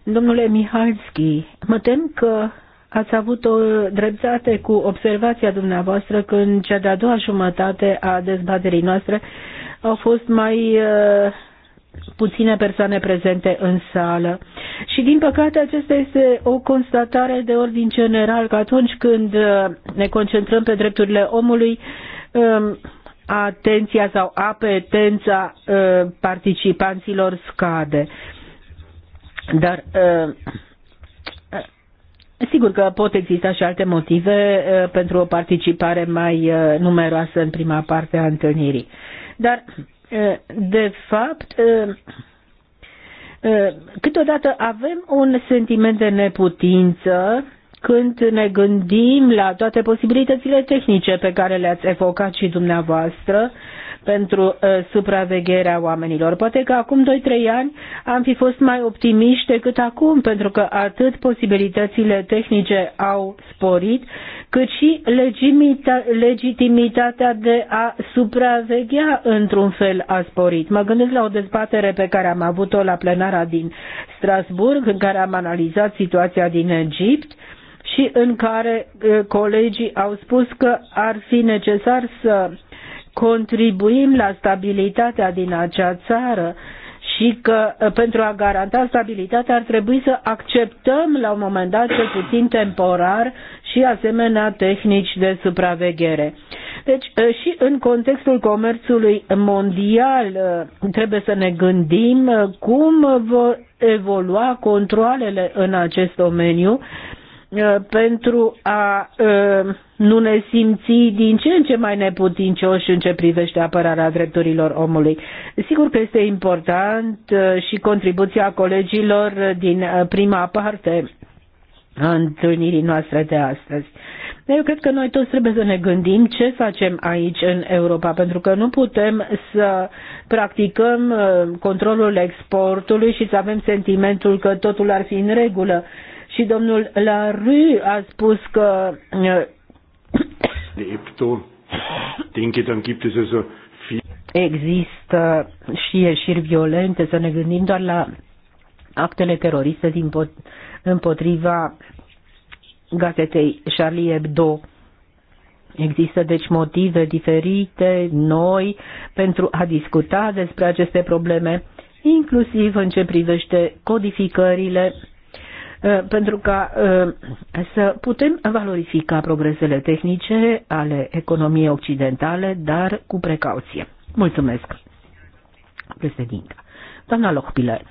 S1: Domnule Mihalski,
S2: mă tem că Ați avut o dreptate cu observația dumneavoastră când cea de-a doua jumătate a dezbaterii noastre au fost mai uh, puține persoane prezente în sală. Și din păcate acesta este o constatare de ordin general că atunci când uh, ne concentrăm pe drepturile omului, um, atenția sau apetența uh, participanților scade. Dar Sigur că pot exista și alte motive pentru o participare mai numeroasă în prima parte a întâlnirii. Dar, de fapt, câteodată avem un sentiment de neputință când ne gândim la toate posibilitățile tehnice pe care le-ați evocat și dumneavoastră pentru uh, supravegherea oamenilor. Poate că acum 2-3 ani am fi fost mai optimiști decât acum, pentru că atât posibilitățile tehnice au sporit, cât și legitimitatea de a supraveghea într-un fel a sporit. Mă gândesc la o dezbatere pe care am avut-o la plenara din Strasburg, în care am analizat situația din Egipt și în care uh, colegii au spus că ar fi necesar să contribuim la stabilitatea din acea țară și că ă, pentru a garanta stabilitatea ar trebui să acceptăm la un moment dat, cel puțin temporar, și asemenea tehnici de supraveghere. Deci ă, și în contextul comerțului mondial ă, trebuie să ne gândim cum vor evolua controlele în acest domeniu pentru a uh, nu ne simți din ce în ce mai neputincioși în ce privește apărarea drepturilor omului. Sigur că este important uh, și contribuția colegilor din uh, prima parte a întâlnirii noastre de astăzi. Eu cred că noi toți trebuie să ne gândim ce facem aici în Europa, pentru că nu putem să practicăm uh, controlul exportului și să avem sentimentul că totul ar fi în regulă. Și domnul Larue a spus că da. Există și ieșiri violente, să ne gândim doar la actele teroriste din împotriva gazetei Charlie Hebdo. Există deci motive diferite, noi, pentru a discuta despre aceste probleme, inclusiv în ce privește codificările Uh, pentru ca uh, să putem valorifica progresele tehnice ale economiei occidentale, dar cu precauție. Mulțumesc, președinte. Doamna Lohpiler.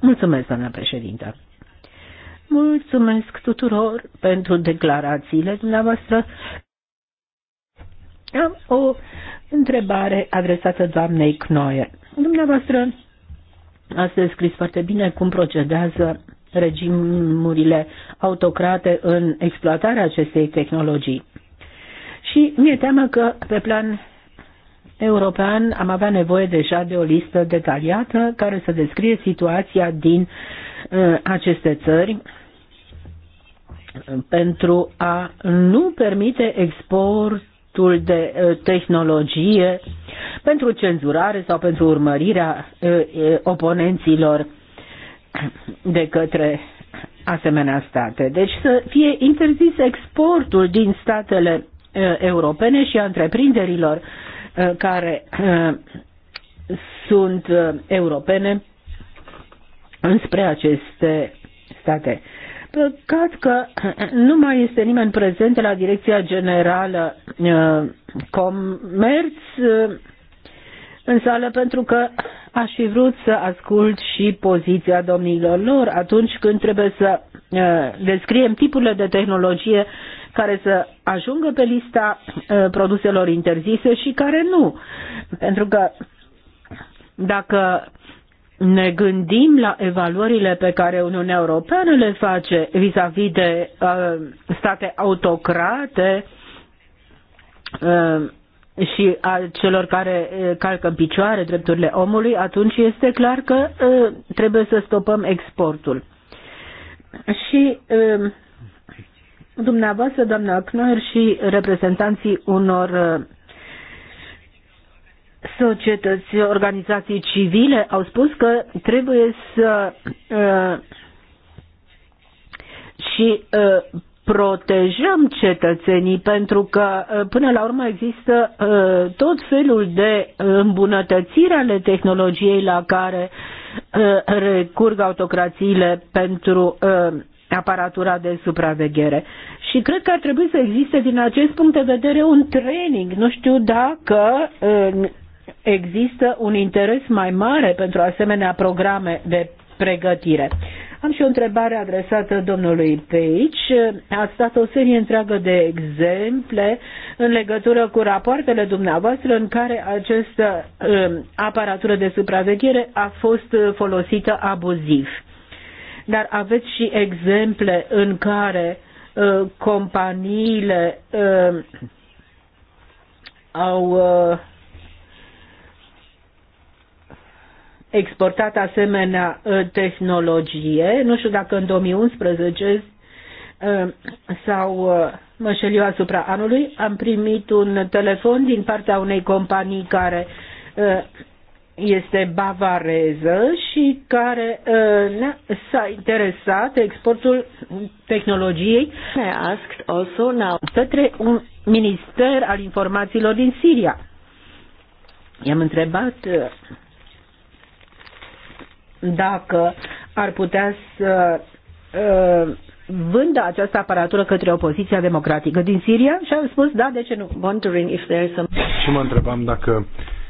S2: Mulțumesc, doamna președinte. Mulțumesc tuturor pentru declarațiile dumneavoastră. Am o întrebare adresată doamnei Knoie. Dumneavoastră ați descris foarte bine cum procedează regimurile autocrate în exploatarea acestei tehnologii. Și mi-e teamă că pe plan european am avea nevoie deja de o listă detaliată care să descrie situația din uh, aceste țări uh, pentru a nu permite exportul de uh, tehnologie pentru cenzurare sau pentru urmărirea uh, uh oponenților de către asemenea state. Deci să fie interzis exportul din statele uh, europene și a întreprinderilor uh, care uh, sunt europene înspre aceste state. Păcat că nu mai este nimeni prezent la Direcția Generală Comerț în sală pentru că Aș fi vrut să ascult și poziția domnilor lor atunci când trebuie să uh, descriem tipurile de tehnologie care să ajungă pe lista uh, produselor interzise și care nu. Pentru că dacă ne gândim la evaluările pe care Uniunea Europeană le face vis-a-vis -vis de uh, state autocrate, uh, și a celor care calcă în picioare drepturile omului, atunci este clar că trebuie să stopăm exportul. Și dumneavoastră, doamna Knoer, și reprezentanții unor societăți, organizații civile au spus că trebuie să și protejăm cetățenii pentru că ă, până la urmă există ă, tot felul de îmbunătățiri ale tehnologiei la care ă, recurg autocrațiile pentru aparatura de supraveghere. Și cred că ar trebui să existe din acest punct de vedere un training. Nu știu dacă există un interes mai mare pentru asemenea programe de pregătire. Am și o întrebare adresată domnului Page. A stat o serie întreagă de exemple în legătură cu rapoartele dumneavoastră în care această um, aparatură de supraveghere a fost folosită abuziv. Dar aveți și exemple în care uh, companiile uh, au uh, exportat asemenea ă, tehnologie. Nu știu dacă în 2011 ă, sau ă, mă șeliu asupra anului, am primit un telefon din partea unei companii care este bavareză și care s-a interesat exportul tehnologiei also now. către un minister al informațiilor din Siria. I-am întrebat dacă ar putea să ă, vândă această aparatură către opoziția democratică din Siria și am spus da, de ce nu? Wondering if
S3: there is some... Și mă întrebam dacă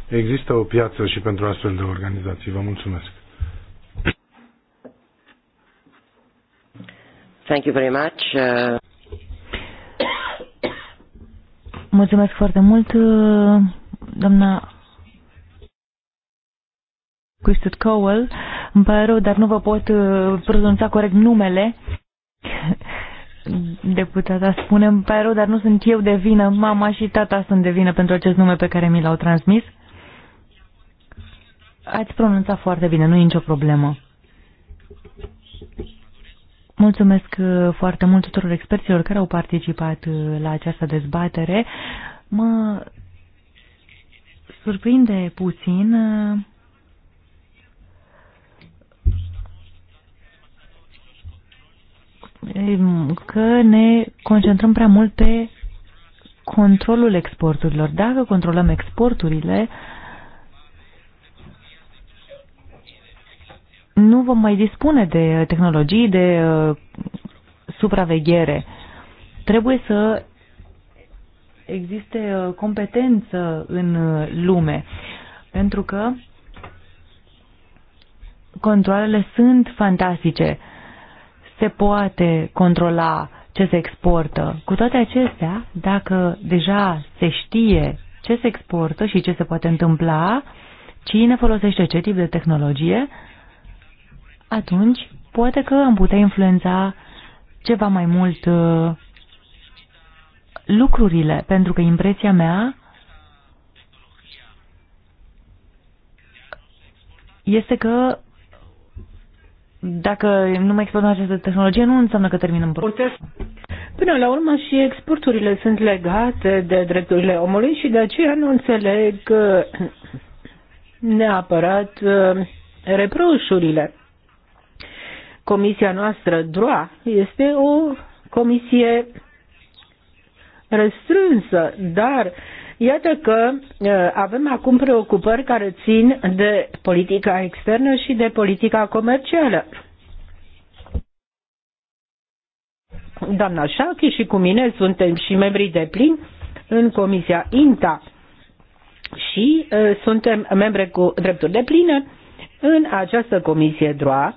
S3: există o piață și pentru astfel de organizații. Vă mulțumesc.
S4: Thank you very much. Uh...
S1: Mulțumesc foarte mult, uh, doamna Christoph Cowell. Îmi pare rău, dar nu vă pot uh, pronunța corect numele. Deputata spune, îmi pare rău, dar nu sunt eu de vină. Mama și tata sunt de vină pentru acest nume pe care mi l-au transmis. Ați pronunțat foarte bine, nu e nicio problemă. Mulțumesc uh, foarte mult tuturor experților care au participat uh, la această dezbatere. Mă surprinde puțin că ne concentrăm prea mult pe controlul exporturilor. Dacă controlăm exporturile, nu vom mai dispune de uh, tehnologii de uh, supraveghere. Trebuie să existe uh, competență în lume, pentru că controlele sunt fantastice se poate controla ce se exportă. Cu toate acestea, dacă deja se știe ce se exportă și ce se poate întâmpla, cine folosește ce tip de tehnologie, atunci poate că am putea influența ceva mai mult uh, lucrurile, pentru că impresia mea este că dacă nu mai exportăm această tehnologie, nu înseamnă că terminăm procesul. Până la urmă și exporturile sunt legate de drepturile omului
S2: și de aceea nu înțeleg eh, neapărat eh, reproșurile. Comisia noastră, DROA, este o comisie restrânsă, dar uh, Iată că uh, avem acum preocupări care țin de politica externă și de politica comercială. Doamna Șachi și cu mine suntem și membrii de plin în Comisia INTA și uh, suntem membre cu drepturi de plină în această comisie DROA,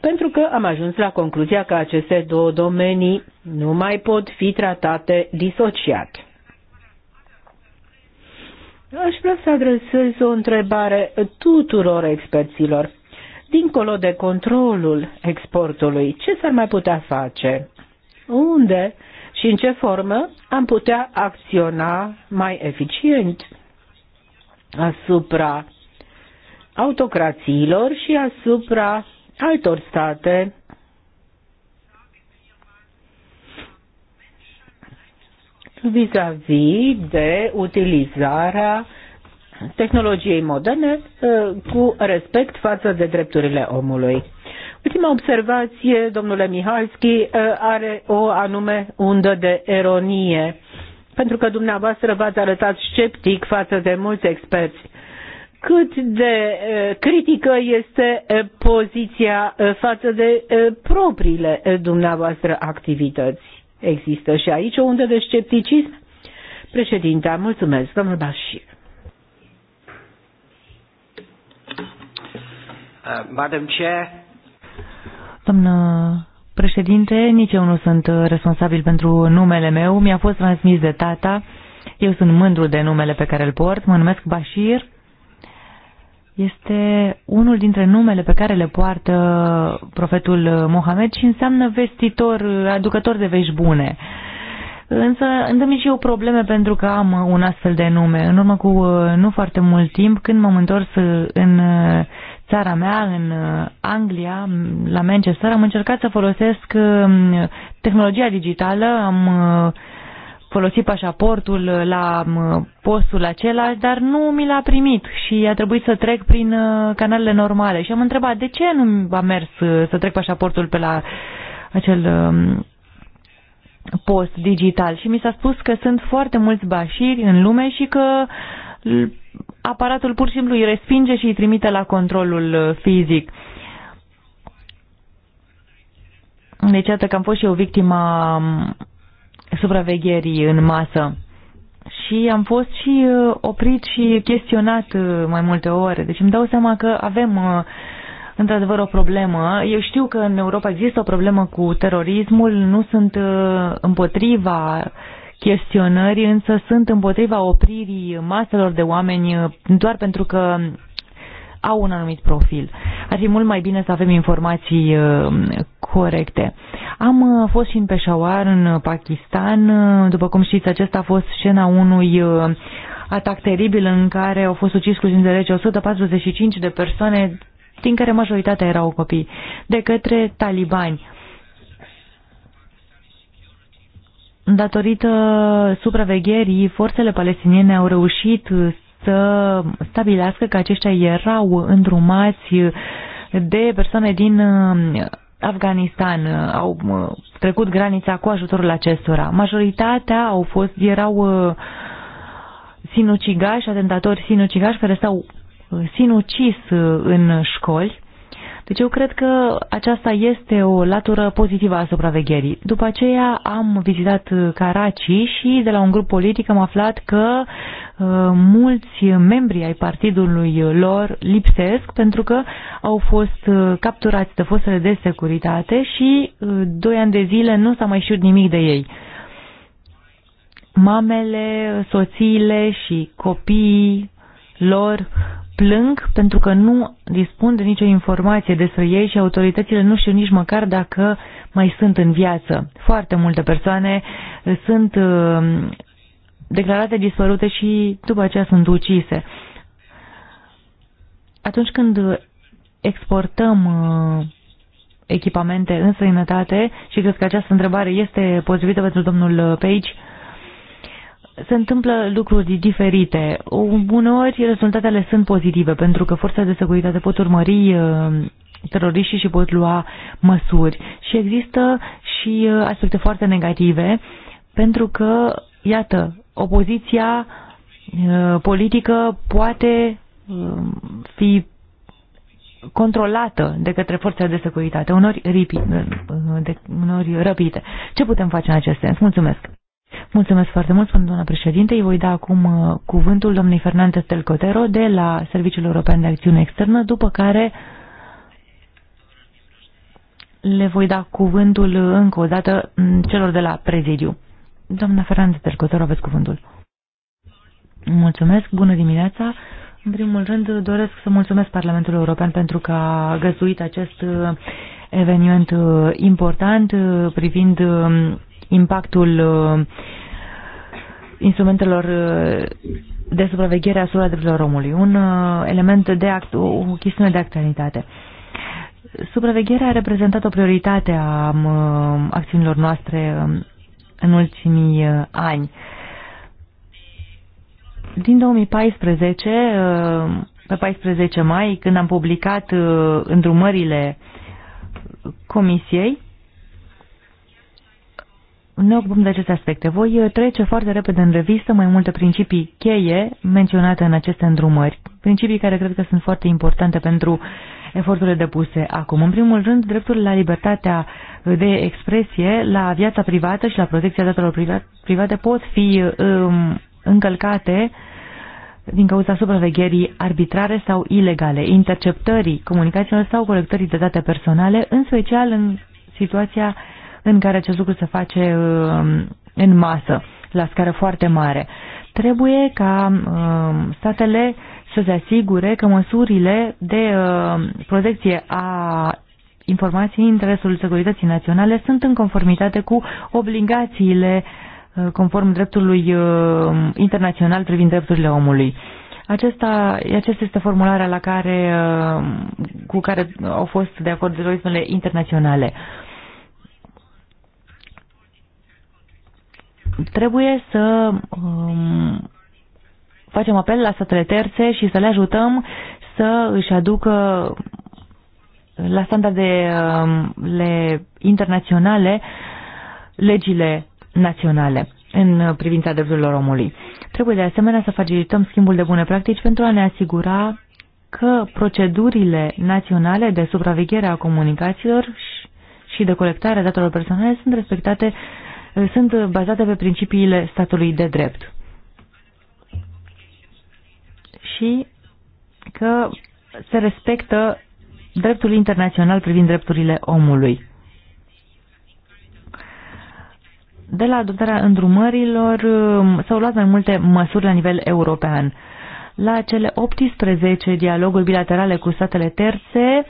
S2: pentru că am ajuns la concluzia că aceste două domenii nu mai pot fi tratate disociat. Aș vrea să adresez o întrebare tuturor experților. Dincolo de controlul exportului, ce s-ar mai putea face? Unde și în ce formă am putea acționa mai eficient asupra autocrațiilor și asupra altor state vis-a-vis -vis de utilizarea tehnologiei moderne eh, cu respect față de drepturile omului. Ultima observație, domnule Mihalski, eh, are o anume undă de eronie, pentru că dumneavoastră v-ați arătat sceptic față de mulți experți. Cât de eh, critică este poziția față de propriile dumneavoastră activități? Există și aici o undă de scepticism? Președinte, mulțumesc,
S1: domnul Bashir.
S2: Uh, Madam Chair.
S1: Doamnă președinte, nici eu nu sunt uh, responsabil pentru numele meu. Mi-a fost transmis de tata. Eu sunt mândru de numele pe care îl port. Mă numesc Bashir este unul dintre numele pe care le poartă profetul Mohamed și înseamnă vestitor, aducător de vești bune. Însă îmi și eu probleme pentru că am un astfel de nume. În urmă cu uh, nu foarte mult timp, când m-am întors uh, în uh, țara mea, în Anglia, la Manchester, am încercat să folosesc tehnologia digitală, am folosi pașaportul la postul acela, dar nu mi l-a primit și a trebuit să trec prin uh, canalele normale. Și am întrebat de ce nu a mers uh, să trec pașaportul pe la acel um, post digital și mi s-a spus că sunt foarte mulți bașiri în lume și că aparatul pur și simplu îi respinge și îi trimite la controlul uh, fizic. Deci, iată că am fost și eu victima um, supravegherii în masă. Și am fost și uh, oprit și chestionat uh, mai multe ori. Deci îmi dau seama că avem uh, într-adevăr o problemă. Eu știu că în Europa există o problemă cu terorismul, nu sunt împotriva chestionării, însă sunt împotriva opririi maselor de oameni doar pentru că au un anumit profil. Ar fi mult mai bine să avem informații uh, corecte. Am uh, fost și în Peshawar, în uh, Pakistan. După cum știți, acesta a fost scena unui atac teribil în care au fost uciși cu de rece 145 de persoane, din care majoritatea erau copii, de către talibani. Datorită supravegherii, forțele palestiniene au reușit să stabilească că aceștia erau îndrumați de persoane din uh, Afganistan au uh, trecut granița cu ajutorul acestora. Majoritatea au fost, erau uh, sinucigași, atentatori sinucigași care s-au sinucis în școli deci eu cred că aceasta este o latură pozitivă a supravegherii. După aceea am vizitat Caraci și de la un grup politic am aflat că uh, mulți membri ai partidului lor lipsesc pentru că au fost uh, capturați de fostele de securitate și uh, doi ani de zile nu s-a mai știut nimic de ei. Mamele, soțiile și copiii lor plâng pentru că nu dispun de nicio informație despre ei și autoritățile nu știu nici măcar dacă mai sunt în viață. Foarte multe persoane sunt uh, declarate dispărute și după aceea sunt ucise. Atunci când exportăm uh, echipamente în străinătate și cred că această întrebare este potrivită pentru domnul Page, se întâmplă lucruri diferite. Uneori rezultatele sunt pozitive pentru că forțele de securitate pot urmări uh, teroriștii și pot lua măsuri. Și există și uh, aspecte foarte negative pentru că, iată, opoziția uh, politică poate fi controlată de către forțele de securitate, unori, ripi, de, unori răpite. Ce putem face în acest sens? Mulțumesc! Mulțumesc foarte mult, spune doamna președinte. Îi voi da acum uh, cuvântul domnului Fernandez del de la Serviciul European de Acțiune Externă, după care le voi da cuvântul uh, încă o dată mm, celor de la prezidiu. Doamna Fernandez del aveți cuvântul. Mulțumesc, bună dimineața. În primul rând doresc să mulțumesc Parlamentul European pentru că a găsuit acest uh, eveniment important privind um, impactul uh, instrumentelor uh, de supraveghere asupra drepturilor omului, un uh, element de act, o chestiune de actualitate. Supravegherea a reprezentat o prioritate a um, acțiunilor noastre um, în ultimii ani. Din 2014, pe 14 mai, când am publicat îndrumările Comisiei, ne ocupăm de aceste aspecte. Voi uh, trece foarte repede în revistă mai multe principii cheie menționate în aceste îndrumări, principii care cred că sunt foarte importante pentru eforturile depuse acum. În primul rând, dreptul la libertatea de expresie, la viața privată și la protecția datelor private pot fi um, încălcate din cauza supravegherii arbitrare sau ilegale, interceptării comunicațiilor sau colectării de date personale, în special în situația uh, în care acest lucru se face uh, în masă, la scară foarte mare. Trebuie ca uh, statele să se asigure că măsurile de uh, protecție a informației în interesul securității naționale sunt în conformitate cu obligațiile conform dreptului internațional privind drepturile omului. Acesta, aceasta este formularea la care, cu care au fost de acord organismele internaționale. Trebuie să um, facem apel la statele terțe și să le ajutăm să își aducă la standardele um, internaționale legile naționale în privința drepturilor omului. Trebuie de asemenea să facilităm schimbul de bune practici pentru a ne asigura că procedurile naționale de supraveghere a comunicațiilor și de colectare a datelor personale sunt respectate Eh, sunt eh, bazate pe principiile statului de drept. Și că se respectă dreptul internațional privind drepturile omului. De la adoptarea îndrumărilor eh, s-au luat mai multe măsuri la nivel european. La cele 18 dialoguri bilaterale cu statele terțe,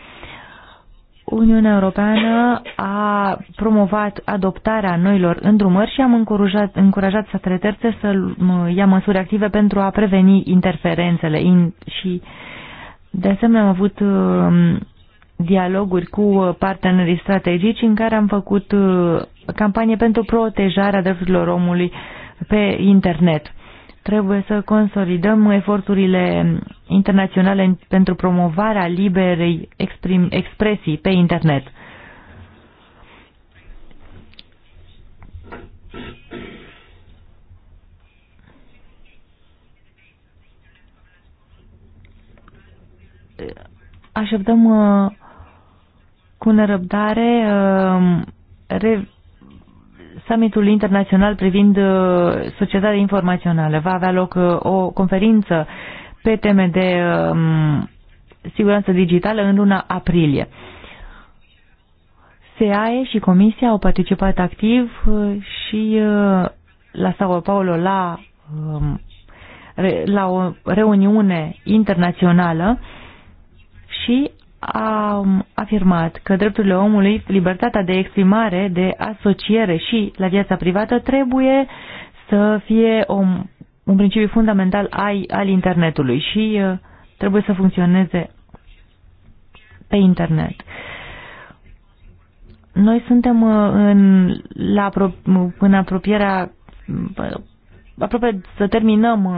S1: Uniunea Europeană a promovat adoptarea noilor îndrumări și am încurajat, încurajat statele terțe să ia măsuri active pentru a preveni interferențele in, și de asemenea am avut um, dialoguri cu partenerii strategici în care am făcut uh, campanie pentru protejarea drepturilor omului pe internet. Trebuie să consolidăm eforturile internaționale pentru promovarea liberei exprim, expresii pe internet. Așteptăm uh, cu nerăbdare uh, re, summitul internațional privind uh, societatea informațională. Va avea loc uh, o conferință pe teme de um, siguranță digitală în luna aprilie. SEAE și Comisia au participat activ uh, și la Sao Paulo la, um, la o reuniune internațională și a afirmat că drepturile omului, libertatea de exprimare, de asociere și la viața privată trebuie să fie o, un principiu fundamental ai, al internetului și uh, trebuie să funcționeze pe internet. Noi suntem uh, în, la, în apropierea uh, aproape să terminăm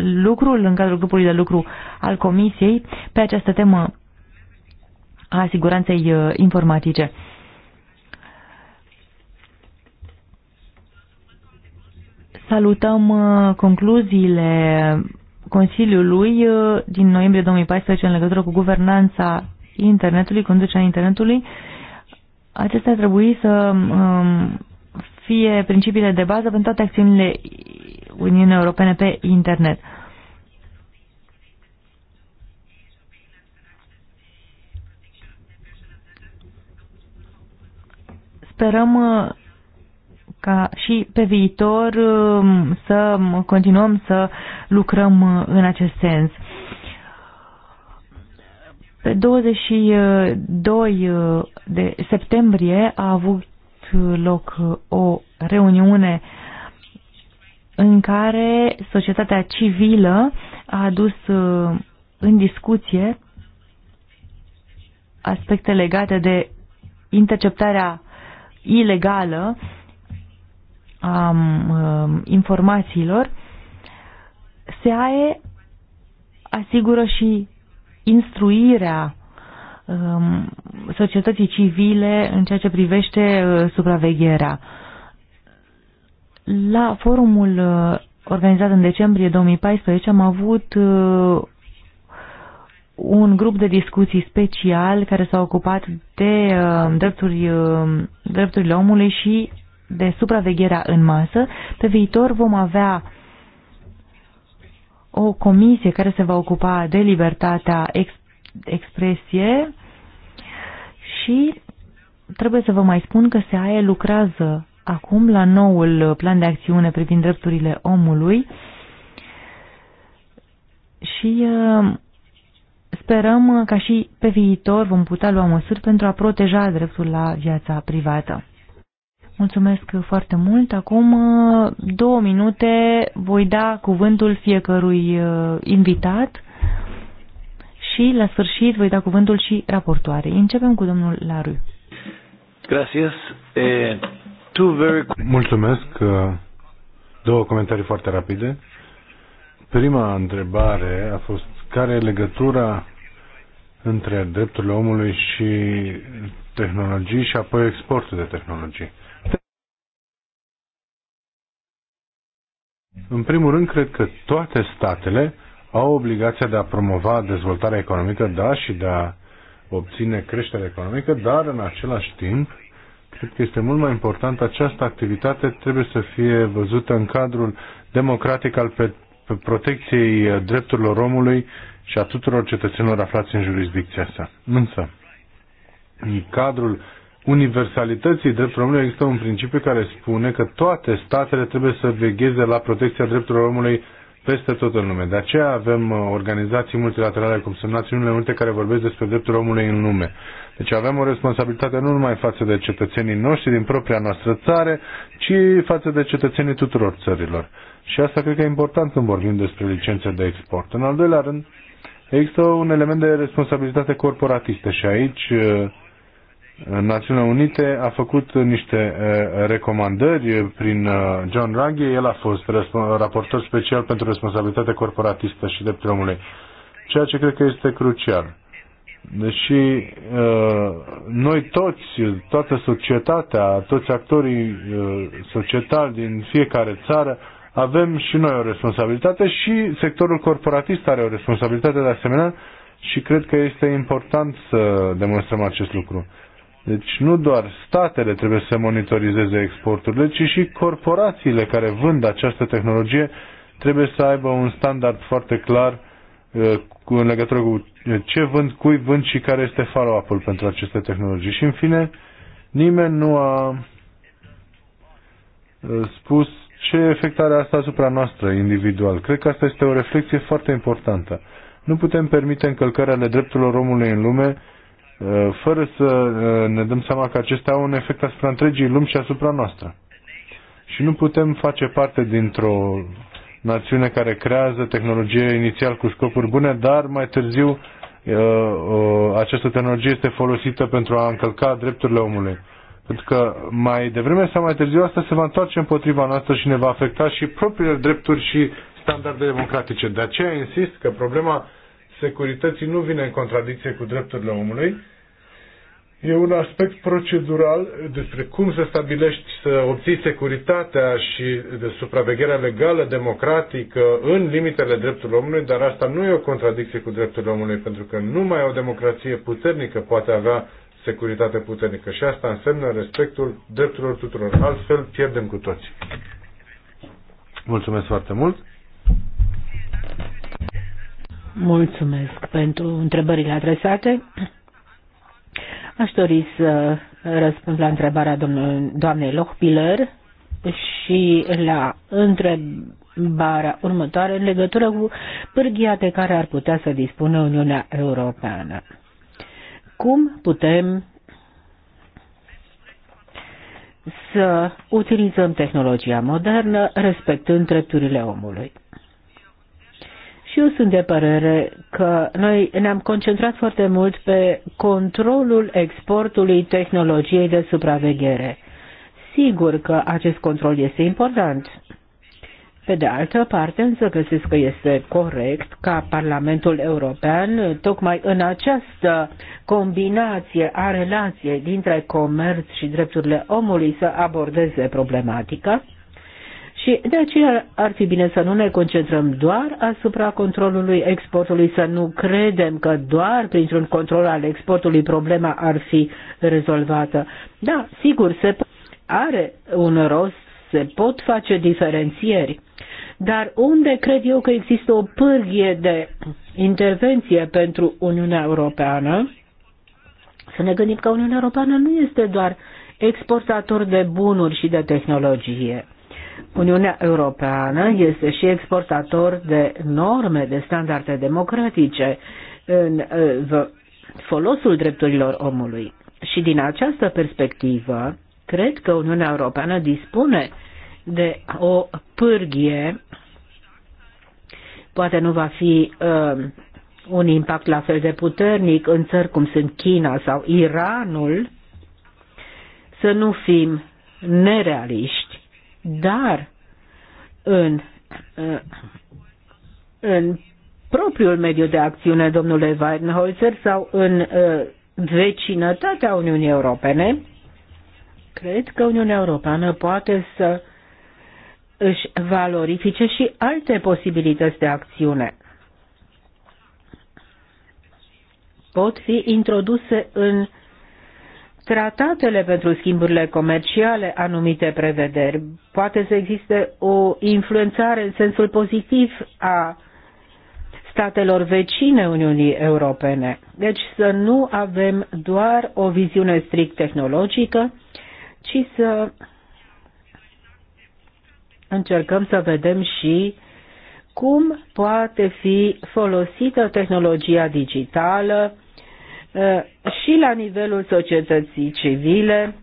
S1: lucrul în cadrul grupului de lucru al Comisiei pe această temă a siguranței uh, informatice. Salutăm uh, concluziile Consiliului uh, din noiembrie 2014 în legătură cu guvernanța internetului, conducerea internetului. Acestea trebuie să um, fie principiile de bază pentru toate acțiunile Uniunii Europene pe internet. Sperăm uh, ca și pe viitor uh, să continuăm să lucrăm uh, în acest sens. Pe 22 de septembrie a avut loc o reuniune în care societatea civilă a adus în discuție aspecte legate de interceptarea ilegală a um, informațiilor, SEAE asigură și instruirea um, societății civile în ceea ce privește uh, supravegherea. La forumul uh, organizat în decembrie 2014 am avut uh, un grup de discuții special care s-a ocupat de uh, drepturi, uh, drepturile omului și de supravegherea în masă. Pe viitor vom avea o comisie care se va ocupa de libertatea ex expresie și trebuie să vă mai spun că SEAE lucrează acum la noul plan de acțiune privind drepturile omului și uh, Sperăm ca și pe viitor vom putea lua măsuri pentru a proteja dreptul la viața privată. Mulțumesc foarte mult. Acum două minute voi da cuvântul fiecărui uh, invitat și la sfârșit voi da cuvântul și raportoare. Începem cu domnul Laru.
S3: Gracias. Eh, Mulțumesc. Două comentarii foarte rapide. Prima întrebare a fost care e legătura între drepturile omului și tehnologii și apoi exportul de tehnologii. În primul rând, cred că toate statele au obligația de a promova dezvoltarea economică, da, și de a obține creștere economică, dar în același timp, cred că este mult mai important, această activitate trebuie să fie văzută în cadrul democratic al protecției drepturilor omului și a tuturor cetățenilor aflați în jurisdicția sa. Însă, în cadrul universalității drepturilor omului există un principiu care spune că toate statele trebuie să vegheze la protecția drepturilor omului peste tot în lume. De aceea avem uh, organizații multilaterale cum sunt Națiunile Unite care vorbesc despre drepturile omului în lume. Deci avem o responsabilitate nu numai față de cetățenii noștri din propria noastră țară, ci față de cetățenii tuturor țărilor. Și asta cred că e important când vorbim despre licențe de export. În al doilea rând, există un element de responsabilitate corporatistă și aici uh, Națiunile Unite a făcut niște uh, recomandări prin uh, John Ruggie, el a fost raportor special pentru responsabilitate corporatistă și drepturile omului, ceea ce cred că este crucial. Deși noi toți, toată societatea, toți actorii societali din fiecare țară avem și noi o responsabilitate și sectorul corporatist are o responsabilitate de asemenea și cred că este important să demonstrăm acest lucru. Deci nu doar statele trebuie să monitorizeze exporturile, ci și corporațiile care vând această tehnologie trebuie să aibă un standard foarte clar uh, în legătură cu uh, ce vând, cui vând și care este follow-up-ul pentru aceste tehnologii. Și în fine, nimeni nu a uh, spus ce efect are asta asupra noastră, individual. Cred că asta este o reflexie foarte importantă. Nu putem permite încălcarea drepturilor omului în lume uh, fără să uh, ne dăm seama că acestea au un efect asupra întregii lumi și asupra noastră. Și nu putem face parte dintr-o națiune care creează tehnologie inițial cu scopuri bune, dar mai târziu uh, această tehnologie este folosită pentru a încălca drepturile omului. Pentru că mai devreme sau mai târziu asta se va întoarce împotriva noastră și ne va afecta și propriile drepturi și standarde democratice. De aceea insist că problema securității nu vine în contradicție cu drepturile omului. E un aspect procedural despre cum să stabilești, să obții securitatea și de supravegherea legală, democratică, în limitele drepturilor omului, dar asta nu e o contradicție cu drepturile omului, pentru că numai o democrație puternică poate avea securitate puternică. Și asta înseamnă respectul drepturilor tuturor. Altfel pierdem cu toți. Mulțumesc foarte mult!
S2: Mulțumesc pentru întrebările adresate. Aș dori să răspund la întrebarea doamnei Lochpiller și la întrebarea următoare în legătură cu pârghia de care ar putea să dispună Uniunea Europeană cum putem să utilizăm tehnologia modernă respectând drepturile omului. Și eu sunt de părere că noi ne-am concentrat foarte mult pe controlul exportului tehnologiei de supraveghere. Sigur că acest control este important, pe de altă parte, însă găsesc că este corect ca Parlamentul European, tocmai în această combinație a relației dintre comerț și drepturile omului, să abordeze problematica. Și de aceea ar fi bine să nu ne concentrăm doar asupra controlului exportului, să nu credem că doar printr-un control al exportului problema ar fi rezolvată. Da, sigur, se are un rost, se pot face diferențieri, dar unde cred eu că există o pârghie de intervenție pentru Uniunea Europeană, să ne gândim că Uniunea Europeană nu este doar exportator de bunuri și de tehnologie. Uniunea Europeană este și exportator de norme, de standarde democratice în folosul drepturilor omului. Și din această perspectivă, cred că Uniunea Europeană dispune de o pârghie. Poate nu va fi uh, un impact la fel de puternic în țări cum sunt China sau Iranul, să nu fim nerealiști, dar în, uh, în propriul mediu de acțiune, domnule Weidenholzer, sau în uh, vecinătatea Uniunii Europene, cred că Uniunea Europeană poate să își valorifice și alte posibilități de acțiune. Pot fi introduse în tratatele pentru schimburile comerciale anumite prevederi. Poate să existe o influențare în sensul pozitiv a statelor vecine Uniunii Europene. Deci să nu avem doar o viziune strict tehnologică, ci să încercăm să vedem și cum poate fi folosită tehnologia digitală uh, și la nivelul societății civile,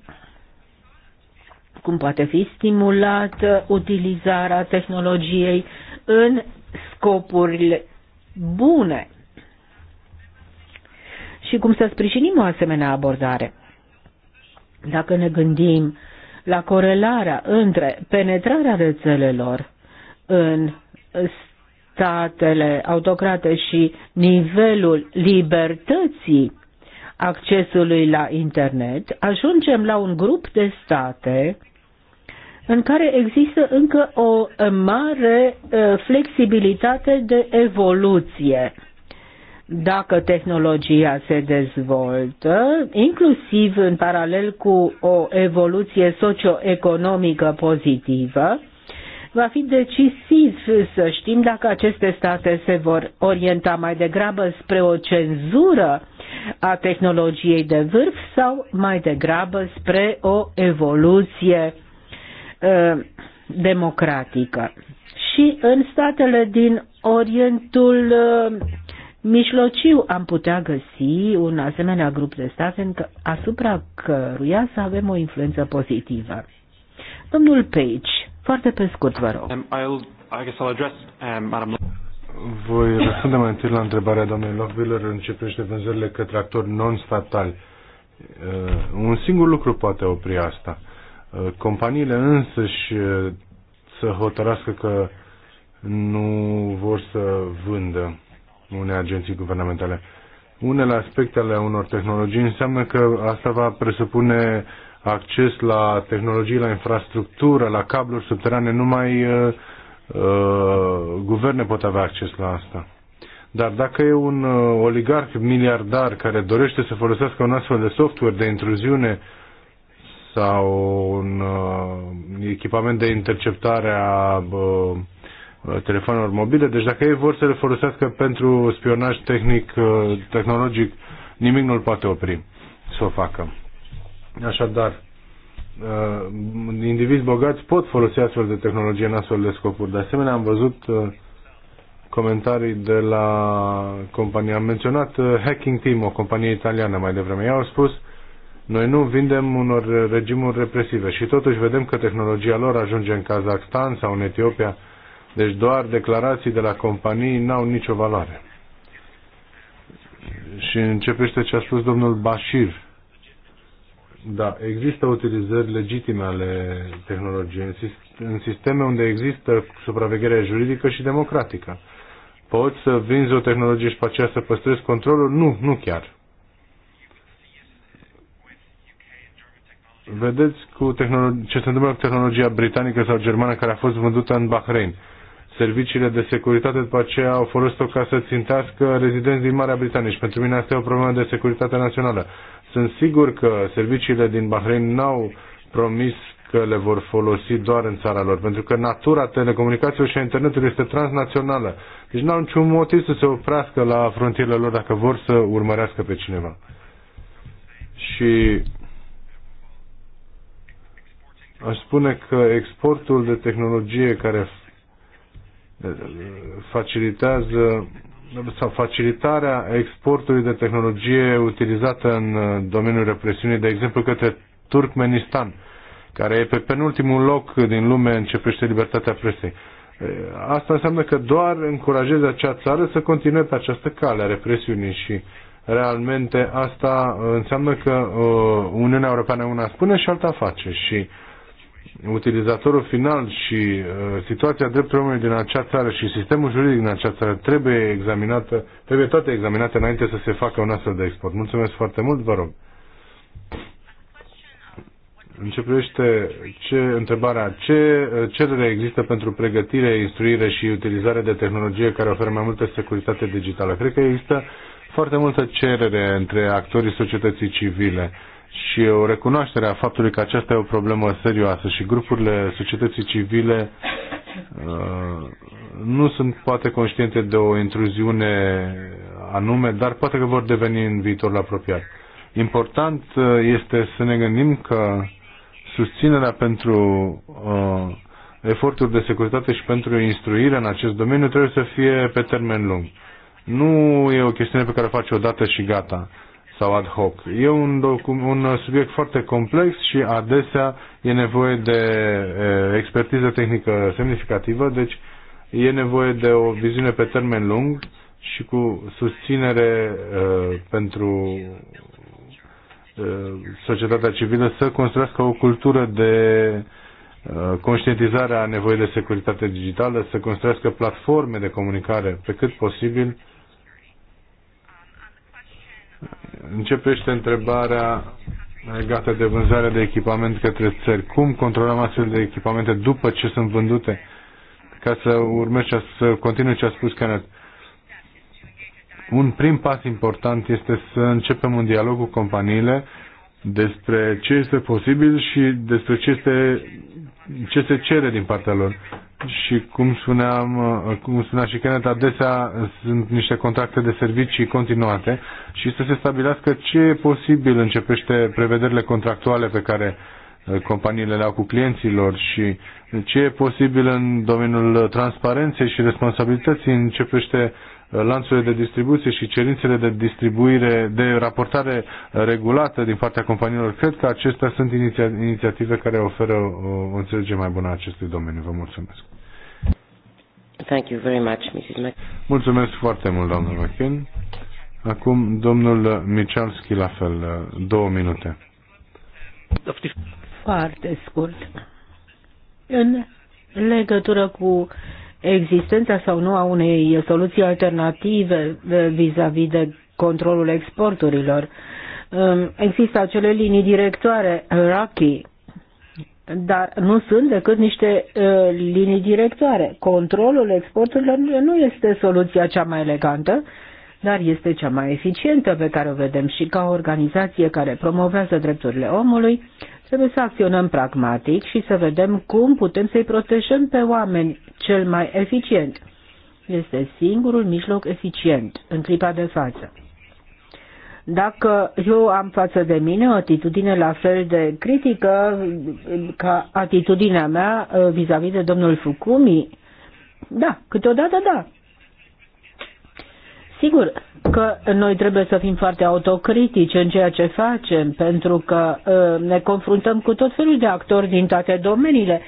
S2: cum poate fi stimulată utilizarea tehnologiei în scopurile bune și cum să sprijinim o asemenea abordare. Dacă ne gândim la corelarea între penetrarea rețelelor în statele autocrate și nivelul libertății accesului la internet, ajungem la un grup de state în care există încă o mare eh, flexibilitate de evoluție dacă tehnologia se dezvoltă, inclusiv în paralel cu o evoluție socioeconomică pozitivă, va fi decisiv să știm dacă aceste state se vor orienta mai degrabă spre o cenzură a tehnologiei de vârf sau mai degrabă spre o evoluție ă, democratică. Și în statele din Orientul ă, mijlociu am putea găsi un asemenea grup de state asupra căruia să avem o influență pozitivă. Domnul Page, foarte pe scurt, vă rog. Um,
S4: I'll, I guess I'll address,
S3: um, Madam... Voi răspunde mai întâi la întrebarea doamnei Lockwiller în ce privește vânzările către actori non-statali. Uh, un singur lucru poate opri asta. Uh, companiile însăși uh, să hotărască că nu vor să vândă unei agenții guvernamentale. Unele aspecte ale unor tehnologii înseamnă că asta va presupune acces la tehnologii, la infrastructură, la cabluri subterane. Numai uh, uh, guverne pot avea acces la asta. Dar dacă e un uh, oligarh miliardar care dorește să folosească un astfel de software de intruziune sau un uh, echipament de interceptare a uh, Uh, telefonelor mobile. Deci dacă ei vor să le folosească pentru spionaj tehnic, uh, tehnologic, nimic nu-l poate opri să o facă. Așadar, uh, indivizi bogați pot folosi astfel de tehnologie în astfel de scopuri. De asemenea, am văzut comentarii de la compania. Am menționat Hacking Team, o companie italiană mai devreme. Ei au spus, noi nu vindem unor regimuri represive și totuși vedem că tehnologia lor ajunge în Kazakhstan sau în Etiopia deci doar declarații de la companii n-au nicio valoare. Și începește ce a spus domnul Bashir. Da, există utilizări legitime ale tehnologiei în sisteme unde există supraveghere juridică și democratică. Poți să vinzi o tehnologie și pe aceea să păstrezi controlul? Nu, nu chiar. Vedeți cu ce se întâmplă cu tehnologia britanică sau germană care a fost vândută în Bahrain serviciile de securitate după aceea au folosit o ca să țintească rezidenți din Marea Britanie și pentru mine asta e o problemă de securitate națională. Sunt sigur că serviciile din Bahrain n-au promis că le vor folosi doar în țara lor, pentru că natura telecomunicațiilor și a internetului este transnațională. Deci n-au niciun motiv să se oprească la frontierele lor dacă vor să urmărească pe cineva. Și aș spune că exportul de tehnologie care facilitează sau facilitarea exportului de tehnologie utilizată în domeniul represiunii, de exemplu către Turkmenistan, care e pe penultimul loc din lume în ce privește libertatea presei. Asta înseamnă că doar încurajezi acea țară să continue pe această cale a represiunii și realmente asta înseamnă că uh, Uniunea Europeană una spune și alta face și uh, utilizatorul final și uh, situația drepturilor omului din acea țară și sistemul juridic din acea țară trebuie examinată, trebuie toate examinate înainte să se facă un astfel de export. Mulțumesc foarte mult, vă rog. În ce privește ce, întrebarea, ce uh, cerere există pentru pregătire, instruire și utilizare de tehnologie care oferă mai multă securitate digitală? Cred că există foarte multă cerere între actorii societății civile și o recunoaștere a faptului că aceasta e o problemă serioasă și grupurile societății civile uh, nu sunt poate conștiente de o intruziune anume, dar poate că vor deveni în viitorul apropiat. Important uh, este să ne gândim că susținerea pentru uh, eforturi de securitate și pentru instruire în acest domeniu trebuie să fie pe termen lung. Nu e o chestiune pe care o face odată și gata sau ad hoc. E un, un subiect foarte complex și adesea e nevoie de e, expertiză tehnică semnificativă, deci e nevoie de o viziune pe termen lung și cu susținere uh, pentru societatea civilă să construiască o cultură de conștientizare a nevoii de securitate digitală, să construiască platforme de comunicare pe cât posibil Începește întrebarea legată de vânzarea de echipament către țări. Cum controlăm astfel de echipamente după ce sunt vândute? Ca să urmez și să continui ce a spus Kenneth. Un prim pas important este să începem un dialog cu companiile despre ce este posibil și despre ce, este, ce se cere din partea lor și cum spuneam, uh, cum spunea și Kenneth, adesea sunt niște contracte de servicii continuate și să se stabilească ce e posibil începește prevederile contractuale pe care uh, companiile le au cu clienților și ce e posibil în domeniul uh, transparenței și responsabilității începește lanțurile de distribuție și cerințele de distribuire, de raportare regulată din partea companiilor. Cred că acestea sunt iniția, inițiative care oferă o înțelegere mai bună a acestui domeniu. Vă mulțumesc. Thank you very much, Mrs. Mac mulțumesc foarte mult, doamnă Machin. Acum, domnul Michalski, la fel, două minute.
S2: Foarte scurt. În legătură cu existența sau nu a unei soluții alternative eh, vis-a-vis -vis de controlul exporturilor. Ehm, există acele linii directoare, RACI, dar nu sunt decât niște eh, linii directoare. Controlul exporturilor nu este soluția cea mai elegantă, dar este cea mai eficientă pe care o vedem și ca o organizație care promovează drepturile omului, Trebuie să acționăm pragmatic și să vedem cum putem să-i protejăm pe oameni cel mai eficient. Este singurul mijloc eficient în clipa de față. Dacă eu am față de mine o atitudine la fel de critică ca atitudinea mea uh, vis-a-vis -vis de domnul Fukumi, da, câteodată da, Sigur că noi trebuie să fim foarte autocritici în ceea ce facem, pentru că ă, ne confruntăm cu tot felul de actori din toate domeniile.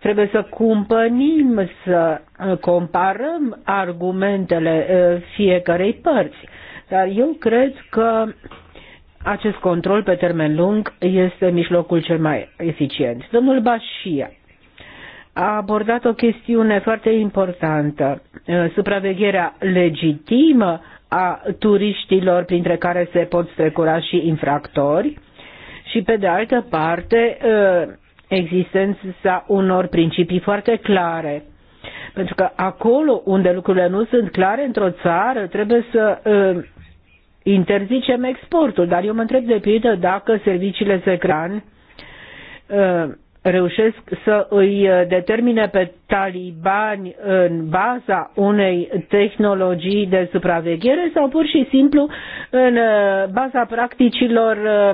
S2: Trebuie să cumpănim, să ă, comparăm argumentele ă, fiecarei părți. Dar eu cred că acest control pe termen lung este mijlocul cel mai eficient. Domnul Bașia a abordat o chestiune foarte importantă, uh, supravegherea legitimă a turiștilor, printre care se pot strecura și infractori, și pe de altă parte uh, existența unor principii foarte clare. Pentru că acolo unde lucrurile nu sunt clare într-o țară, trebuie să uh, interzicem exportul. Dar eu mă întreb de pildă dacă serviciile secran reușesc să îi uh, determine pe talibani în baza unei tehnologii de supraveghere sau pur și simplu în uh, baza practicilor uh,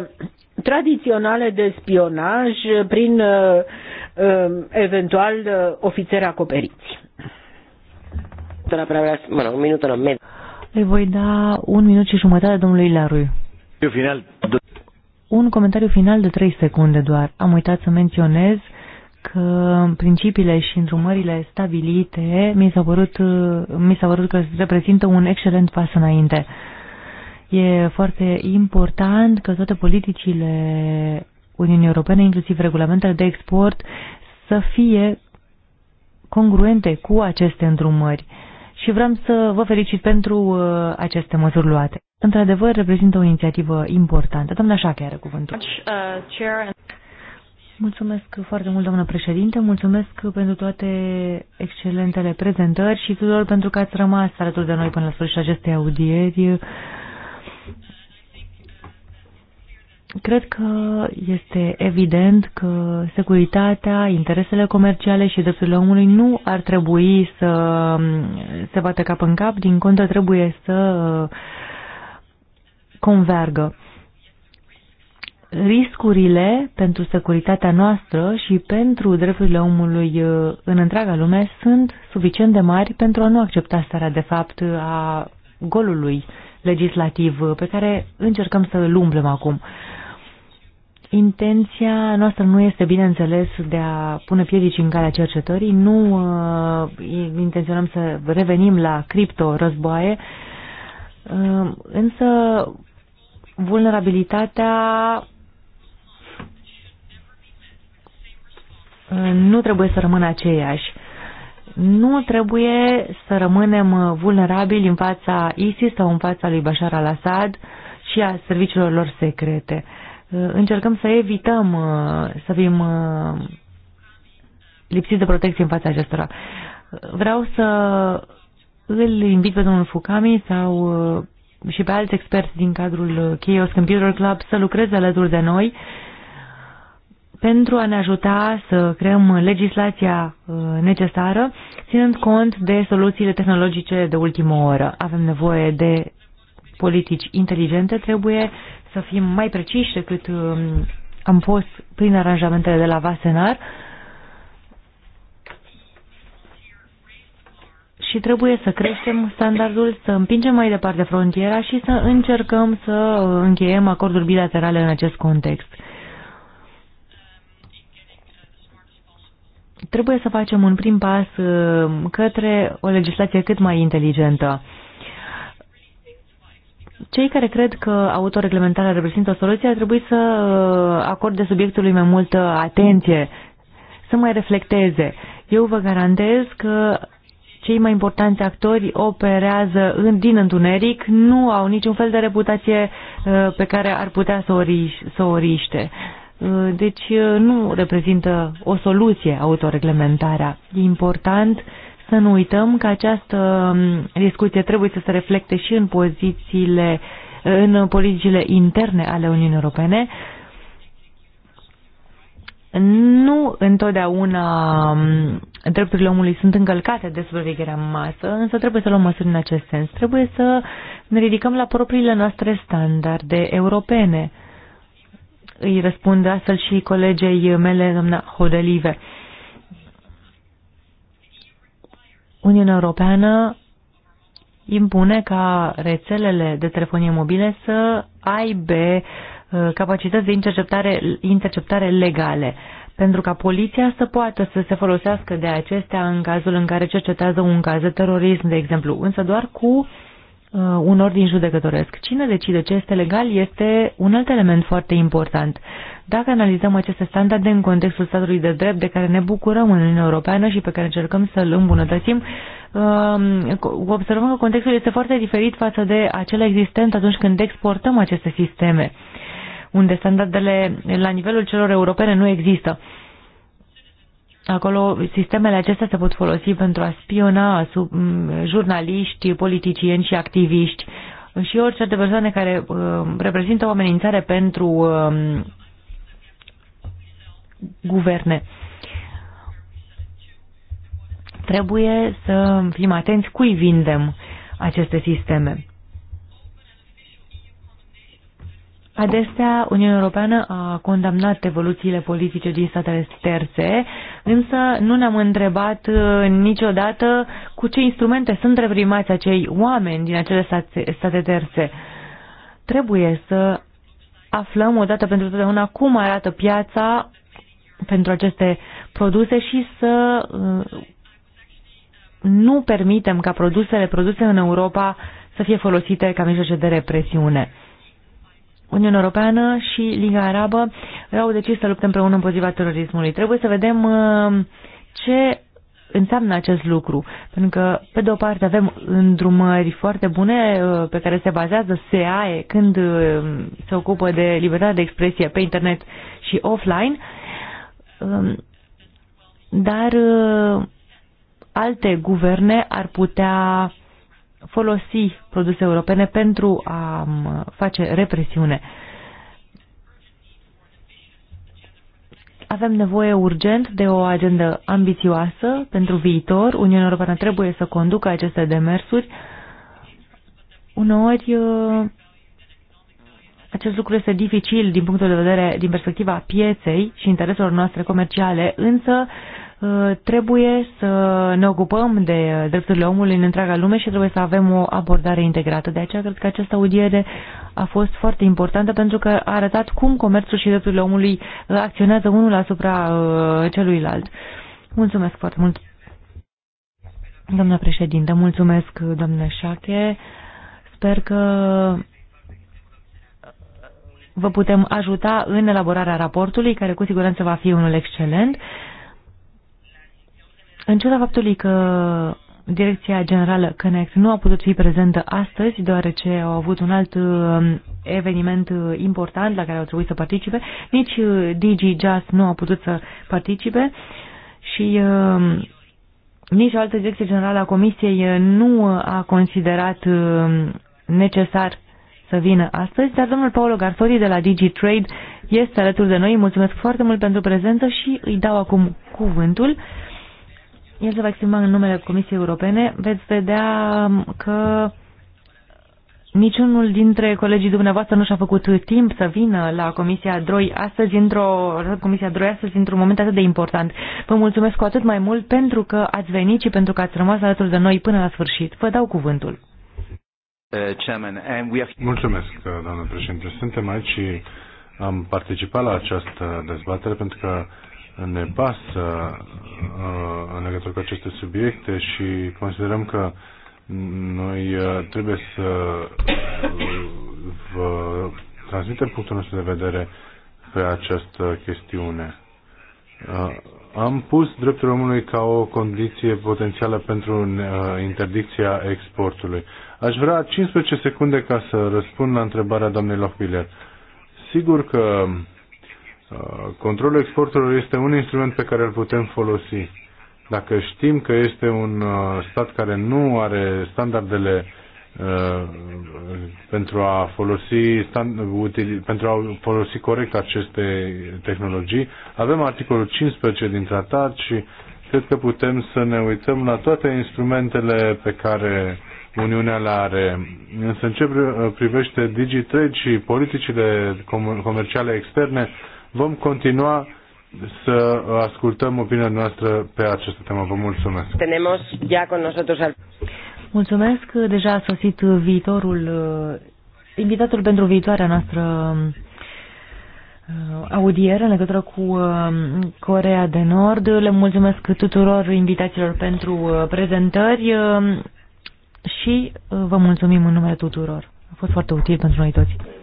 S2: tradiționale de spionaj prin um,
S1: eventual ofițeri acoperiți. Le voi da un minut și jumătate domnului Larui. Eu final, un comentariu final de 3 secunde doar. Am uitat să menționez că principiile și îndrumările stabilite mi s au părut, mi s-a părut că reprezintă un excelent pas înainte. E foarte important că toate politicile Uniunii Europene, inclusiv regulamentele de export, să fie congruente cu aceste îndrumări și vreau să vă felicit pentru uh, aceste măsuri luate. Într-adevăr, reprezintă o inițiativă importantă. Doamna Șache are cuvântul. Uh, mulțumesc foarte mult, doamnă președinte, mulțumesc pentru toate excelentele prezentări și tuturor pentru că ați rămas alături de noi până la sfârșitul acestei audieri. Cred că este evident că securitatea, interesele comerciale și drepturile omului nu ar trebui să mm, se bată cap în cap, din contră trebuie să uh, convergă. Riscurile pentru securitatea noastră și pentru drepturile omului uh, în întreaga lume sunt suficient de mari pentru a nu accepta starea de fapt a golului legislativ uh, pe care încercăm să îl umblem acum. Intenția noastră nu este, bineînțeles, de a pune piedici în calea cercetării, nu uh, intenționăm să revenim la cripto uh, însă vulnerabilitatea uh, nu trebuie să rămână aceeași. Nu trebuie să rămânem uh, vulnerabili în fața ISIS sau în fața lui Bashar al-Assad și a serviciilor lor secrete. Uh, Uh, încercăm să evităm uh, să fim uh, lipsiți de protecție în fața acestora. Vreau să îl invit pe domnul Fukami sau și pe alți experți din cadrul Chaos Computer Club să lucreze alături de noi pentru a ne ajuta să creăm legislația necesară, ținând cont de soluțiile tehnologice de ultimă oră. Avem nevoie de politici inteligente, trebuie să fim mai preciși decât um, am fost prin aranjamentele de la Vasenar și trebuie să creștem standardul, să împingem mai departe frontiera și să încercăm să încheiem acorduri bilaterale în acest context. Trebuie să facem un prim pas uh, către o legislație cât mai inteligentă. Cei care cred că autoreglementarea reprezintă o soluție ar trebui să uh, acorde subiectului mai multă atenție, să mai reflecteze. Eu vă garantez că cei mai importanți actori operează în, din întuneric, nu au niciun fel de reputație uh, pe care ar putea să o, riș, să o riște. Uh, deci nu reprezintă o soluție autoreglementarea. E important uh, să nu uităm că această um, discuție trebuie să se reflecte și în pozițiile, în politicile interne ale Uniunii Europene. Nu întotdeauna um, drepturile omului sunt încălcate de supravegherea masă, însă trebuie să luăm măsuri în acest sens. Trebuie să ne ridicăm la propriile noastre standarde europene. Îi răspund astfel și colegei mele, doamna Hodelive. Uniunea Europeană impune ca rețelele de telefonie mobile să aibă uh, capacități de interceptare, interceptare legale, pentru ca poliția să poată să se folosească de acestea în cazul în care cercetează un caz de terorism, de exemplu, însă doar cu uh, un ordin judecătoresc. Cine decide ce este legal este un alt element foarte important. Dacă analizăm aceste standarde în contextul statului de drept de care ne bucurăm în Uniunea Europeană și pe care încercăm să-l îmbunătățim, um, observăm că contextul este foarte diferit față de acela existent atunci când exportăm aceste sisteme, unde standardele la nivelul celor europene nu există. Acolo sistemele acestea se pot folosi pentru a spiona sub, jurnaliști, politicieni și activiști și orice alte persoane care uh, reprezintă o amenințare pentru uh, guverne. Trebuie să fim atenți cui vindem aceste sisteme. Adesea, Uniunea Europeană a condamnat evoluțiile politice din statele terțe, însă nu ne-am întrebat uh, niciodată cu ce instrumente sunt reprimați acei oameni din acele state, terțe. Trebuie să aflăm odată pentru totdeauna cum arată piața pentru aceste produse și să uh, nu permitem ca produsele produse în Europa să fie folosite ca mijloace de represiune. Uniunea Europeană și Liga Arabă au decis să lupte împreună împotriva terorismului. Trebuie să vedem uh, ce înseamnă acest lucru, pentru că, pe de o parte, avem îndrumări foarte bune uh, pe care se bazează SEAE când se ocupă de libertatea de expresie pe internet și offline, Um, dar uh, alte guverne ar putea folosi produse europene pentru a um, face represiune. Avem nevoie urgent de o agendă ambițioasă pentru viitor. Uniunea Europeană trebuie să conducă aceste demersuri. Uneori uh, acest lucru este dificil din punctul de vedere, din perspectiva pieței și intereselor noastre comerciale, însă uh, trebuie să ne ocupăm de uh, drepturile omului în întreaga lume și trebuie să avem o abordare integrată. De aceea cred că această audiere a fost foarte importantă pentru că a arătat cum comerțul și drepturile omului uh, acționează unul asupra celuilalt. Mulțumesc foarte mult, doamna președintă, mulțumesc, doamne Șache. Sper că vă putem ajuta în elaborarea raportului, care cu siguranță va fi unul excelent. În ciuda faptului că Direcția Generală Connect nu a putut fi prezentă astăzi, deoarece au avut un alt um, eveniment uh, important la care au trebuit să participe, nici uh, DG Just nu a putut să participe și um, nici o altă direcție generală a Comisiei uh, nu a considerat um, necesar să vină astăzi, dar domnul Paolo Garsori de la DigiTrade este alături de noi. Mulțumesc foarte mult pentru prezență și îi dau acum cuvântul. El se va exprima în numele Comisiei Europene. Veți vedea um, că niciunul dintre colegii dumneavoastră nu și-a făcut timp să vină la Comisia Droi astăzi, într-o, Comisia Droi astăzi, într-un moment atât de important. Vă mulțumesc cu atât mai mult pentru că ați venit și pentru că ați rămas alături de noi până la sfârșit. Vă dau cuvântul.
S3: Uh, Mulțumesc, uh, doamnă președinte. Suntem aici și am participat la această dezbatere pentru că ne pasă uh, în legătură cu aceste subiecte și considerăm că noi trebuie să vă transmitem punctul nostru de vedere pe această chestiune. Am pus dreptul omului ca o condiție potențială pentru interdicția exportului. Aș vrea 15 secunde ca să răspund la întrebarea doamnei Lofbiler. Sigur că uh, controlul exporturilor este un instrument pe care îl putem folosi. Dacă știm că este un uh, stat care nu are standardele uh, pentru a folosi pentru a folosi corect aceste tehnologii. Avem articolul 15 din tratat și cred că putem să ne uităm la toate instrumentele pe care Uniunea le are. Însă în ce privește DigiTrade și politicile comerciale externe, vom continua să ascultăm opinia noastră pe această temă. Vă mulțumesc. Tenemos ya con nosotros al...
S1: Mulțumesc. Deja a sosit viitorul, uh, invitatul pentru viitoarea noastră uh, audieră în legătură cu uh, Corea de Nord. Le mulțumesc tuturor invitațiilor pentru prezentări și uh, vă mulțumim în numele tuturor. A fost foarte util pentru noi toți.